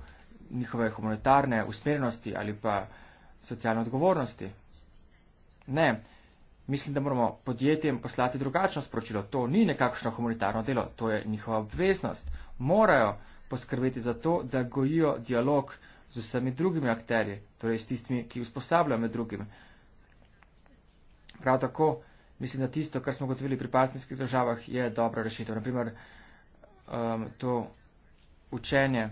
njihove humanitarne usmerjenosti ali pa socialne odgovornosti. Ne, mislim, da moramo podjetjem poslati drugačno sporočilo. To ni nekakšno humanitarno delo, to je njihova obveznost. Morajo poskrbeti za to, da gojijo dialog z vsemi drugimi akterji, torej s tistimi, ki usposabljajo med drugimi. Prav tako mislim, da tisto, kar smo gotovili pri partnerskih državah, je dobra rešitev. Naprimer, um, to učenje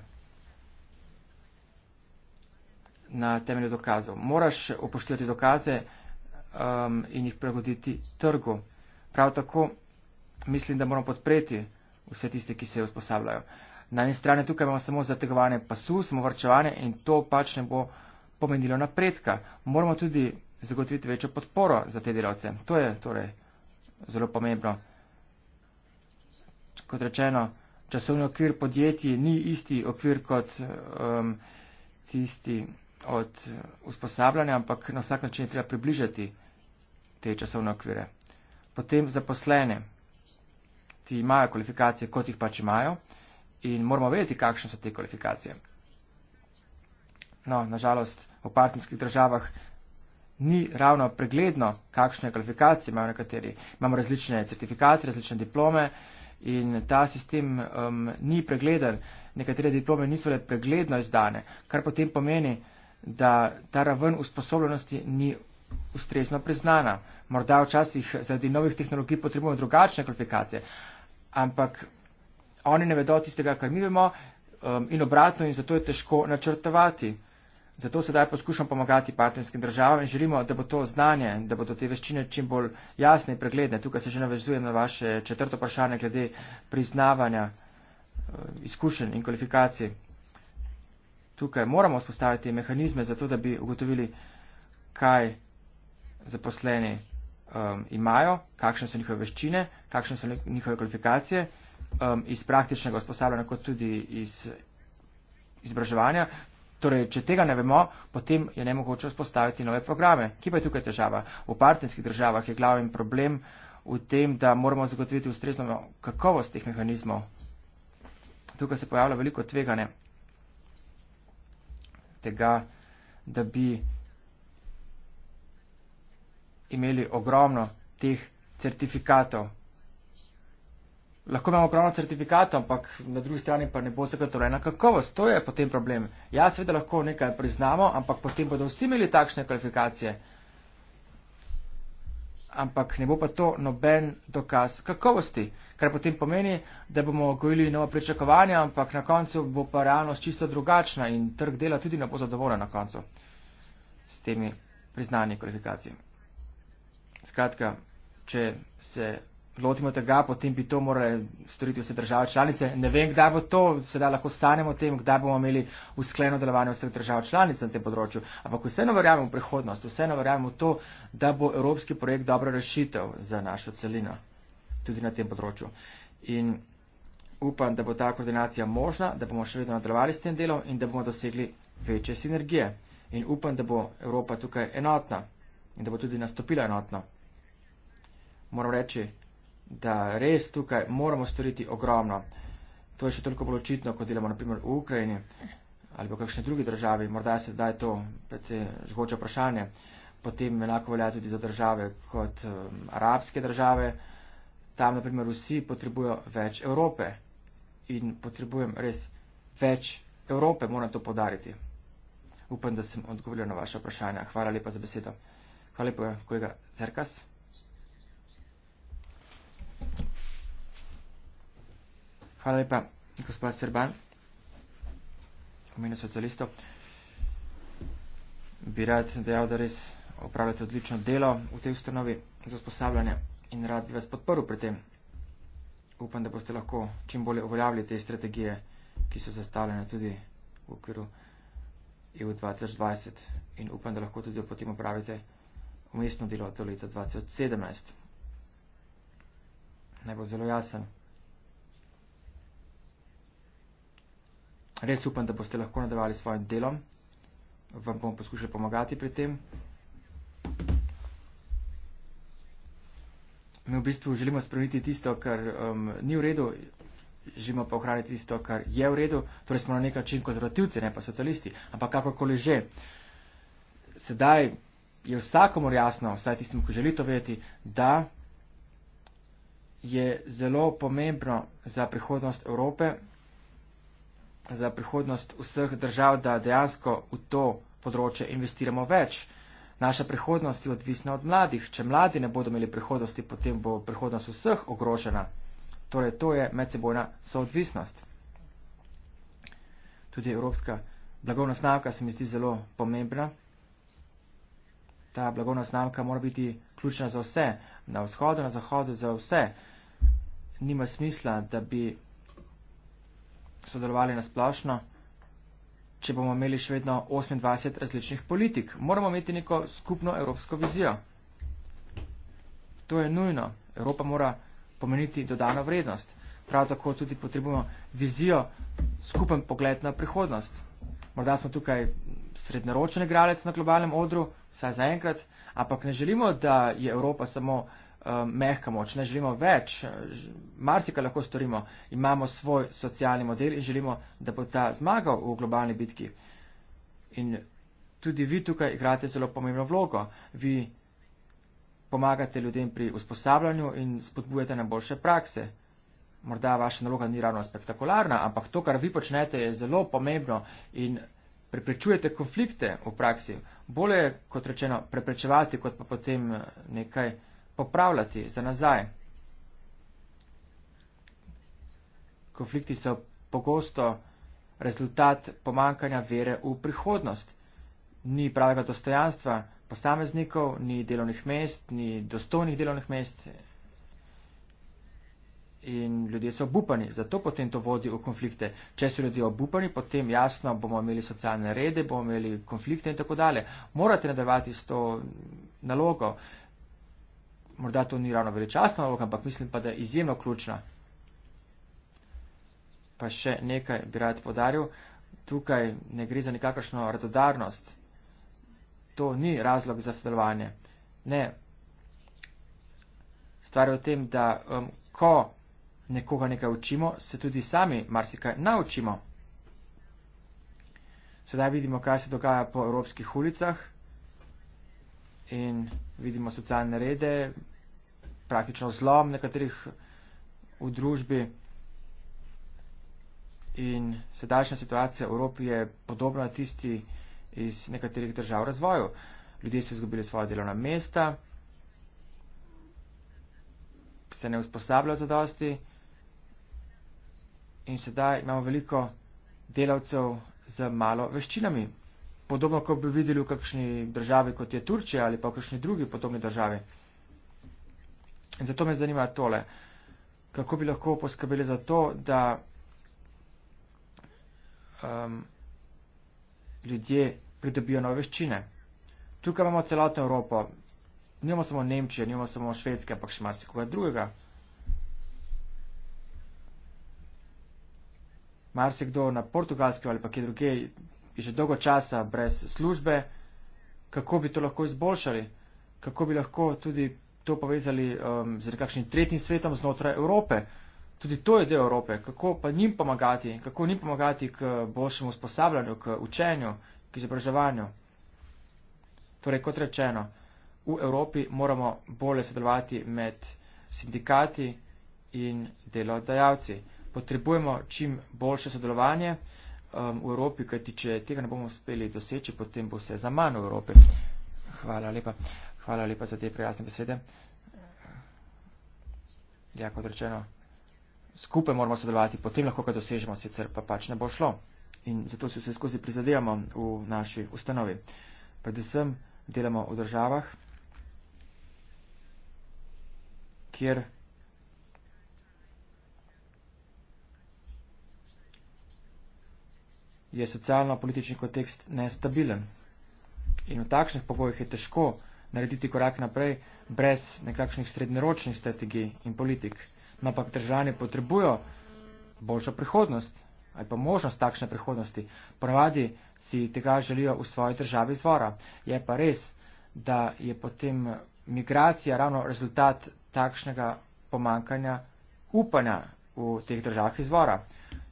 na temelju dokazov. Moraš upoštevati dokaze um, in jih pregoditi trgu. Prav tako mislim, da moramo podpreti vse tiste, ki se usposabljajo. Na eni strani tukaj imamo samo zategovanje pasu, samo vrčevanje in to pač ne bo pomenilo napredka. Moramo tudi zagotoviti večjo podporo za te delavce. To je torej zelo pomembno. Kot rečeno, časovni okvir podjetij ni isti okvir kot um, tisti od uh, usposabljanja, ampak na vsak način je treba približati te časovne okvire. Potem zaposlene, ti imajo kvalifikacije, kot jih pač imajo in moramo vedeti, kakšne so te kvalifikacije. No, nažalost, v partnerskih državah ni ravno pregledno, kakšne kvalifikacije imajo nekateri. Imamo različne certifikate, različne diplome in ta sistem um, ni pregleden. Nekatere diplome niso le pregledno izdane, kar potem pomeni, da ta raven usposobljenosti ni ustrezno priznana. Morda včasih zaradi novih tehnologij potrebujemo drugačne kvalifikacije, ampak oni ne vedo tistega, kar mi vemo um, in obratno in zato je težko načrtovati. Zato sedaj poskušamo pomagati partnerskim državam in želimo, da bo to znanje, da bodo te veščine čim bolj jasne in pregledne. Tukaj se že navezujem na vaše četrto vprašanje glede priznavanja eh, izkušenj in kvalifikacij. Tukaj moramo spostaviti mehanizme za to, da bi ugotovili, kaj zaposleni um, imajo, kakšne so njihove veščine, kakšne so njihove kvalifikacije um, iz praktičnega usposabljanja, kot tudi iz izobraževanja. Torej, če tega ne vemo, potem je ne mogoče vzpostaviti nove programe. Kje pa je tukaj težava? V partnerskih državah je glavni problem v tem, da moramo zagotoviti ustrezno kakovost teh mehanizmov. Tukaj se pojavlja veliko tveganje tega, da bi imeli ogromno teh certifikatov, Lahko imamo pravno certifikat, ampak na drugi strani pa ne bo zagotovljena kakovost. To je potem problem. Ja, seveda lahko nekaj priznamo, ampak potem bodo vsi imeli takšne kvalifikacije. Ampak ne bo pa to noben dokaz kakovosti, kar potem pomeni, da bomo gojili nova pričakovanja, ampak na koncu bo pa realnost čisto drugačna in trg dela tudi ne bo zadovoljen na koncu s temi priznanji kvalifikacij. Skratka, če se lotimo tega, potem bi to morali storiti vse države članice. Ne vem, kdaj bo to, sedaj lahko sanjamo o tem, kdaj bomo imeli uskleno delovanje vseh držav članic na tem področju. Ampak vseeno verjamem v prihodnost, vseeno verjamem v to, da bo evropski projekt dobra rešitev za našo celino tudi na tem področju. In upam, da bo ta koordinacija možna, da bomo še vedno nadaljevali s tem delom in da bomo dosegli večje sinergije. In upam, da bo Evropa tukaj enotna in da bo tudi nastopila enotno. Moram reči, da res tukaj moramo storiti ogromno. To je še toliko bolj očitno, ko delamo naprimer v Ukrajini ali v kakšni drugi državi. Morda se da je to precej žgoče vprašanje. Potem enako velja tudi za države kot um, arabske države. Tam naprimer vsi potrebujo več Evrope in potrebujem res več Evrope, moram to podariti. Upam, da sem odgovoril na vaše vprašanje. Hvala lepa za besedo. Hvala lepa, kolega Zerkas. Hvala lepa, gospod Srban. V imenu socialistov bi rad dejal, da res opravljate odlično delo v tej ustanovi za usposabljanje in rad bi vas podporil pri tem. Upam, da boste lahko čim bolje uveljavili te strategije, ki so zastavljene tudi v okviru EU 2020 in upam, da lahko tudi potem opravite umestno delo do leta 2017. Naj bo zelo jasno. res upam, da boste lahko nadaljevali s svojim delom. Vam bom poskušal pomagati pri tem. Mi v bistvu želimo spremeniti tisto, kar um, ni v redu, želimo pa ohraniti tisto, kar je v redu. Torej smo na nek način konzervativci, ne pa socialisti. Ampak kakorkoli že, sedaj je vsakomor jasno, vsaj tistim, ki želi to vedeti, da je zelo pomembno za prihodnost Evrope, za prihodnost vseh držav, da dejansko v to področje investiramo več. Naša prihodnost je odvisna od mladih. Če mladi ne bodo imeli prihodnosti, potem bo prihodnost vseh ogrožena. Torej, to je medsebojna soodvisnost. Tudi evropska blagovna znamka se mi zdi zelo pomembna. Ta blagovna znamka mora biti ključna za vse, na vzhodu, na zahodu, za vse. Nima smisla, da bi sodelovali na splošno, če bomo imeli še vedno 28 različnih politik. Moramo imeti neko skupno evropsko vizijo. To je nujno. Evropa mora pomeniti dodano vrednost. Prav tako tudi potrebujemo vizijo, skupen pogled na prihodnost. Morda smo tukaj srednjeročen igralec na globalnem odru, vsaj zaenkrat, ampak ne želimo, da je Evropa samo uh, mehka moč, ne želimo več, eh, marsikaj lahko storimo, imamo svoj socialni model in želimo, da bo ta zmagal v globalni bitki. In tudi vi tukaj igrate zelo pomembno vlogo. Vi pomagate ljudem pri usposabljanju in spodbujate na boljše prakse. Morda vaša naloga ni ravno spektakularna, ampak to, kar vi počnete, je zelo pomembno in preprečujete konflikte v praksi. Bolje je, kot rečeno, preprečevati, kot pa potem eh, nekaj popravljati za nazaj. Konflikti so pogosto rezultat pomankanja vere v prihodnost. Ni pravega dostojanstva posameznikov, ni delovnih mest, ni dostojnih delovnih mest. In ljudje so obupani, zato potem to vodi v konflikte. Če so ljudje obupani, potem jasno bomo imeli socialne rede, bomo imeli konflikte in tako dalje. Morate nadaljevati s to nalogo morda to ni ravno veličastna naloga, ampak mislim pa, da je izjemno ključna. Pa še nekaj bi rad podaril. Tukaj ne gre za nekakršno radodarnost. To ni razlog za sodelovanje. Ne. Stvar je v tem, da um, ko nekoga nekaj učimo, se tudi sami marsikaj naučimo. Sedaj vidimo, kaj se dogaja po evropskih ulicah in vidimo socialne rede, praktično zlom nekaterih v družbi. In sedajšnja situacija v Evropi je podobna tisti iz nekaterih držav razvoju. Ljudje so izgubili svoje delovna mesta, se ne usposabljajo za dosti in sedaj imamo veliko delavcev z malo veščinami, podobno, kot bi videli v kakšni državi, kot je Turčija ali pa v kakšni drugi podobni državi. In zato me zanima tole, kako bi lahko poskrbeli za to, da um, ljudje pridobijo nove veščine. Tukaj imamo celotno Evropo, nimamo samo Nemčije, nimamo samo Švedske, ampak še marsikoga drugega. Marsikdo na portugalski ali pa kje drugej že dolgo časa brez službe, kako bi to lahko izboljšali, kako bi lahko tudi to povezali um, z nekakšnim tretjim svetom znotraj Evrope. Tudi to je del Evrope, kako pa njim pomagati, kako njim pomagati k boljšemu usposabljanju, k učenju, k izobraževanju. Torej, kot rečeno, v Evropi moramo bolje sodelovati med sindikati in delodajalci. Potrebujemo čim boljše sodelovanje um, v Evropi, kajti če tega ne bomo uspeli doseči, potem bo vse za manj v Evropi. Hvala lepa. Hvala lepa za te prijazne besede. Ja, kot rečeno, skupaj moramo sodelovati, potem lahko ga dosežemo, sicer pa pač ne bo šlo. In zato se vse skozi prizadevamo v naši ustanovi. Predvsem delamo v državah, kjer je socialno-politični kontekst nestabilen. In v takšnih pogojih je težko narediti korak naprej brez nekakšnih srednjeročnih strategij in politik. Napak državljani potrebujo boljšo prihodnost ali pa možnost takšne prihodnosti. Ponavadi si tega želijo v svoji državi izvora. Je pa res, da je potem migracija ravno rezultat takšnega pomankanja upanja v teh državah izvora.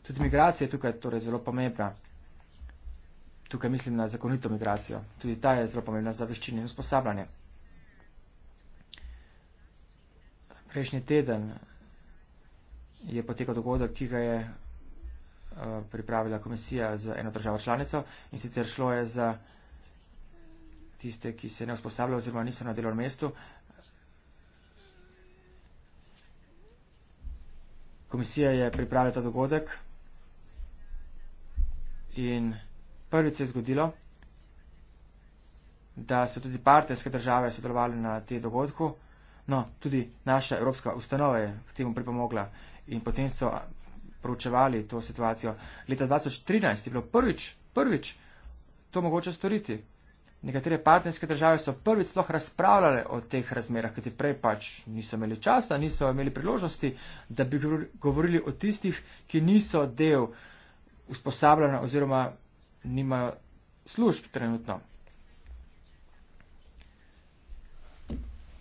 Tudi migracija je tukaj torej zelo pomembna. Tukaj mislim na zakonito migracijo. Tudi ta je zelo pomembna za veščine in usposabljanje. Prejšnji teden je potekal dogodek, ki ga je eh, pripravila komisija z eno državo članico in sicer šlo je za tiste, ki se ne usposabljajo oziroma niso na delovnem mestu. Komisija je pripravila ta dogodek in Prvič se je zgodilo, da so tudi partnerske države sodelovali na tem dogodku, no, tudi naša evropska ustanova je k temu pripomogla in potem so proučevali to situacijo. Leta 2013 je bilo prvič, prvič to mogoče storiti. Nekatere partnerske države so prvič sloh razpravljale o teh razmerah, kajti prej pač niso imeli časa, niso imeli priložnosti, da bi govorili o tistih, ki niso del usposabljanja oziroma nimajo služb trenutno.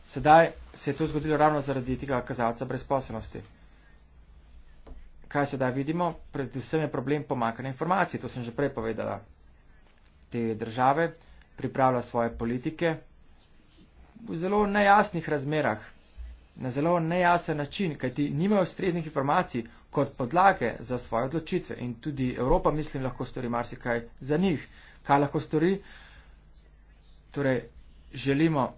Sedaj se je to zgodilo ravno zaradi tega kazalca brezposobnosti. Kaj sedaj vidimo? Predvsem je problem pomakanja informacij, to sem že prej povedala. Te države pripravlja svoje politike v zelo nejasnih razmerah, na zelo nejasen način, kajti nimajo ustreznih informacij kot podlage za svoje odločitve in tudi Evropa, mislim, lahko stori marsikaj za njih. Kaj lahko stori? Torej, želimo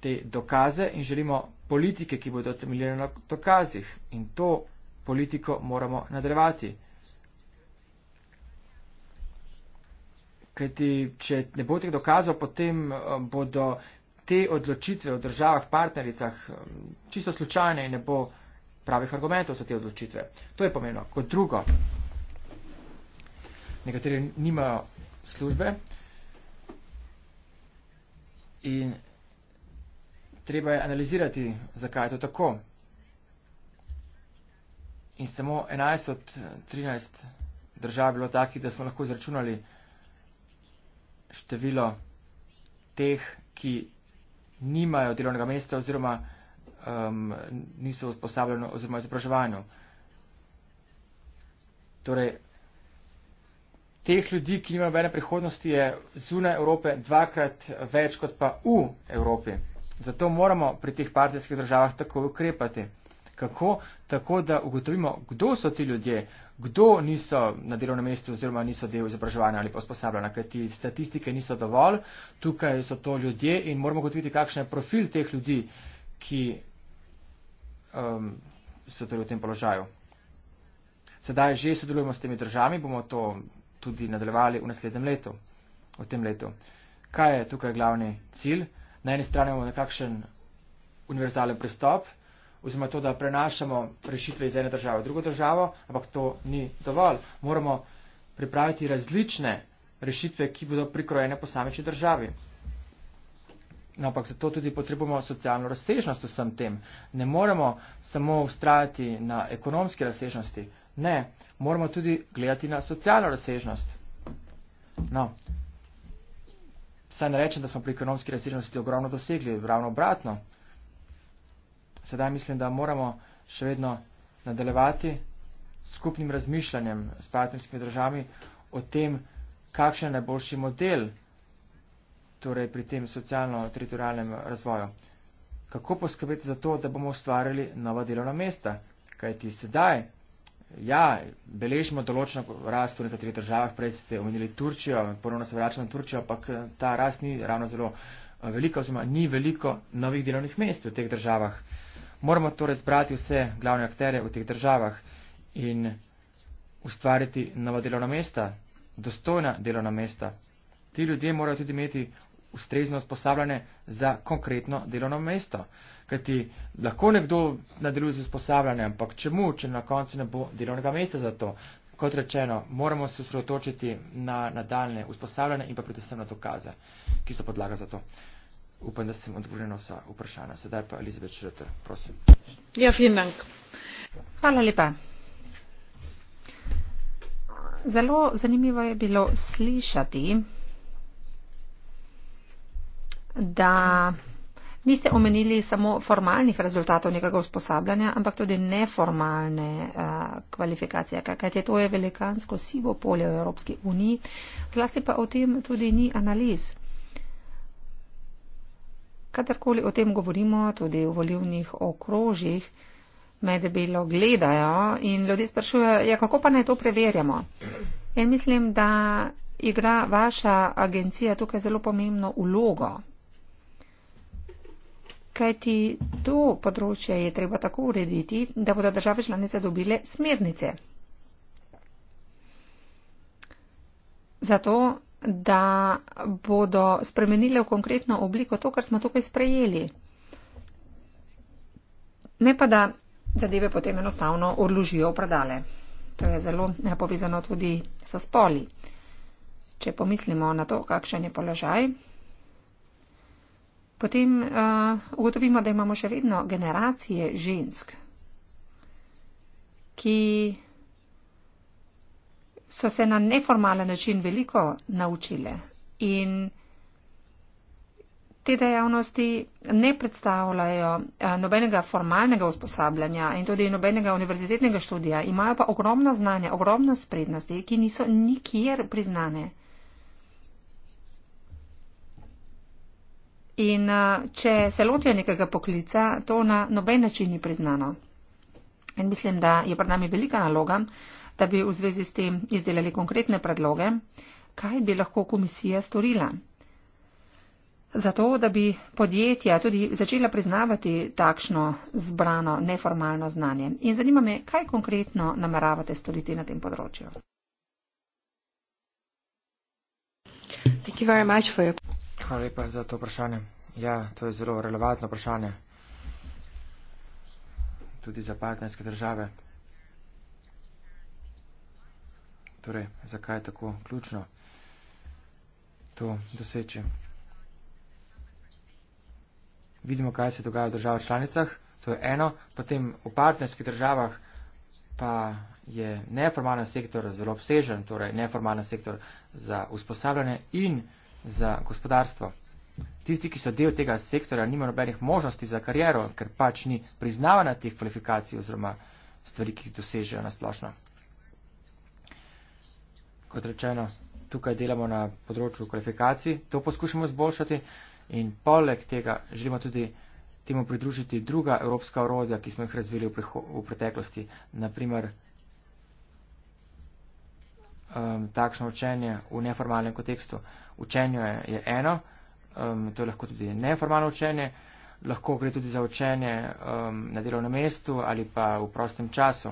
te dokaze in želimo politike, ki bodo temeljene na dokazih in to politiko moramo nadrevati. Kajti, če ne bo teh dokazov, potem eh, bodo te odločitve v državah, partnericah, eh, čisto slučajne in ne bo pravih argumentov za te odločitve. To je pomembno. Kot drugo, nekateri nimajo službe in treba je analizirati, zakaj je to tako. In samo 11 od 13 držav je bilo takih, da smo lahko izračunali število teh, ki nimajo delovnega mesta oziroma um, niso usposabljeno oziroma izobraževano. Torej, teh ljudi, ki nimajo nobene prihodnosti, je zunaj Evrope dvakrat več kot pa v Evropi. Zato moramo pri teh partijskih državah tako ukrepati. Kako? Tako, da ugotovimo, kdo so ti ljudje, kdo niso na delovnem mestu oziroma niso del izobraževanja ali pa usposabljanja, ker ti statistike niso dovolj. Tukaj so to ljudje in moramo ugotoviti, kakšen je profil teh ljudi, ki um, so torej v tem položaju. Sedaj že sodelujemo s temi državami, bomo to tudi nadaljevali v naslednjem letu, v tem letu. Kaj je tukaj glavni cilj? Na eni strani imamo nekakšen univerzalen pristop, oziroma to, da prenašamo rešitve iz ene države v drugo državo, ampak to ni dovolj. Moramo pripraviti različne rešitve, ki bodo prikrojene posamični državi. No, ampak zato tudi potrebujemo socialno razsežnost vsem tem. Ne moramo samo ustrajati na ekonomski razsežnosti. Ne, moramo tudi gledati na socialno razsežnost. No, saj ne rečem, da smo pri ekonomski razsežnosti ogromno dosegli, ravno obratno. Sedaj mislim, da moramo še vedno nadaljevati s skupnim razmišljanjem s partnerskimi državami o tem, kakšen je najboljši model torej pri tem socialno-teritorijalnem razvoju. Kako poskrbeti za to, da bomo ustvarjali nova delovna mesta? Kaj ti sedaj? Ja, beležimo določeno rast v nekaterih državah, prej ste omenili Turčijo, ponovno se vračam na Turčijo, ampak eh, ta rast ni ravno zelo eh, velika, oziroma ni veliko novih delovnih mest v teh državah. Moramo torej zbrati vse glavne akterje v teh državah in ustvariti nova delovna mesta, dostojna delovna mesta, Ti ljudje morajo tudi imeti ustrezno usposabljanje za konkretno delovno mesto. Ker ti lahko nekdo nadaljuje z usposabljanjem, ampak čemu, če na koncu ne bo delovnega mesta za to? Kot rečeno, moramo se usredotočiti na nadaljne usposabljanje in pa predvsem na dokaze, ki so podlaga za to. Upam, da sem odgovorila na vsa vprašanja. Sedaj pa Elizabet Šreter, prosim. Ja, Finank. Hvala lepa. Zelo zanimivo je bilo slišati, da niste omenili samo formalnih rezultatov nekega usposabljanja, ampak tudi neformalne uh, kvalifikacije, kajte to je velikansko sivo polje v Evropski uniji, zlasti pa o tem tudi ni analiz. Kadarkoli o tem govorimo, tudi v volivnih okrožjih, me debelo gledajo in ljudje sprašujejo, ja, kako pa naj to preverjamo. In mislim, da igra vaša agencija tukaj zelo pomembno ulogo, kajti to področje je treba tako urediti, da bodo države članice dobile smernice. Zato, da bodo spremenile v konkretno obliko to, kar smo tukaj sprejeli. Ne pa, da zadeve potem enostavno odložijo v predale. To je zelo eh, povezano tudi s spoli. Če pomislimo na to, kakšen je položaj potem uh, ugotovimo, da imamo še vedno generacije žensk, ki so se na neformalen način veliko naučile in te dejavnosti ne predstavljajo uh, nobenega formalnega usposabljanja in tudi nobenega univerzitetnega študija, imajo pa ogromno znanja, ogromno sprednosti, ki niso nikjer priznane. In eh, če se lotijo nekega poklica, to na noben način ni priznano. In mislim, da je pred nami velika naloga, da bi v zvezi s tem izdelali konkretne predloge, kaj bi lahko komisija storila. Zato, da bi podjetja tudi začela priznavati takšno zbrano neformalno znanje. In zanima me, kaj konkretno nameravate storiti na tem področju. Hvala lepa za to vprašanje. Ja, to je zelo relevantno vprašanje. Tudi za partnerske države. Torej, zakaj je tako ključno to doseči? Vidimo, kaj se dogaja v državah članicah, to je eno. Potem v partnerskih državah pa je neformalen sektor zelo obsežen, torej neformalen sektor za usposabljanje in za gospodarstvo. Tisti, ki so del tega sektora, nimajo nobenih možnosti za kariero, ker pač ni priznavana teh kvalifikacij oziroma stvari, ki jih dosežejo na splošno. Kot rečeno, tukaj delamo na področju kvalifikacij, to poskušamo izboljšati in poleg tega želimo tudi temu pridružiti druga evropska orodja, ki smo jih razvili v, v preteklosti, naprimer um, takšno učenje v neformalnem kontekstu. Učenje je, je eno, um, to je lahko tudi neformalno učenje, lahko gre tudi za učenje um, na delovnem mestu ali pa v prostem času.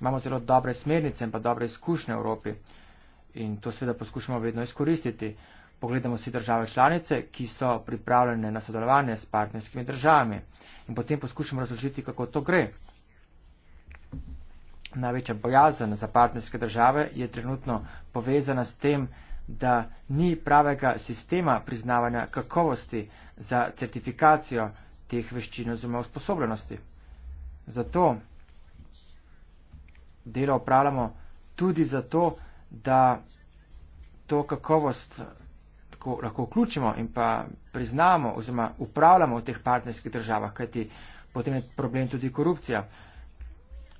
Imamo zelo dobre smernice in pa dobre izkušnje v Evropi in to seveda poskušamo vedno izkoristiti. Pogledamo si države članice, ki so pripravljene na sodelovanje s partnerskimi državami in potem poskušamo razložiti, kako to gre. Največja bojazen za partnerske države je trenutno povezana s tem, da ni pravega sistema priznavanja kakovosti za certifikacijo teh veščin oziroma usposobljenosti. Zato delo upravljamo tudi zato, da to kakovost tako lahko vključimo in pa priznamo oziroma upravljamo v teh partnerskih državah, kajti potem je problem tudi korupcija.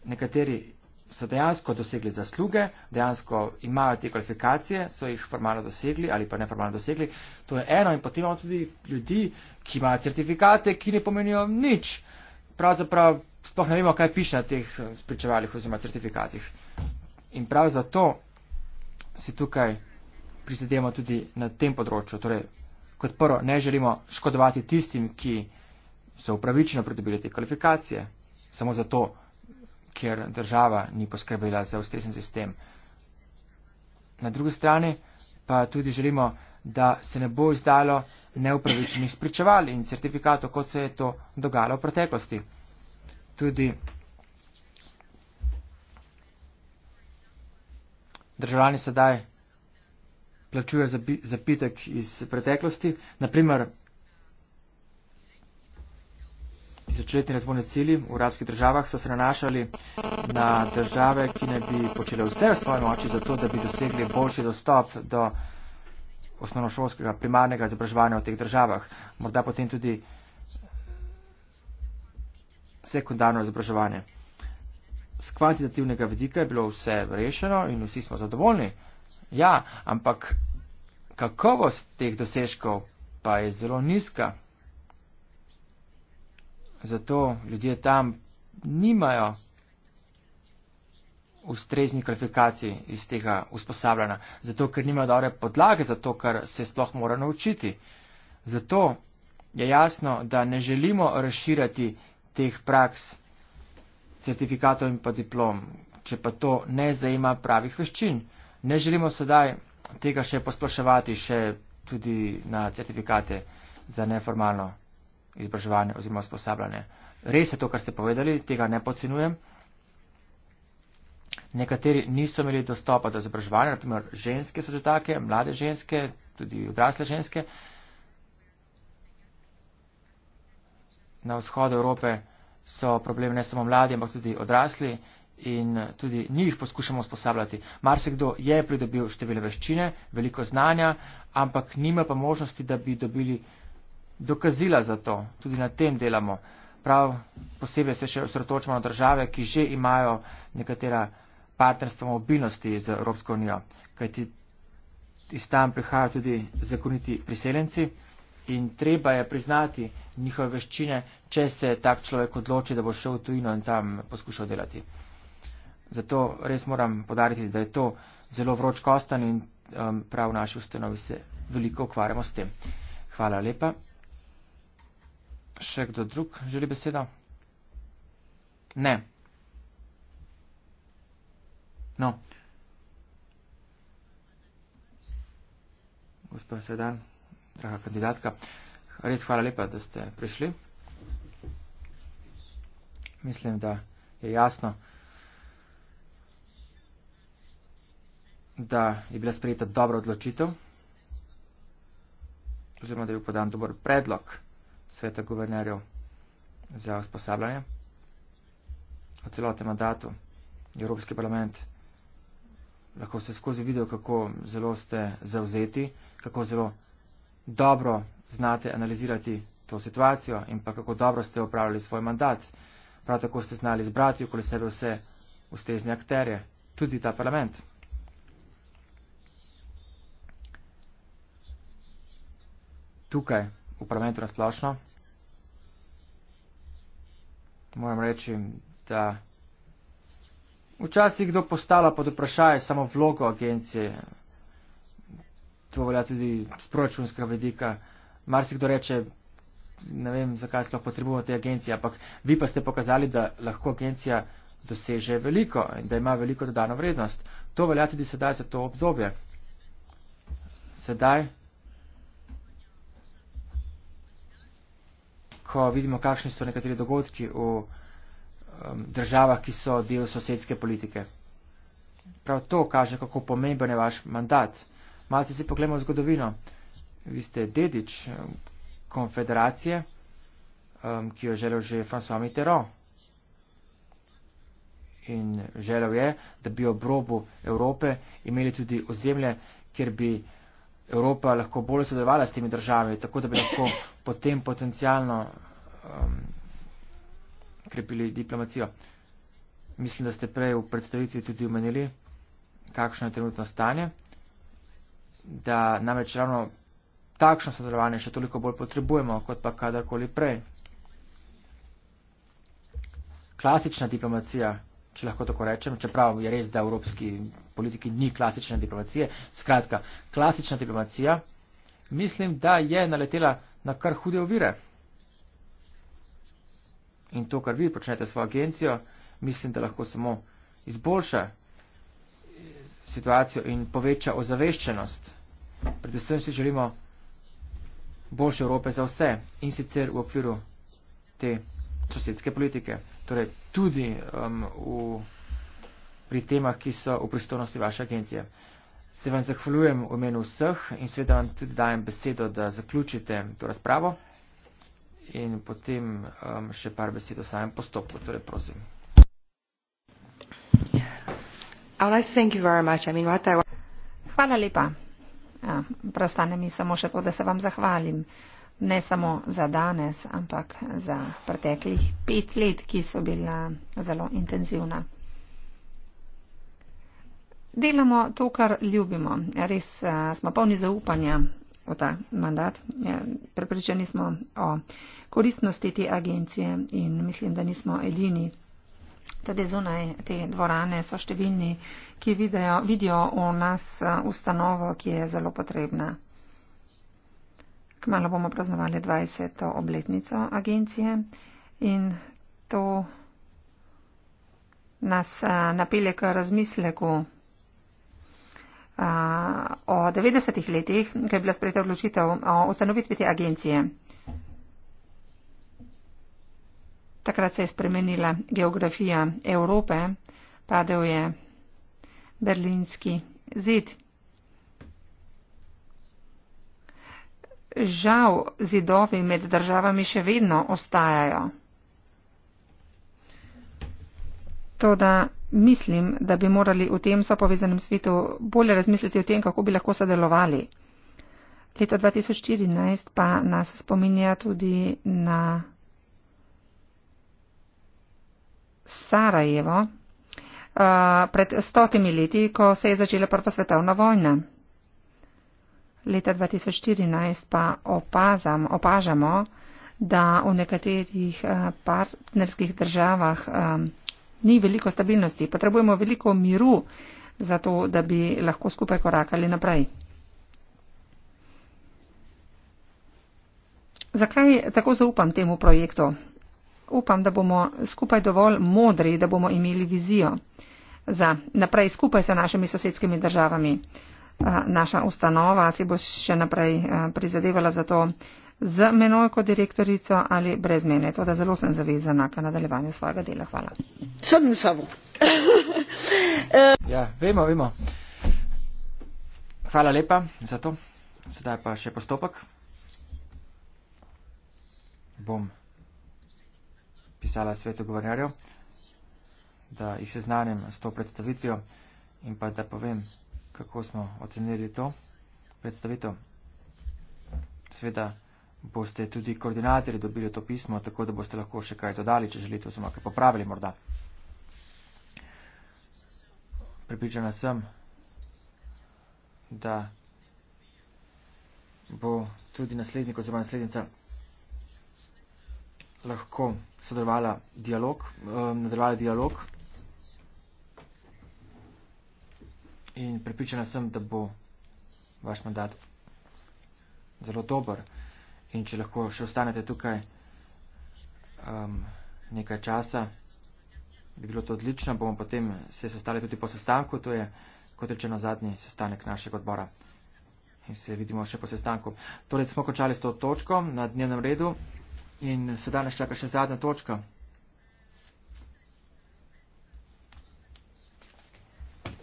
Nekateri so dejansko dosegli zasluge, dejansko imajo te kvalifikacije, so jih formalno dosegli ali pa neformalno dosegli. To je eno in potem imamo tudi ljudi, ki imajo certifikate, ki ne pomenijo nič. Pravzaprav sploh ne vemo, kaj piše na teh eh, spričevalih oziroma certifikatih. In prav zato si tukaj prizadevamo tudi na tem področju. Torej, kot prvo, ne želimo škodovati tistim, ki so upravičeno pridobili te kvalifikacije. Samo zato ker država ni poskrbela za ustrezen sistem. Na drugi strani pa tudi želimo, da se ne bo izdalo neupravičenih spričeval in certifikatov, kot se je to dogajalo v preteklosti. Tudi državljani sedaj plačujejo zapitek iz preteklosti, naprimer tisočletni razvojni cilji v arabskih državah so se nanašali na države, ki ne bi počele vse v svoji moči za to, da bi dosegli boljši dostop do osnovnošolskega primarnega izobraževanja v teh državah. Morda potem tudi sekundarno izobraževanje. Z kvantitativnega vidika je bilo vse rešeno in vsi smo zadovoljni. Ja, ampak kakovost teh dosežkov pa je zelo nizka. Zato ljudje tam nimajo ustreznih kvalifikacij iz tega usposabljanja, zato ker nima dobre podlage za to, kar se sploh mora naučiti. Zato je jasno, da ne želimo razširati teh praks, certifikatov in pa diplom, če pa to ne zajema pravih veščin. Ne želimo sedaj tega še posploševati še tudi na certifikate za neformalno izobraževanje oziroma usposabljanje. Res je to, kar ste povedali, tega ne podcenujem. Nekateri niso imeli dostopa do izobraževanja, naprimer ženske so že take, mlade ženske, tudi odrasle ženske. Na vzhodu Evrope so problem ne samo mladi, ampak tudi odrasli in tudi njih poskušamo usposabljati. Marsikdo je pridobil številne veščine, veliko znanja, ampak nima pa možnosti, da bi dobili dokazila za to. Tudi na tem delamo. Prav posebej se še osredotočamo na države, ki že imajo nekatera partnerstva mobilnosti z Evropsko unijo, kajti iz tam prihajajo tudi zakoniti priseljenci in treba je priznati njihove veščine, če se tak človek odloči, da bo šel v tujino in tam poskušal delati. Zato res moram podariti, da je to zelo vroč kostan in um, prav v naši ustanovi se veliko ukvarjamo s tem. Hvala lepa. Še kdo drug želi besedo? Ne. No. Gospod Sedan, draga kandidatka, res hvala lepa, da ste prišli. Mislim, da je jasno, da je bila sprejeta dobra odločitev, oziroma da je bil podan dober predlog sveta guvernerjev za usposabljanje. O celotem mandatu je Evropski parlament lahko se skozi videl, kako zelo ste zauzeti, kako zelo dobro znate analizirati to situacijo in pa kako dobro ste upravljali svoj mandat. Prav tako ste znali zbrati okoli sebe vse ustrezne akterje, tudi ta parlament. Tukaj v parlamentu nasplošno. Moram reči, da včasih kdo postala pod vprašaj samo vlogo agencije. To velja tudi z proračunskega vedika. Marsikdo reče, ne vem, zakaj sploh potrebujemo te agencije, ampak vi pa ste pokazali, da lahko agencija doseže veliko in da ima veliko dodano vrednost. To velja tudi sedaj za to obdobje. Sedaj ko vidimo, kakšni so nekateri dogodki v um, državah, ki so del sosedske politike. Prav to kaže, kako pomemben je vaš mandat. Malce si poglemo v zgodovino. Vi ste dedič um, konfederacije, um, ki jo želel že François Mitterrand. In želel je, da bi ob robu Evrope imeli tudi ozemlje, kjer bi Evropa lahko bolj sodelovala s temi državami, tako da bi lahko potem potencialno um, krepili diplomacijo. Mislim, da ste prej v predstavitvi tudi omenili, kakšno je trenutno stanje, da namreč ravno takšno sodelovanje še toliko bolj potrebujemo, kot pa kadarkoli prej. Klasična diplomacija, če lahko tako rečem, čeprav je res, da v evropski politiki ni klasične diplomacije, skratka, klasična diplomacija mislim, da je naletela na kar hude ovire. In to, kar vi počnete s svojo agencijo, mislim, da lahko samo izboljša situacijo in poveča ozaveščenost. Predvsem si želimo boljše Evrope za vse in sicer v okviru te sosedske politike, torej tudi um, v, pri temah, ki so v pristojnosti vaše agencije. Se vam zahvaljujem v imenu vseh in seveda vam tudi dajem besedo, da zaključite to razpravo in potem um, še par besed o samem postopku. Torej, prosim. Hvala lepa. Ja, prostane mi samo še to, da se vam zahvalim. Ne samo za danes, ampak za preteklih pet let, ki so bila zelo intenzivna. Delamo to, kar ljubimo. Res eh, smo polni zaupanja v ta mandat. Ja, prepričani smo o koristnosti te agencije in mislim, da nismo edini. Tudi zunaj te dvorane so številni, ki vidijo, vidijo v nas eh, ustanovo, ki je zelo potrebna. Kmalo bomo praznovali 20. obletnico agencije in to nas eh, napelje k razmisleku o 90-ih letih, ko je bila sprejeta odločitev o ustanovitvi te agencije. Takrat se je spremenila geografija Evrope, padel je berlinski zid. Žal zidovi med državami še vedno ostajajo. To, da mislim, da bi morali v tem sopovezanem svetu bolje razmisliti o tem, kako bi lahko sodelovali. Leto 2014 pa nas spominja tudi na Sarajevo uh, pred stotimi leti, ko se je začela prva svetovna vojna. Leta 2014 pa opazam, opažamo, da v nekaterih eh, partnerskih državah um, ni veliko stabilnosti, potrebujemo veliko miru, zato da bi lahko skupaj korakali naprej. Zakaj tako zaupam temu projektu? Upam, da bomo skupaj dovolj modri, da bomo imeli vizijo za naprej skupaj sa našimi sosedskimi državami. Naša ustanova si bo še naprej prizadevala za to, z menoj kot direktorico ali brez mene. Tako da zelo sem zavezana k nadaljevanju svojega dela. Hvala. Sodim samo. ja, vemo, vemo. Hvala lepa za to. Sedaj pa še postopek. Bom pisala svetu govornjarjev, da jih seznanim s to predstavitvijo in pa da povem, kako smo ocenili to predstavitev. Sveda boste tudi koordinatorji dobili to pismo, tako da boste lahko še kaj dodali, če želite, oziroma kaj popravili morda. Pripričana sem, da bo tudi naslednik oziroma naslednica lahko sodelovala dialog, ehm, nadaljevala dialog. In pripričana sem, da bo vaš mandat zelo dober. In če lahko še ostanete tukaj um, nekaj časa, bi bilo to odlično. Bomo potem se sestali tudi po sestanku. To je, kot rečeno, zadnji sestanek našega odbora. In se vidimo še po sestanku. Torej, smo končali s to točko na dnevnem redu. In se danes čaka še zadnja točka.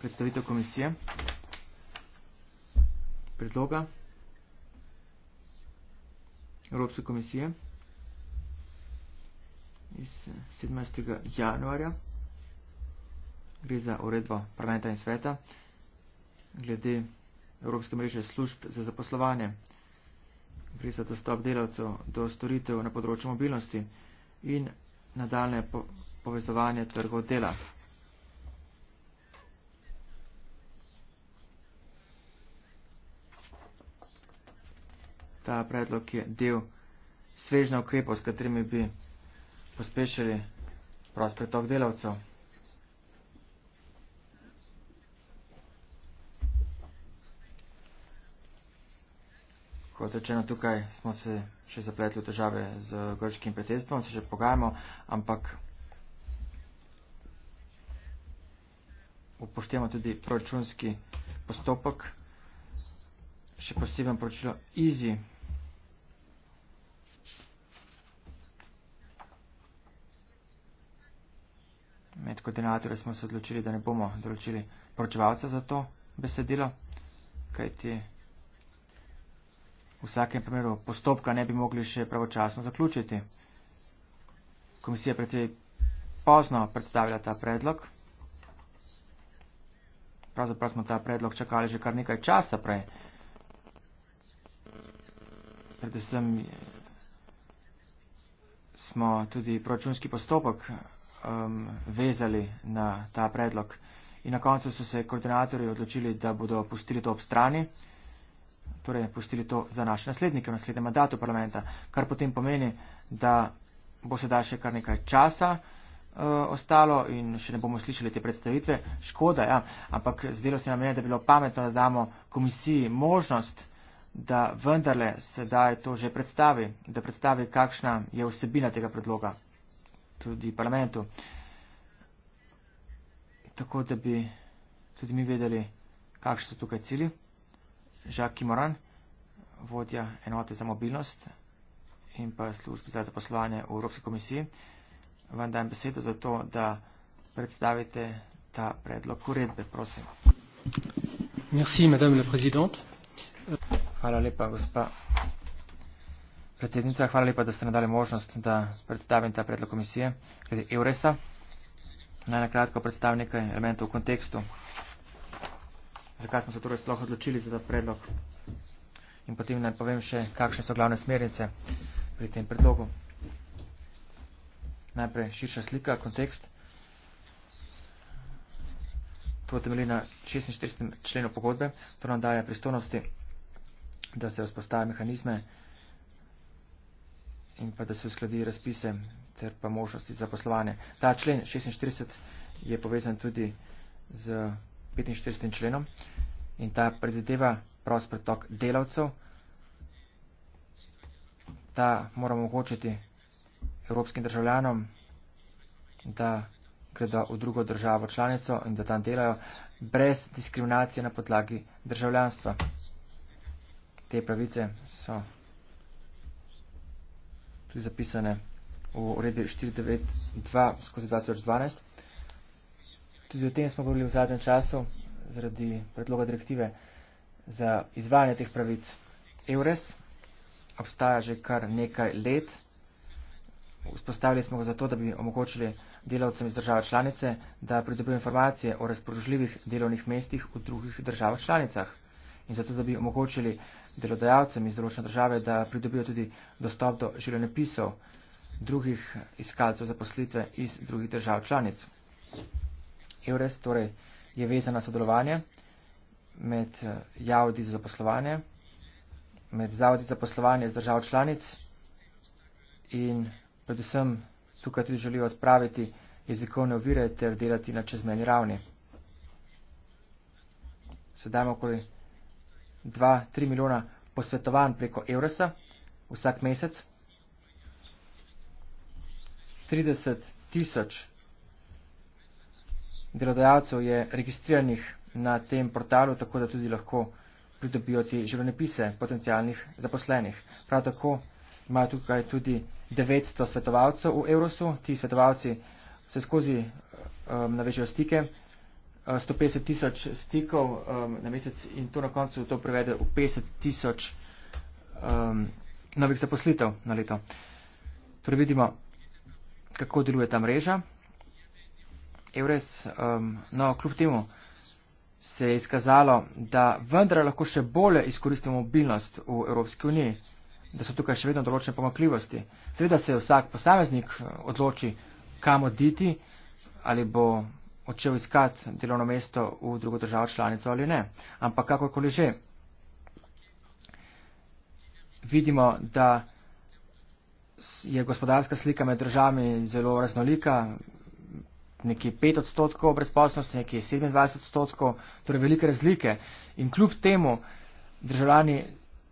Predstavitev komisije. Predloga. Evropska komisija iz 17. januarja. Gre za uredbo parlamenta in sveta glede Evropske mreže služb za zaposlovanje. Gre za dostop delavcev do storitev na področju mobilnosti in nadaljne po povezovanje trgov dela. ta predlog je del svežna ukrepov, s katerimi bi pospešili prost pretok delavcev. Kot rečeno, tukaj smo se še zapletli v težave z grškim predsedstvom, se še pogajamo, ampak upoštevamo tudi proračunski postopek, še poseben poročilo Easy. koordinatorje smo se odločili, da ne bomo določili poročevalca za to besedilo, kajti v vsakem primeru postopka ne bi mogli še pravočasno zaključiti. Komisija predvsej pozno predstavlja ta predlog. Pravzaprav smo ta predlog čakali že kar nekaj časa prej. Predvsem smo tudi proračunski postopek um, vezali na ta predlog. In na koncu so se koordinatorji odločili, da bodo pustili to ob strani, torej pustili to za naše naslednike v naslednjem mandatu parlamenta, kar potem pomeni, da bo sedaj še kar nekaj časa uh, ostalo in še ne bomo slišali te predstavitve. Škoda, ja, ampak zdelo se nam je, da bi bilo pametno, da damo komisiji možnost, da vendarle sedaj to že predstavi, da predstavi, kakšna je vsebina tega predloga tudi parlamentu, tako da bi tudi mi vedeli, kakšni so tukaj cilji. Žaki Moran, vodja enote za mobilnost in pa službe za zaposlovanje v Evropski komisiji, vam dajem besedo za to, da predstavite ta predlog uredbe, prosim. Merci, madame la présidente. Hvala lepa, gospa Predsednica, hvala lepa, da ste nadali možnost, da predstavim ta predlog komisije glede Euresa. Naj na kratko predstavim nekaj elementov v kontekstu, zakaj smo se torej sploh odločili za ta predlog in potem naj povem še, kakšne so glavne smernice pri tem predlogu. Najprej širša slika, kontekst. To temelji na 46. členu pogodbe, to nam daje pristojnosti, da se vzpostavi mehanizme, in pa da se uskladi razpise ter pa možnosti za poslovanje. Ta člen 46 je povezan tudi z 45. členom in ta predvideva prost pretok delavcev. Ta moramo omogočiti evropskim državljanom, da gredo v drugo državo članico in da tam delajo brez diskriminacije na podlagi državljanstva. Te pravice so tudi zapisane v uredbi 492 skozi 2012. Tudi o tem smo govorili v zadnjem času zaradi predloga direktive za izvajanje teh pravic EURES. Obstaja že kar nekaj let. Vzpostavili smo ga zato, da bi omogočili delavcem iz države članice, da pridobijo informacije o razpoložljivih delovnih mestih v drugih državah članicah in zato, da bi omogočili delodajalcem iz ročne države, da pridobijo tudi dostop do življenopisov drugih iskalcev zaposlitve iz drugih držav članic. Eures torej je vezana sodelovanje med javdi eh, za zaposlovanje, med zavodi za zaposlovanje z držav članic in predvsem tukaj tudi želijo odpraviti jezikovne ovire ter delati na čezmeni ravni. Sedajmo okoli 2-3 milijona posvetovanj preko Eurasa vsak mesec, 30 tisoč delodajalcev je registriranih na tem portalu, tako da tudi lahko pridobijo ti življenopise potencijalnih zaposlenih. Prav tako imajo tukaj tudi 900 svetovalcev v Eurosu, ti svetovalci se skozi um, navežejo stike 150 eh, tisoč stikov um, na mesec in to na koncu to prevede v 50 tisoč um, novih zaposlitev na leto. Torej vidimo, kako deluje ta mreža. Eures, um, no, kljub temu se je izkazalo, da vendar lahko še bolje izkoristimo mobilnost v Evropski uniji, da so tukaj še vedno določene pomakljivosti. Seveda se vsak posameznik eh, odloči, kam oditi, ali bo odšel iskat delovno mesto v drugo državo članico ali ne. Ampak kakorkoli že, vidimo, da je gospodarska slika med državami zelo raznolika, nekje 5 odstotkov brezposobnosti, nekje 27 odstotkov, torej velike razlike. In kljub temu državljani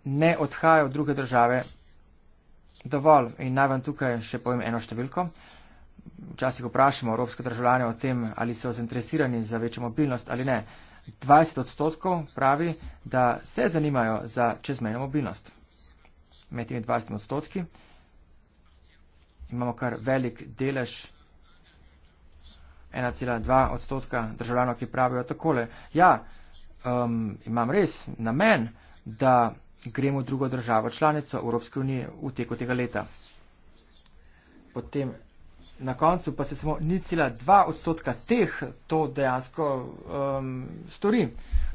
ne odhajajo v druge države dovolj. In naj vam tukaj še povem eno številko včasih vprašamo evropske državljane o tem, ali so zainteresirani za večjo mobilnost ali ne. 20 odstotkov pravi, da se zanimajo za čezmejno mobilnost. Med temi 20 odstotki imamo kar velik delež, 1,2 odstotka državljanov, ki pravijo takole. Ja, um, imam res namen, da gremo v drugo državo članico Evropske unije v teku tega leta. Potem Na koncu pa se samo 0,2 odstotka teh to dejansko um, stori.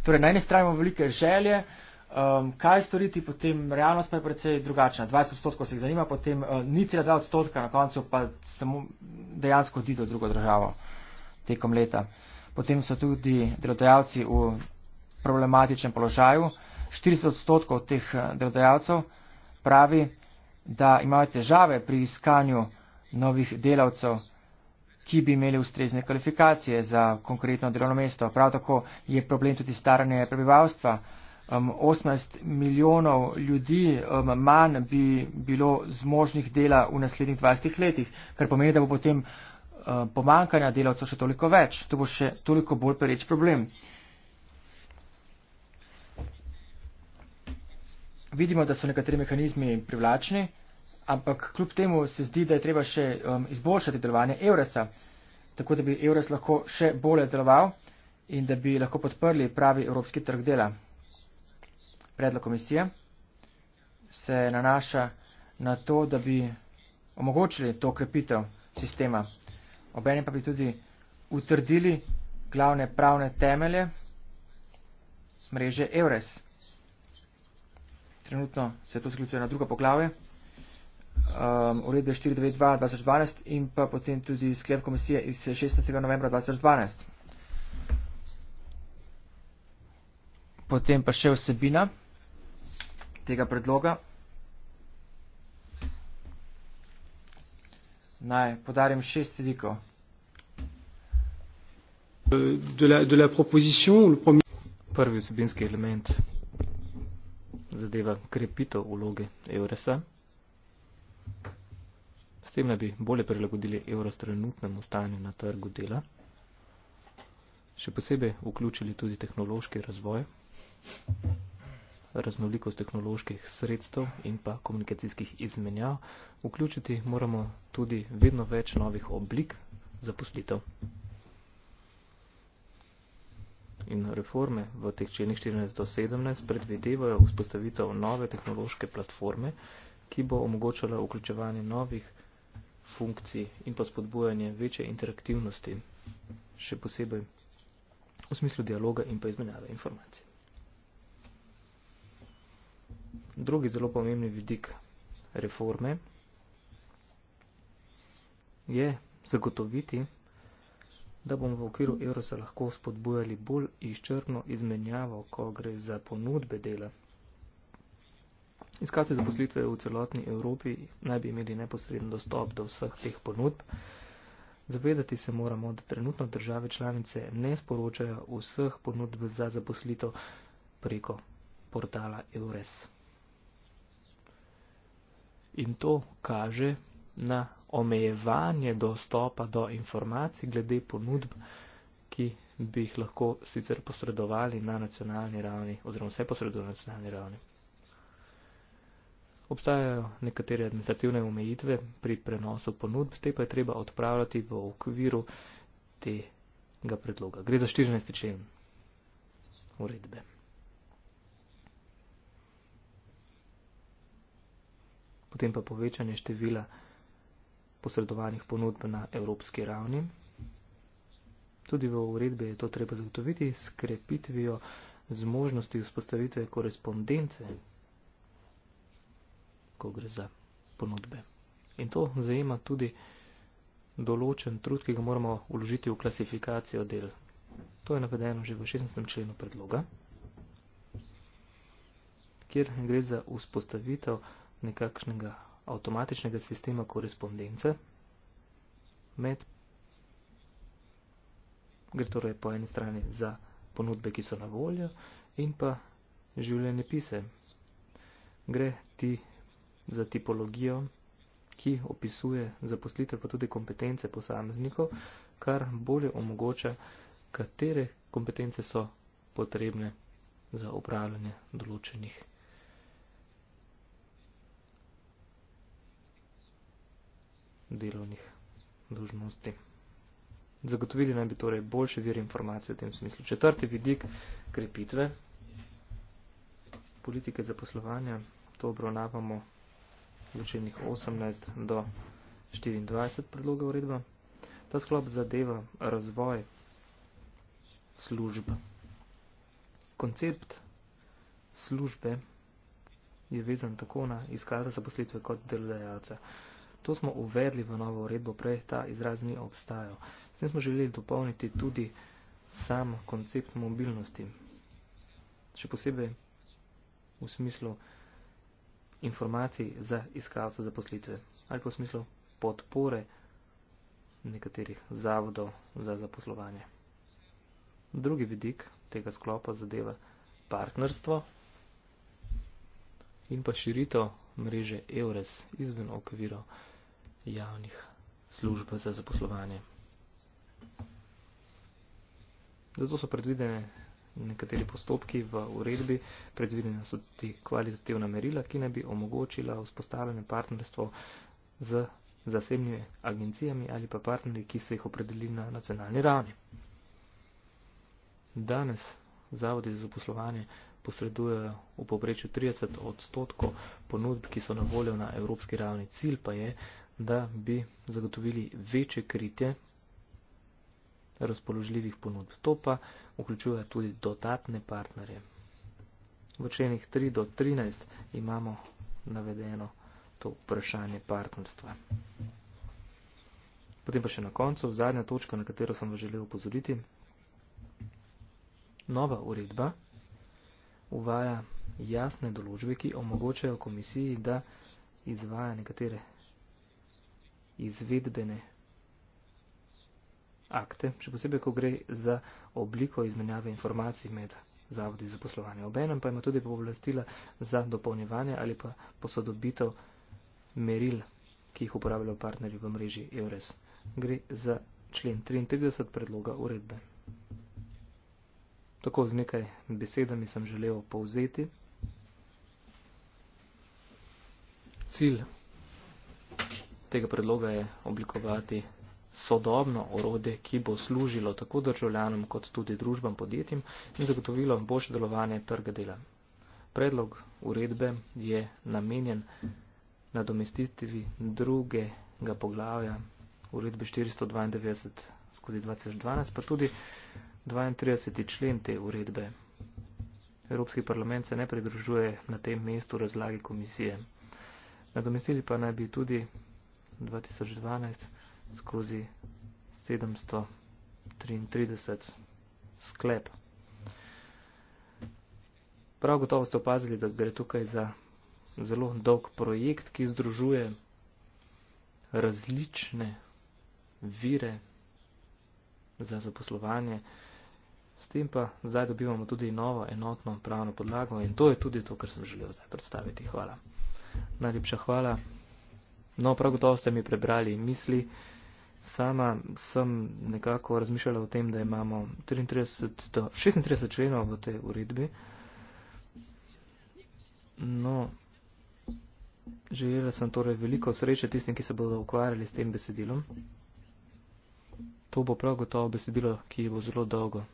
Torej, na eni strani imamo velike želje, um, kaj storiti, potem realnost pa je precej drugačna. 20 odstotkov se jih zanima, potem uh, 0,2 odstotka na koncu pa samo dejansko odide v drugo državo tekom leta. Potem so tudi delodajalci v problematičnem položaju. 40 odstotkov teh uh, delodajalcev pravi, da imajo težave pri iskanju novih delavcev, ki bi imeli ustrezne kvalifikacije za konkretno delovno mesto. Prav tako je problem tudi staranje prebivalstva. 18 um, milijonov ljudi um, manj bi bilo zmožnih dela v naslednjih 20 letih, kar pomeni, da bo potem um, pomankanja delavcev še toliko več. To bo še toliko bolj pereč problem. Vidimo, da so nekateri mehanizmi privlačni, ampak kljub temu se zdi, da je treba še um, izboljšati delovanje Eurasa, tako da bi Euras lahko še bolje deloval in da bi lahko podprli pravi evropski trg dela. Predlog komisije se nanaša na to, da bi omogočili to krepitev sistema. Obenem pa bi tudi utrdili glavne pravne temelje mreže Eures. Trenutno se to sklicuje na drugo poglavje um, uredbe 4.2.2012 in pa potem tudi sklep komisije iz 16. novembra 2012. Potem pa še vsebina tega predloga. Naj podarim šest vidikov. De la, de la promis... Prvi vsebinski element zadeva krepitev vloge Euresa. S tem naj bi bolje prilagodili evro trenutnemu stanju na trgu dela, še posebej vključili tudi tehnološki razvoj, raznolikost tehnoloških sredstev in pa komunikacijskih izmenjav. Vključiti moramo tudi vedno več novih oblik zaposlitev. In reforme v teh členih 14 do 17 predvidevajo vzpostavitev nove tehnološke platforme, ki bo omogočala vključevanje novih funkcij in pa spodbujanje večje interaktivnosti, še posebej v smislu dialoga in pa izmenjave informacij. Drugi zelo pomembni vidik reforme je zagotoviti, da bomo v okviru Eurosa lahko spodbujali bolj izčrpno izmenjavo, ko gre za ponudbe dela Iskalci zaposlitve v celotni Evropi naj bi imeli neposreden dostop do vseh teh ponudb. Zavedati se moramo, da trenutno države članice ne sporočajo vseh ponudb za zaposlitev preko portala EURES. In to kaže na omejevanje dostopa do informacij glede ponudb, ki bi jih lahko sicer posredovali na nacionalni ravni oziroma vse posredovali na nacionalni ravni. Obstajajo nekatere administrativne omejitve pri prenosu ponudb, te pa je treba odpravljati v okviru tega predloga. Gre za 14. člen uredbe. Potem pa povečanje števila posredovanih ponudb na evropski ravni. Tudi v uredbi je to treba zagotoviti s krepitvijo zmožnosti vzpostavitve korespondence ko gre za ponudbe. In to zajema tudi določen trud, ki ga moramo uložiti v klasifikacijo del. To je navedeno že v 16. členu predloga, kjer gre za vzpostavitev nekakšnega avtomatičnega sistema korespondence med. Gre torej po eni strani za ponudbe, ki so na voljo, in pa življenje pise. Gre ti za tipologijo, ki opisuje zaposlitev, pa tudi kompetence posameznikov, kar bolje omogoča, katere kompetence so potrebne za upravljanje določenih delovnih dožnosti. Zagotovili naj bi torej boljše vir informacije v tem smislu. Četrti vidik krepitve politike zaposlovanja, to obravnavamo vključenih 18 do 24 predloga uredba. Ta sklop zadeva razvoj služb. Koncept službe je vezan tako na izkaza zaposlitve kot delodajalca. To smo uvedli v novo uredbo, prej ta izraz ni obstajal. S tem smo želeli dopolniti tudi sam koncept mobilnosti, še posebej v smislu informacij za iskalce zaposlitve ali pa v smislu podpore nekaterih zavodov za zaposlovanje. Drugi vidik tega sklopa zadeva partnerstvo in pa širito mreže EURES izven okvirov javnih služb za zaposlovanje. Zato so predvidene nekateri postopki v uredbi, predvidena so tudi kvalitativna merila, ki ne bi omogočila vzpostavljene partnerstvo z zasebnimi agencijami ali pa partnerji, ki se jih opredeli na nacionalni ravni. Danes zavodi za zaposlovanje posredujejo v povprečju 30 odstotkov ponudb, ki so na voljo na evropski ravni. Cilj pa je, da bi zagotovili večje kritje razpoložljivih ponudb. To pa vključuje tudi dodatne partnerje. V členih 3 do 13 imamo navedeno to vprašanje partnerstva. Potem pa še na koncu, zadnja točka, na katero sem vas želel upozoriti. Nova uredba uvaja jasne določbe, ki omogočajo komisiji, da izvaja nekatere izvedbene akte, še posebej, ko gre za obliko izmenjave informacij med zavodi za poslovanje. Obenem pa ima tudi povlastila za dopolnjevanje ali pa posodobitev meril, ki jih uporabljajo partnerji v mreži EURES. Gre za člen 33 predloga uredbe. Tako z nekaj besedami sem želel povzeti. Cilj tega predloga je oblikovati sodobno orode, ki bo služilo tako državljanom kot tudi družbam podjetjem in zagotovilo boljše delovanje trga dela. Predlog uredbe je namenjen nadomestitvi drugega poglavja uredbe 492 skozi 2012, pa tudi 32. člen te uredbe. Evropski parlament se ne pridružuje na tem mestu razlagi komisije. Nadomestili pa naj bi tudi 2012 skozi 733 sklep. Prav gotovo ste opazili, da gre tukaj za zelo dolg projekt, ki združuje različne vire za zaposlovanje. S tem pa zdaj dobivamo tudi novo enotno pravno podlago in to je tudi to, kar sem želel zdaj predstaviti. Hvala. Najlepša hvala. No, prav gotovo ste mi prebrali misli. Sama sem nekako razmišljala o tem, da imamo 33 do 36 členov v tej uredbi. No, želela sem torej veliko sreče tistim, ki se bodo ukvarjali s tem besedilom. To bo prav gotovo besedilo, ki bo zelo dolgo.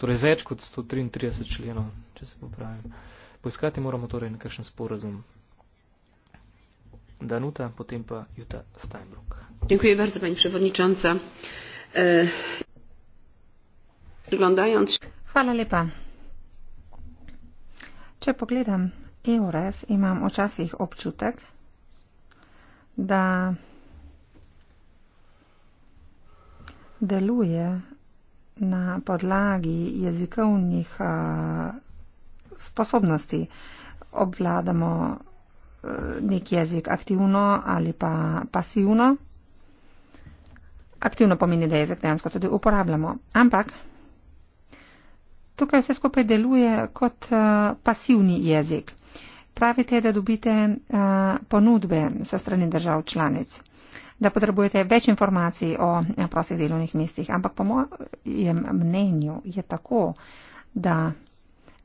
Torej več kot 133 členov, če se popravim. Poiskati moramo torej nekakšen sporazum. Danuta, potem pa Juta Steinbrück. Dziękuję bardzo Pani Przewodnicząca. Przyglądając. E, Hvala lepa. Če pogledam EURES, imam včasih občutek, da deluje na podlagi jezikovnih uh, sposobnosti. Obvladamo nek jezik aktivno ali pa pasivno. Aktivno pomeni, da jezik dejansko tudi uporabljamo. Ampak tukaj vse skupaj deluje kot uh, pasivni jezik. Pravite, da dobite uh, ponudbe sa strani držav članic, da potrebujete več informacij o eh, prostih delovnih mestih, ampak po mojem mnenju je tako, da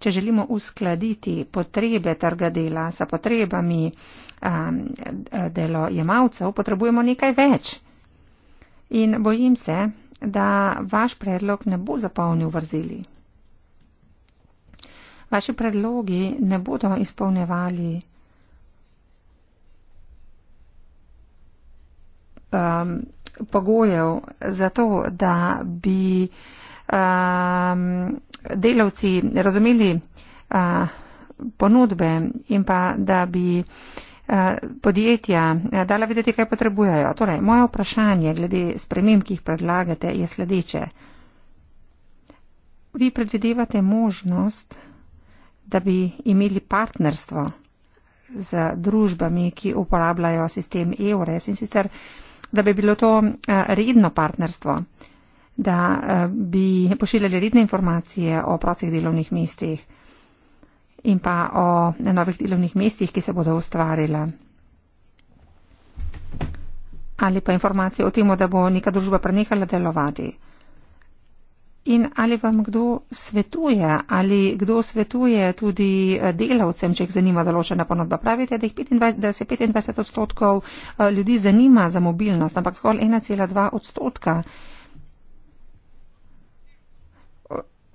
če želimo uskladiti potrebe trga dela sa potrebami um, delojemalcev, potrebujemo nekaj več. In bojim se, da vaš predlog ne bo zapolnil vrzeli. Vaši predlogi ne bodo izpolnevali um, pogojev za to, da bi Um, delavci razumeli uh, ponudbe in pa da bi uh, podjetja uh, dala videti, kaj potrebujejo. Torej, moje vprašanje glede sprememb, ki jih predlagate, je sledeče. Vi predvidevate možnost, da bi imeli partnerstvo z družbami, ki uporabljajo sistem EURES in sicer, da bi bilo to redno partnerstvo. Uh, da eh, bi pošiljali redne informacije o prostih delovnih mestih in pa o novih delovnih mestih, ki se bodo ustvarila. Ali pa informacije o tem, da bo neka družba prenehala delovati. In ali vam kdo svetuje, ali kdo svetuje tudi eh, delavcem, če jih zanima določena ponudba. Pravite, da, 25, da se 25 odstotkov eh, ljudi zanima za mobilnost, ampak zgolj 1,2 odstotka.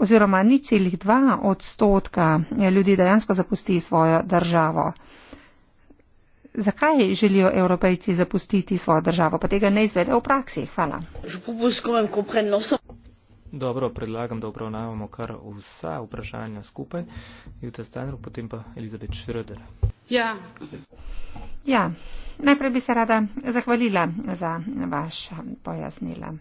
oziroma nič celih dva odstotka ljudi dejansko zapusti svojo državo. Zakaj želijo evropejci zapustiti svojo državo, pa tega ne izvede v praksi? Hvala. Dobro, predlagam, da obravnavamo kar vsa vprašanja skupaj. Jutta Steiner, potem pa Elizabeth Schröder. Ja. ja, najprej bi se rada zahvalila za vaša pojasnila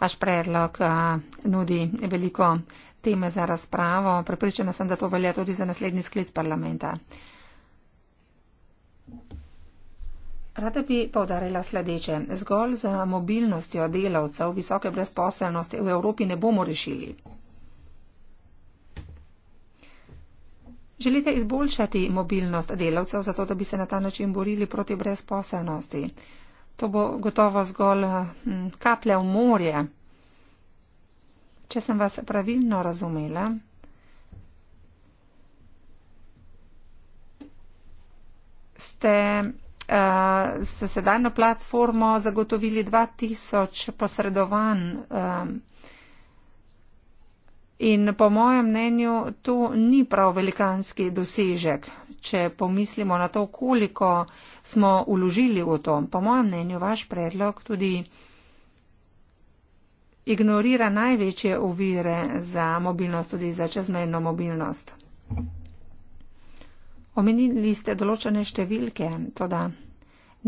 vaš predlog uh, nudi veliko teme za razpravo. Pripričana sem, da to velja tudi za naslednji sklic parlamenta. Rada bi povdarila sledeče. Zgolj za mobilnostjo delavcev visoke brezposelnosti v Evropi ne bomo rešili. Želite izboljšati mobilnost delavcev, zato da bi se na ta način borili proti brezposelnosti? To bo gotovo zgolj hm, kaplja v morje. Če sem vas pravilno razumela, ste uh, s sedajno platformo zagotovili 2000 posredovanj. Uh, In po mojem mnenju to ni prav velikanski dosežek, če pomislimo na to, koliko smo uložili v to. Po mojem mnenju vaš predlog tudi ignorira največje ovire za mobilnost, tudi za čezmejno mobilnost. Omenili ste določene številke, tudi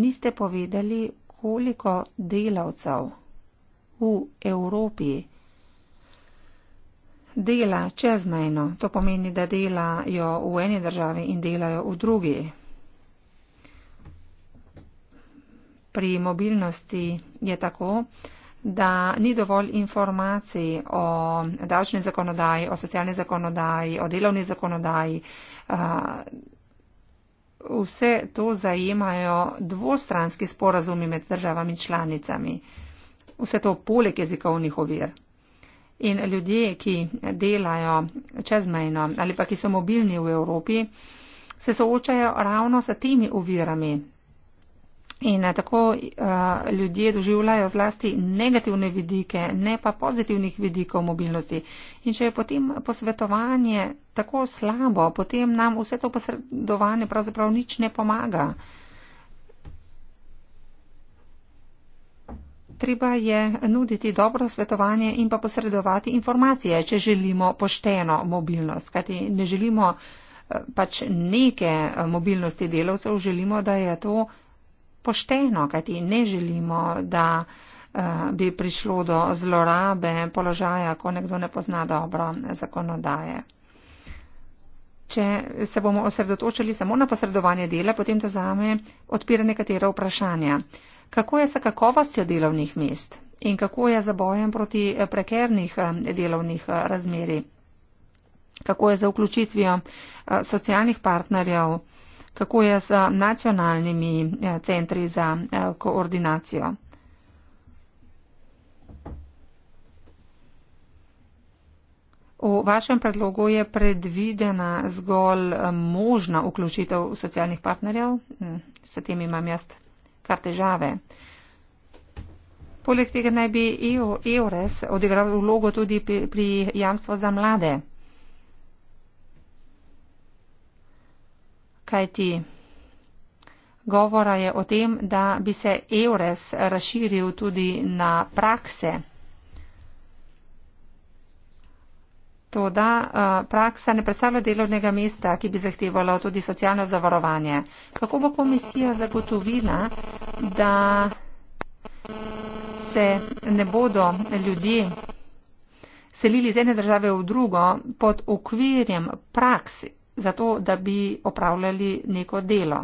niste povedali, koliko delavcev v Evropi dela čezmejno. To pomeni, da delajo v eni državi in delajo v drugi. Pri mobilnosti je tako, da ni dovolj informacij o davčni zakonodaji, o socialni zakonodaji, o delovni zakonodaji. Vse to zajemajo dvostranski sporazumi med državami članicami. Vse to poleg jezikovnih ovir. In ljudje, ki delajo čezmejno ali pa ki so mobilni v Evropi, se soočajo ravno s temi ovirami. In eh, tako uh, ljudje doživljajo zlasti negativne vidike, ne pa pozitivnih vidikov mobilnosti. In če je potem posvetovanje tako slabo, potem nam vse to posredovanje pravzaprav nič ne pomaga. Uh, treba je nuditi dobro svetovanje in pa posredovati informacije, če želimo pošteno mobilnost. Kajti ne želimo eh, pač neke eh, mobilnosti delavcev, želimo, da je to pošteno, kajti ne želimo, da eh, bi prišlo do zlorabe položaja, ko nekdo ne pozna dobro zakonodaje. Če se bomo osredotočili samo na posredovanje dela, potem to zame odpira nekatera vprašanja kako je sa kakovostjo delovnih mest in kako je za bojem proti eh, prekernih eh, delovnih eh, razmeri, kako je za vključitvijo socialnih partnerjev, kako je z nacionalnimi centri za koordinacijo. V vašem predlogu je predvidena zgolj možna vključitev socialnih partnerjev, hm, s tem imam jaz kar težave. Poleg tega naj bi EORES e odigral vlogo tudi pri jamstvo za mlade. Kajti govora je o tem, da bi se EORES razširil tudi na prakse. To, da uh, praksa ne predstavlja delovnega mesta, ki bi zahtevalo tudi socialno zavarovanje. Kako bo komisija zagotovila, da se ne bodo ljudje selili iz ene države v drugo pod okvirjem praksi, zato da bi opravljali neko delo?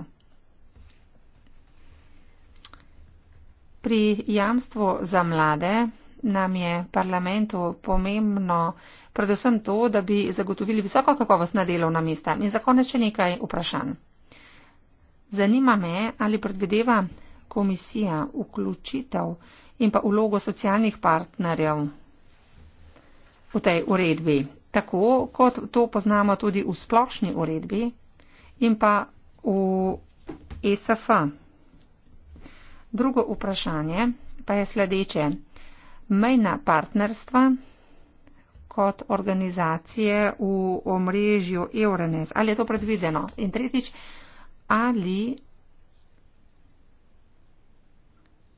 Pri jamstvu za mlade nam je parlamentu pomembno predvsem to, da bi zagotovili visoko kakovostna delovna mesta. In za konec še nekaj vprašanj. Zanima me, ali predvideva komisija vključitev in pa ulogo socialnih partnerjev v tej uredbi, tako kot to poznamo tudi v splošni uredbi in pa v ESF. Drugo vprašanje pa je sledeče mejna partnerstva kot organizacije v omrežju Euronews. Ali je to predvideno? In tretjič, ali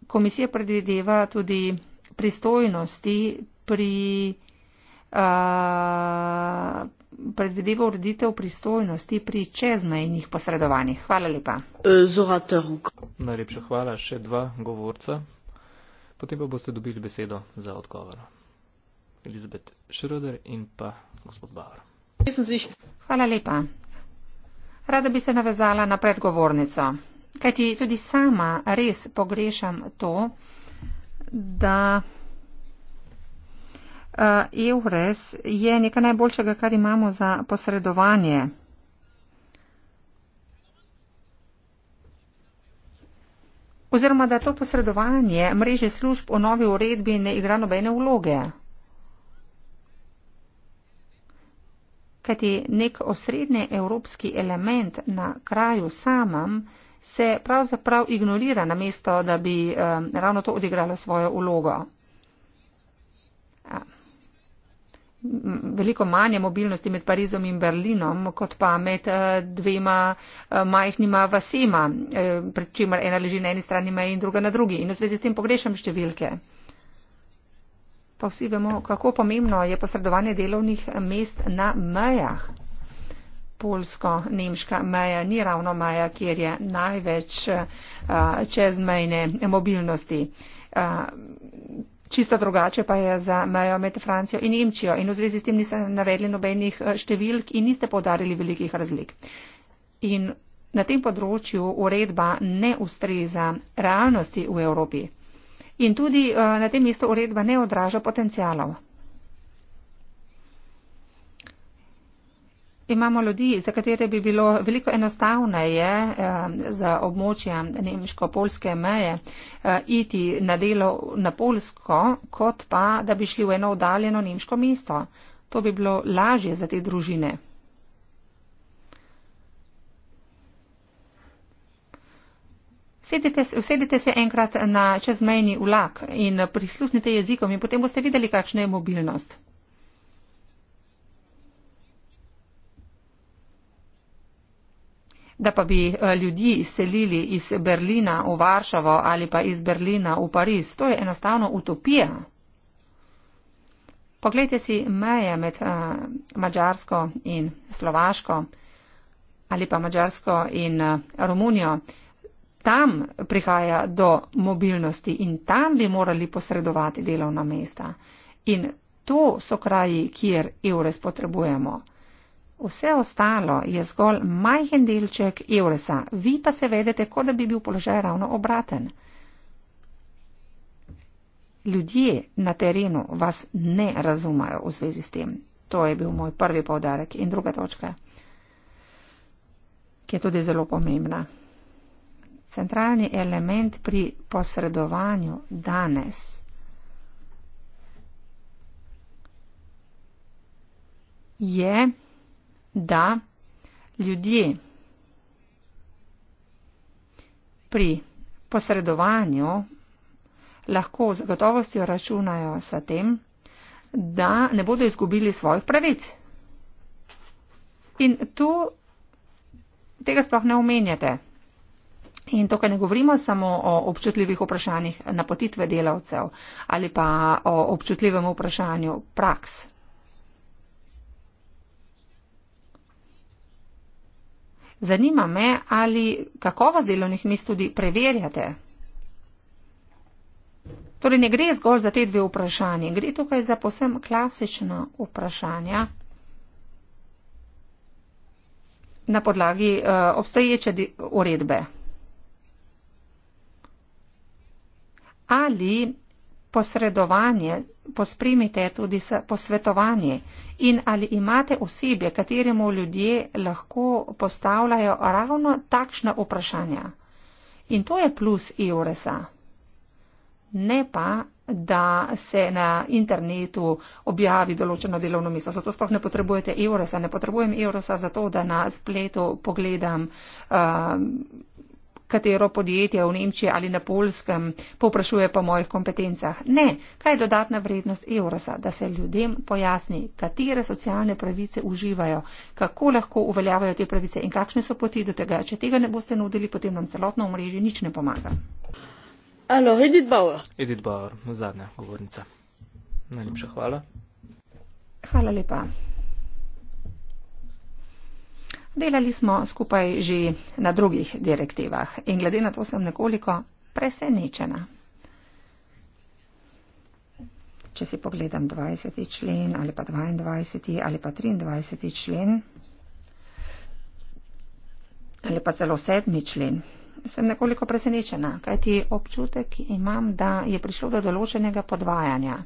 komisija predvideva tudi pristojnosti pri. Uh, predvideva ureditev pristojnosti pri čezmejnih posredovanjih. Hvala lepa. E, Najlepša hvala še dva govorca. Potem pa boste dobili besedo za odgovor. Elizabet Schröder in pa gospod Bauer. Hvala lepa. Rada bi se navezala na predgovornico, kajti tudi sama res pogrešam to, da uh, EURES je nekaj najboljšega, kar imamo za posredovanje Oziroma, da to posredovanje mreže služb v novi uredbi ne igra nobene vloge. Kajti nek osrednji evropski element na kraju samem se pravzaprav ignorira, namesto da bi um, ravno to odigralo svojo vlogo. veliko manje mobilnosti med Parizom in Berlinom, kot pa med eh, dvema eh, majhnima vasima, eh, pred čimer ena leži na eni strani meje in druga na drugi. In v zvezi s tem pogrešam številke. Pa vsi vemo, kako pomembno je posredovanje delovnih mest na mejah. Polsko-nemška meja ni ravno meja, kjer je največ čezmejne mobilnosti. Čisto drugače pa je za mejo med Francijo in Nemčijo in v zvezi s tem niste navedli nobenih eh, številk in niste podarili velikih razlik. In na tem področju uredba ne ustreza realnosti v Evropi. In tudi uh, na tem mestu uredba ne odraža potencijalov. imamo ljudi, za katere bi bilo veliko enostavneje za območja nemško-polske meje eh, iti na delo na Polsko, kot pa, da bi šli v eno oddaljeno nemško mesto. To bi bilo lažje za te družine. Sedite, usedite se enkrat na čezmejni vlak in prisluhnite jezikom in potem boste videli, kakšna je mobilnost. da pa bi eh, ljudi selili iz Berlina v Varšavo ali pa iz Berlina v Pariz, to je enostavno utopija. Poglejte si meje med uh, eh, Mačarsko in Slovaško ali pa Mačarsko in uh, Romunijo. Tam prihaja do mobilnosti in tam bi morali posredovati delovna mesta. In to so kraji, kjer evres potrebujemo. Vse ostalo je zgolj majhen delček Eurisa, vi pa se vedete, kot da bi bil položaj ravno obraten. Ljudje na terenu vas ne razumajo v zvezi s tem. To je bil moj prvi povdarek. In druga točka, ki je tudi zelo pomembna. Centralni element pri posredovanju danes je, da ljudje pri posredovanju lahko z gotovostjo računajo s tem, da ne bodo izgubili svojih pravic. In to tega sploh ne omenjate. In tukaj ne govorimo samo o občutljivih vprašanjih napotitve delavcev ali pa o občutljivem vprašanju praks Zanima me, ali kakovost delovnih mest tudi preverjate. Torej ne gre zgolj za te dve vprašanje, gre tukaj za posem klasična vprašanja na podlagi uh, obstoječe uredbe. Ali posredovanje pospremite tudi posvetovanje in ali imate osebje, kateremu ljudje lahko postavljajo ravno takšna vprašanja. In to je plus IORESA. Ne pa, da se na internetu objavi določeno delovno mesto. Zato sploh ne potrebujete IORESA. Ne potrebujem IORESA zato, da na spletu pogledam. Uh, katero podjetje v Nemčiji ali na Polskem poprašuje po mojih kompetencah. Ne, kaj je dodatna vrednost Eurosa, da se ljudem pojasni, katere socialne pravice uživajo, kako lahko uveljavajo te pravice in kakšne so poti do tega. Če tega ne boste nudili, potem nam celotno omrežje nič ne pomaga. Alo, Edith Bauer. Edith Bauer, zadnja govornica. Najlepša hvala. Hvala lepa. Delali smo skupaj že na drugih direktivah in glede na to sem nekoliko presenečena. Če si pogledam 20. člen ali pa 22. ali pa 23. člen ali pa celo 7. člen, sem nekoliko presenečena, kajti občutek imam, da je prišlo do določenega podvajanja.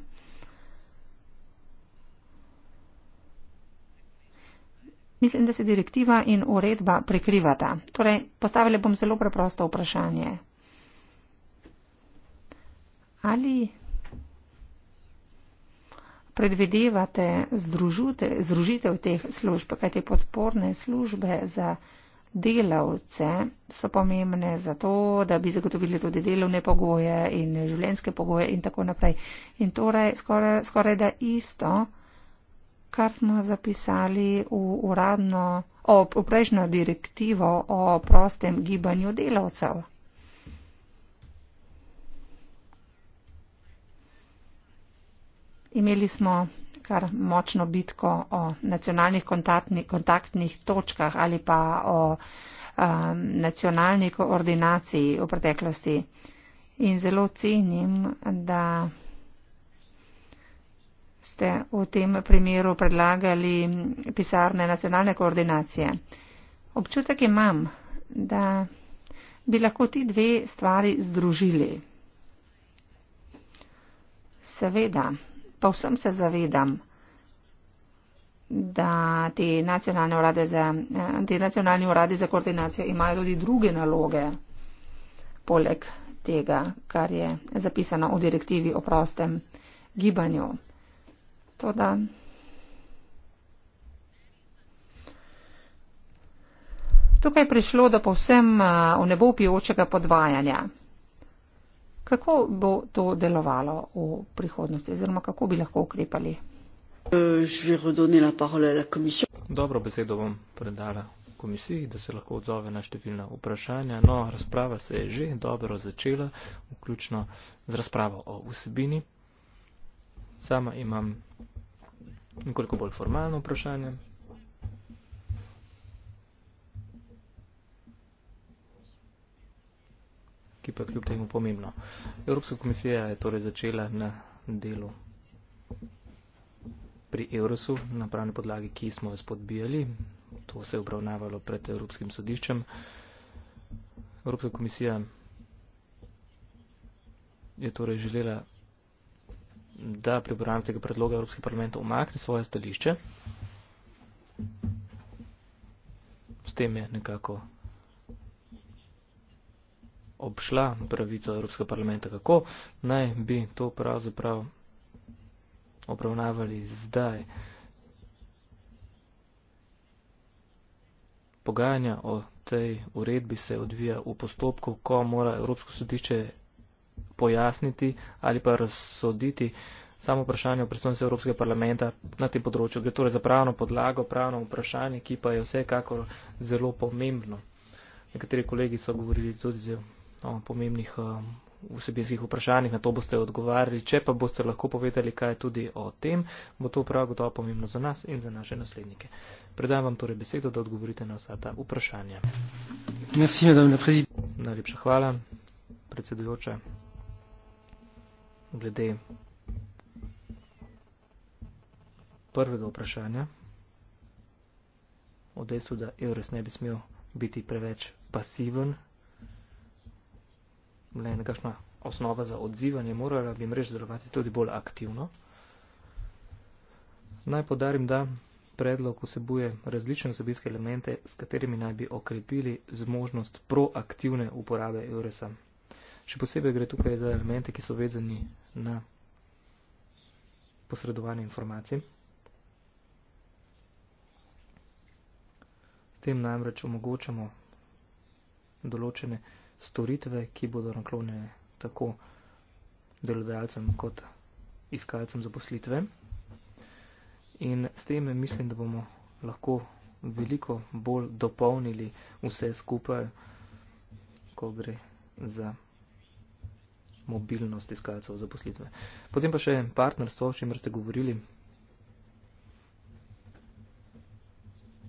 Mislim, da se direktiva in uredba prekrivata. Torej, postavila bom zelo preprosto vprašanje. Ali predvidevate združute, združitev teh služb, kajte podporne službe za delavce so pomembne za to, da bi zagotovili tudi delovne pogoje in življenske pogoje in tako naprej. In torej skoraj, skoraj da isto kar smo zapisali v uradno, o, v prejšnjo direktivo o prostem gibanju delavcev. Imeli smo kar močno bitko o nacionalnih kontaktni, kontaktnih točkah ali pa o um, nacionalni koordinaciji v preteklosti. In zelo cenim, da ste v tem primeru predlagali pisarne nacionalne koordinacije. Občutek imam, da bi lahko ti dve stvari združili. Seveda, pa vsem se zavedam, da te nacionalne urade za, te nacionalne urade za koordinacijo imajo tudi druge naloge, poleg tega, kar je zapisano v direktivi o prostem gibanju. To da. Tukaj je prišlo do povsem v nebo pijočega podvajanja. Kako bo to delovalo v prihodnosti oziroma kako bi lahko ukrepali? E, dobro besedo bom predala komisiji, da se lahko odzove na številna vprašanja. No, razprava se je že dobro začela, vključno z razpravo o vsebini Sama imam nekoliko bolj formalno vprašanje. ki pa kljub temu pomembno. Evropska komisija je torej začela na delu pri Eurosu, na pravni podlagi, ki smo jo spodbijali. To se je obravnavalo pred Evropskim sodiščem. Evropska komisija je torej želela da priporam tega predloga Evropski parlament omakne svoje stališče. S tem je nekako obšla pravica Evropskega parlamenta, kako naj bi to pravzaprav obravnavali zdaj. Pogajanja o tej uredbi se odvija v postopku, ko mora Evropsko sodišče pojasniti ali pa razsoditi samo vprašanje v predstavnici Evropskega parlamenta na tem področju. Gre torej za pravno podlago, pravno vprašanje, ki pa je vsekakor zelo pomembno. Nekateri kolegi so govorili tudi o pomembnih eh, vsebinskih vprašanjih, na to boste odgovarjali. Če pa boste lahko povedali kaj tudi o tem, bo to prav gotovo pomembno za nas in za naše naslednike. Predajam vam torej besedo, da odgovorite na vsa ta vprašanja. Merci, Najlepša hvala, predsedujoča glede prvega vprašanja o dejstvu, da Evres ne bi smel biti preveč pasiven, le nekakšna osnova za odzivanje, morala bi mrež delovati tudi bolj aktivno. Naj podarim, da predlog vsebuje različne osebinske elemente, s katerimi naj bi okrepili zmožnost proaktivne uporabe Evresa Še posebej gre tukaj za elemente, ki so vezani na posredovanje informacij. S tem namreč omogočamo določene storitve, ki bodo naklonjene tako delodajalcem kot iskalcem zaposlitve. In s tem mislim, da bomo lahko veliko bolj dopolnili vse skupaj, ko gre za mobilnost iskalcev zaposlitve. Potem pa še partnerstvo, o čemer ste govorili.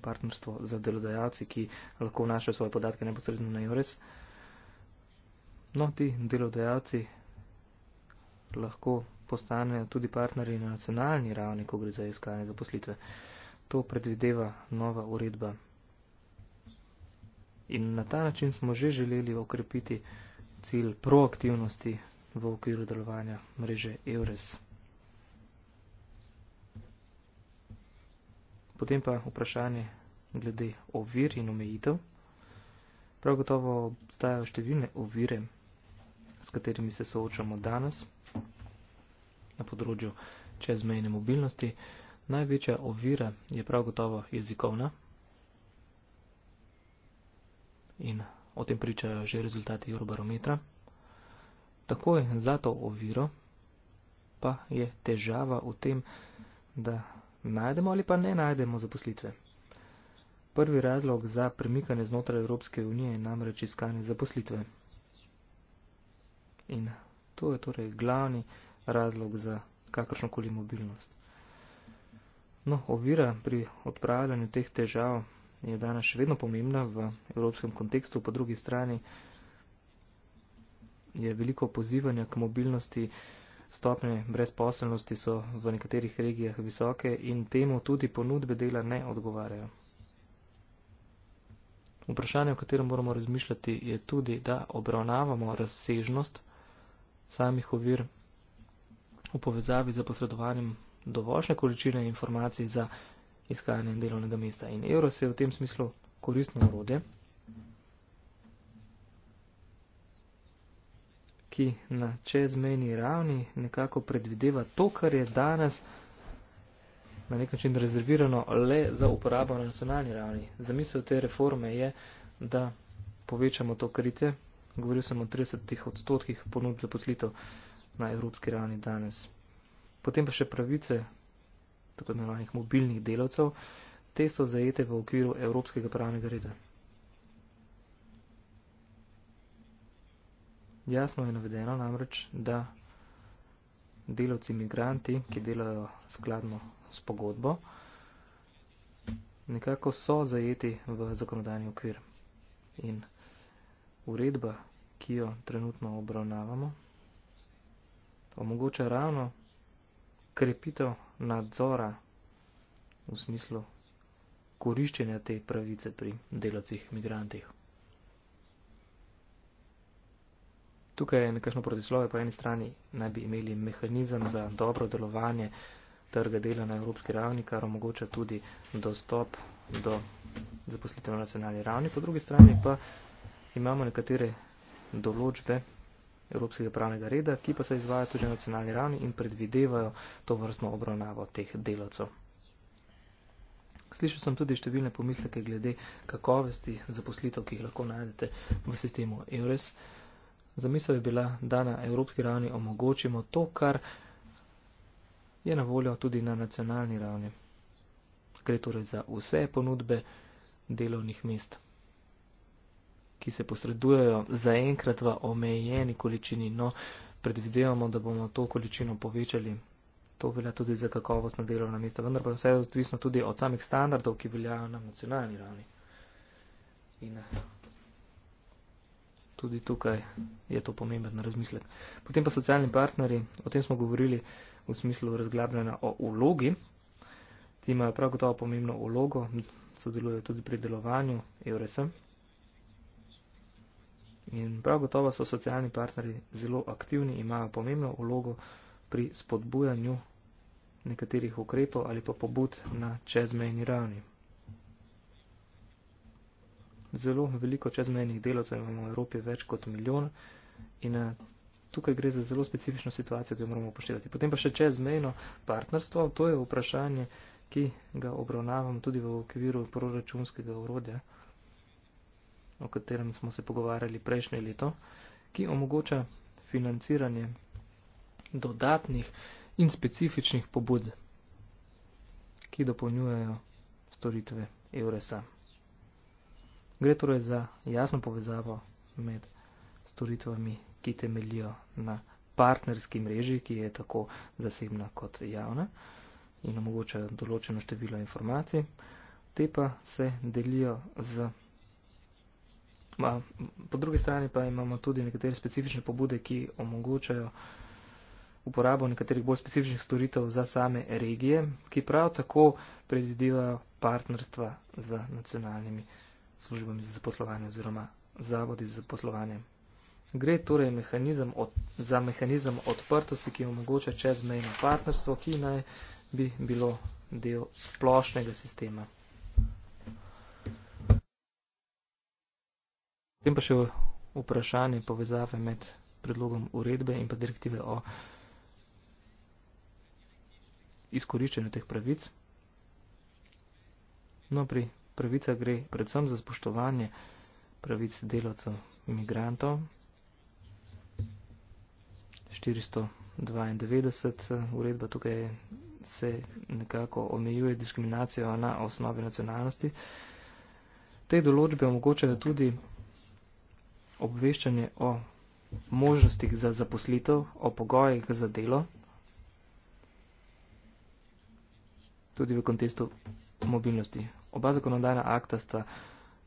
Partnerstvo za delodajalci, ki lahko vnašajo svoje podatke neposredno na JORES. No, ti delodajalci lahko postanejo tudi partnerji na nacionalni ravni, ko gre za iskanje zaposlitve. To predvideva nova uredba. In na ta način smo že želeli okrepiti cilj proaktivnosti v okviru delovanja mreže EURES. Potem pa vprašanje glede ovir in omejitev. Prav gotovo obstajajo številne ovire, s katerimi se soočamo danes na področju čezmejne mobilnosti. Največja ovira je prav gotovo jezikovna in o tem pričajo že rezultati Eurobarometra. Takoj za to oviro pa je težava v tem, da najdemo ali pa ne najdemo zaposlitve. Prvi razlog za premikanje znotraj Evropske unije je namreč iskanje zaposlitve. In to je torej glavni razlog za kakršnokoli mobilnost. No, ovira pri odpravljanju teh težav je danes še vedno pomembna v evropskem kontekstu, po drugi strani je veliko pozivanja k mobilnosti, stopne brezposelnosti so v nekaterih regijah visoke in temu tudi ponudbe dela ne odgovarjajo. Vprašanje, o katerem moramo razmišljati, je tudi, da obravnavamo razsežnost samih ovir v povezavi z posredovanjem dovoljšne količine informacij za iskanjem delovnega mesta. In evro se je v tem smislu koristno urode, ki na čezmejni ravni nekako predvideva to, kar je danes na nek način rezervirano le za uporabo na nacionalni ravni. Zamisel te reforme je, da povečamo to kritje. Govoril sem o 30 odstotkih ponud za poslitev na evropski ravni danes. Potem pa še pravice tako imenovanih mobilnih delavcev, te so zajete v okviru evropskega pravnega reda. Jasno je navedeno namreč, da delavci imigranti, ki delajo skladno s pogodbo, nekako so zajeti v zakonodajni okvir. In uredba, ki jo trenutno obravnavamo, omogoča ravno krepitev nadzora v smislu koriščenja te pravice pri delavcih migrantih. Tukaj je nekakšno protislove, po eni strani naj bi imeli mehanizem za dobro delovanje trga dela na evropski ravni, kar omogoča tudi dostop do zaposlitev na nacionalni ravni, po drugi strani pa imamo nekatere določbe, evropskega pravnega reda, ki pa se izvaja tudi na nacionalni ravni in predvidevajo to vrstno obravnavo teh delavcev. Slišal sem tudi številne pomisleke glede kakovosti zaposlitev, ki jih lahko najdete v sistemu EURES. Zamisel je bila, da na evropski ravni omogočimo to, kar je na voljo tudi na nacionalni ravni. Gre torej za vse ponudbe delovnih mest ki se posredujejo zaenkrat v omejeni količini. No, predvidevamo, da bomo to količino povečali. To velja tudi za kakovostno delovno mesto, vendar pa vse je odvisno tudi od samih standardov, ki veljajo na nacionalni ravni. In tudi tukaj je to pomemben razmislek. Potem pa socialni partneri, o tem smo govorili v smislu razglabljanja o ulogi. Ti imajo prav gotovo pomembno ulogo, sodelujejo tudi pri delovanju EURES-a, in prav gotovo so socialni partnerji zelo aktivni, imajo pomembno ulogo pri spodbujanju nekaterih ukrepov ali pa pobud na čezmejni ravni. Zelo veliko čezmejnih delovcev imamo v Evropi več kot milijon in eh, tukaj gre za zelo specifično situacijo, ki jo moramo upoštevati. Potem pa še čezmejno partnerstvo, to je vprašanje, ki ga obravnavam tudi v okviru proračunskega urodja o katerem smo se pogovarjali prejšnje leto, ki omogoča financiranje dodatnih in specifičnih pobud, ki dopolnjujejo storitve Euresa. Gre torej za jasno povezavo med storitvami, ki temeljijo na partnerski mreži, ki je tako zasebna kot javna in omogoča določeno število informacij, te pa se delijo z Ma, po drugi strani pa imamo tudi nekatere specifične pobude, ki omogočajo uporabo nekaterih bolj specifičnih storitev za same regije, ki prav tako predvidevajo partnerstva z nacionalnimi službami za zaposlovanje oziroma zavodi za poslovanje. Gre torej mehanizem od, za mehanizem odprtosti, ki omogoča čezmejno partnerstvo, ki naj bi bilo del splošnega sistema. Potem pa še vprašanje povezave med predlogom uredbe in pa direktive o izkoriščanju teh pravic. No, pri pravicah gre predvsem za spoštovanje pravic delavcev imigrantov. 492 eh, uredba tukaj se nekako omejuje diskriminacijo na osnovi nacionalnosti. Te določbe omogočajo tudi obveščanje o možnostih za zaposlitev, o pogojih za delo, tudi v kontestu mobilnosti. Oba zakonodajna akta sta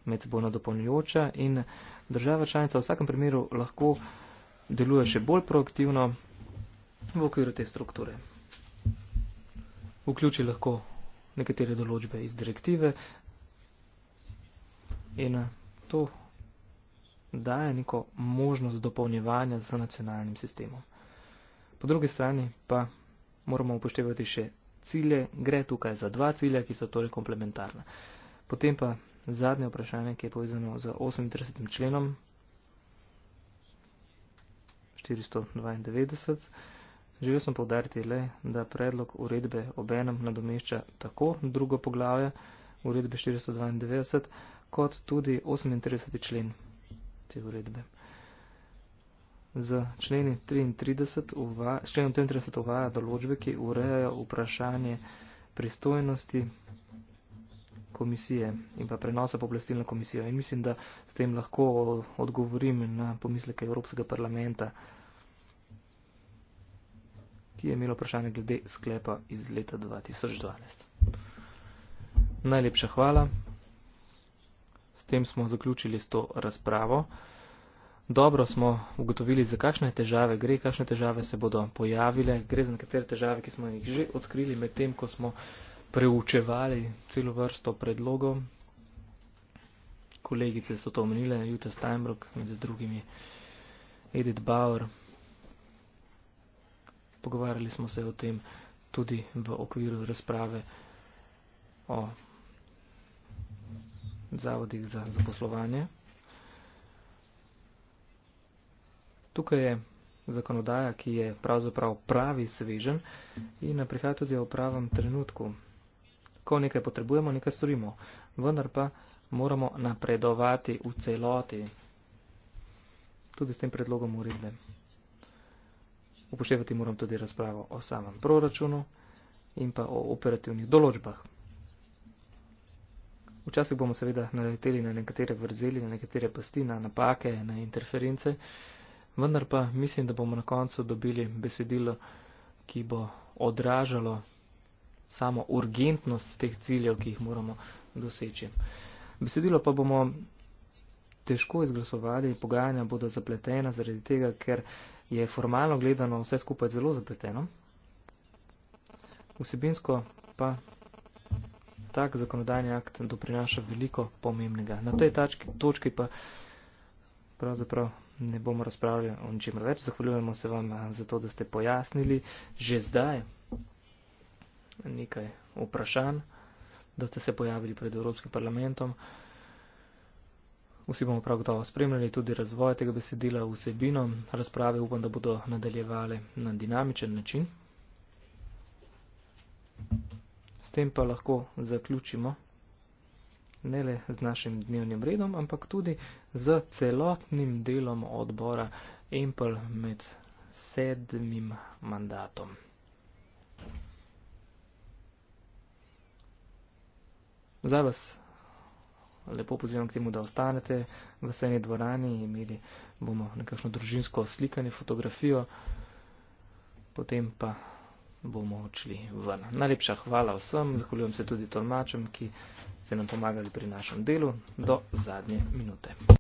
med seboj nadopolnjujoča in država članica v vsakem primeru lahko deluje še bolj proaktivno v okviru te strukture. Vključi lahko nekatere določbe iz direktive in to daje neko možnost dopolnjevanja z nacionalnim sistemom. Po drugi strani pa moramo upoštevati še cilje, gre tukaj za dva cilja, ki so torej komplementarna. Potem pa zadnje vprašanje, ki je povezano z 38. členom 492. Želel sem povdariti le, da predlog uredbe obenem nadomešča tako drugo poglavje uredbe 492 kot tudi 38. člen te uredbe. Z členi 33 uva, členom 33 uvaja določbe, ki urejajo vprašanje pristojnosti komisije in pa prenosa poblestilna komisija. In mislim, da s tem lahko odgovorim na pomisleke Evropskega parlamenta, ki je imelo vprašanje glede sklepa iz leta 2012. Najlepša hvala tem smo zaključili s to razpravo. Dobro smo ugotovili, za kakšne težave gre, kakšne težave se bodo pojavile, gre za nekatere težave, ki smo jih že odkrili med tem, ko smo preučevali celo vrsto predlogov. Kolegice so to omenile, Jutta Steinbrück med drugimi, Edith Bauer. Pogovarjali smo se o tem tudi v okviru razprave o zavodih za zaposlovanje. Tukaj je zakonodaja, ki je pravzaprav pravi svežen in ne prihaja tudi v pravem trenutku. Ko nekaj potrebujemo, nekaj storimo, vendar pa moramo napredovati v celoti tudi s tem predlogom uredbe. Upoštevati moram tudi razpravo o samem proračunu in pa o operativnih določbah. Včasih bomo seveda naleteli na nekatere vrzeli, na nekatere pasti, na napake, na interference, vendar pa mislim, da bomo na koncu dobili besedilo, ki bo odražalo samo urgentnost teh ciljev, ki jih moramo doseči. Besedilo pa bomo težko izglasovali, pogajanja bodo zapletena zaradi tega, ker je formalno gledano vse skupaj zelo zapleteno. Vsebinsko pa tak zakonodajni akt doprinaša veliko pomembnega. Na tej tački, točki pa pravzaprav ne bomo razpravljali o ničemer več. Zahvaljujemo se vam eh, za to, da ste pojasnili že zdaj nekaj vprašanj, da ste se pojavili pred Evropskim parlamentom. Vsi bomo prav gotovo spremljali tudi razvoj tega besedila vsebino. Razprave upam, da bodo nadaljevale na dinamičen način. Thank you. S tem pa lahko zaključimo ne le z našim dnevnim redom, ampak tudi z celotnim delom odbora Empel med sedmim mandatom. Za vas lepo pozivam k temu, da ostanete v sejni dvorani, imeli bomo nekakšno družinsko slikanje, fotografijo, potem pa bomo odšli ven. Najlepša hvala vsem, zahvaljujem se tudi tolmačem, ki ste nam pomagali pri našem delu do zadnje minute.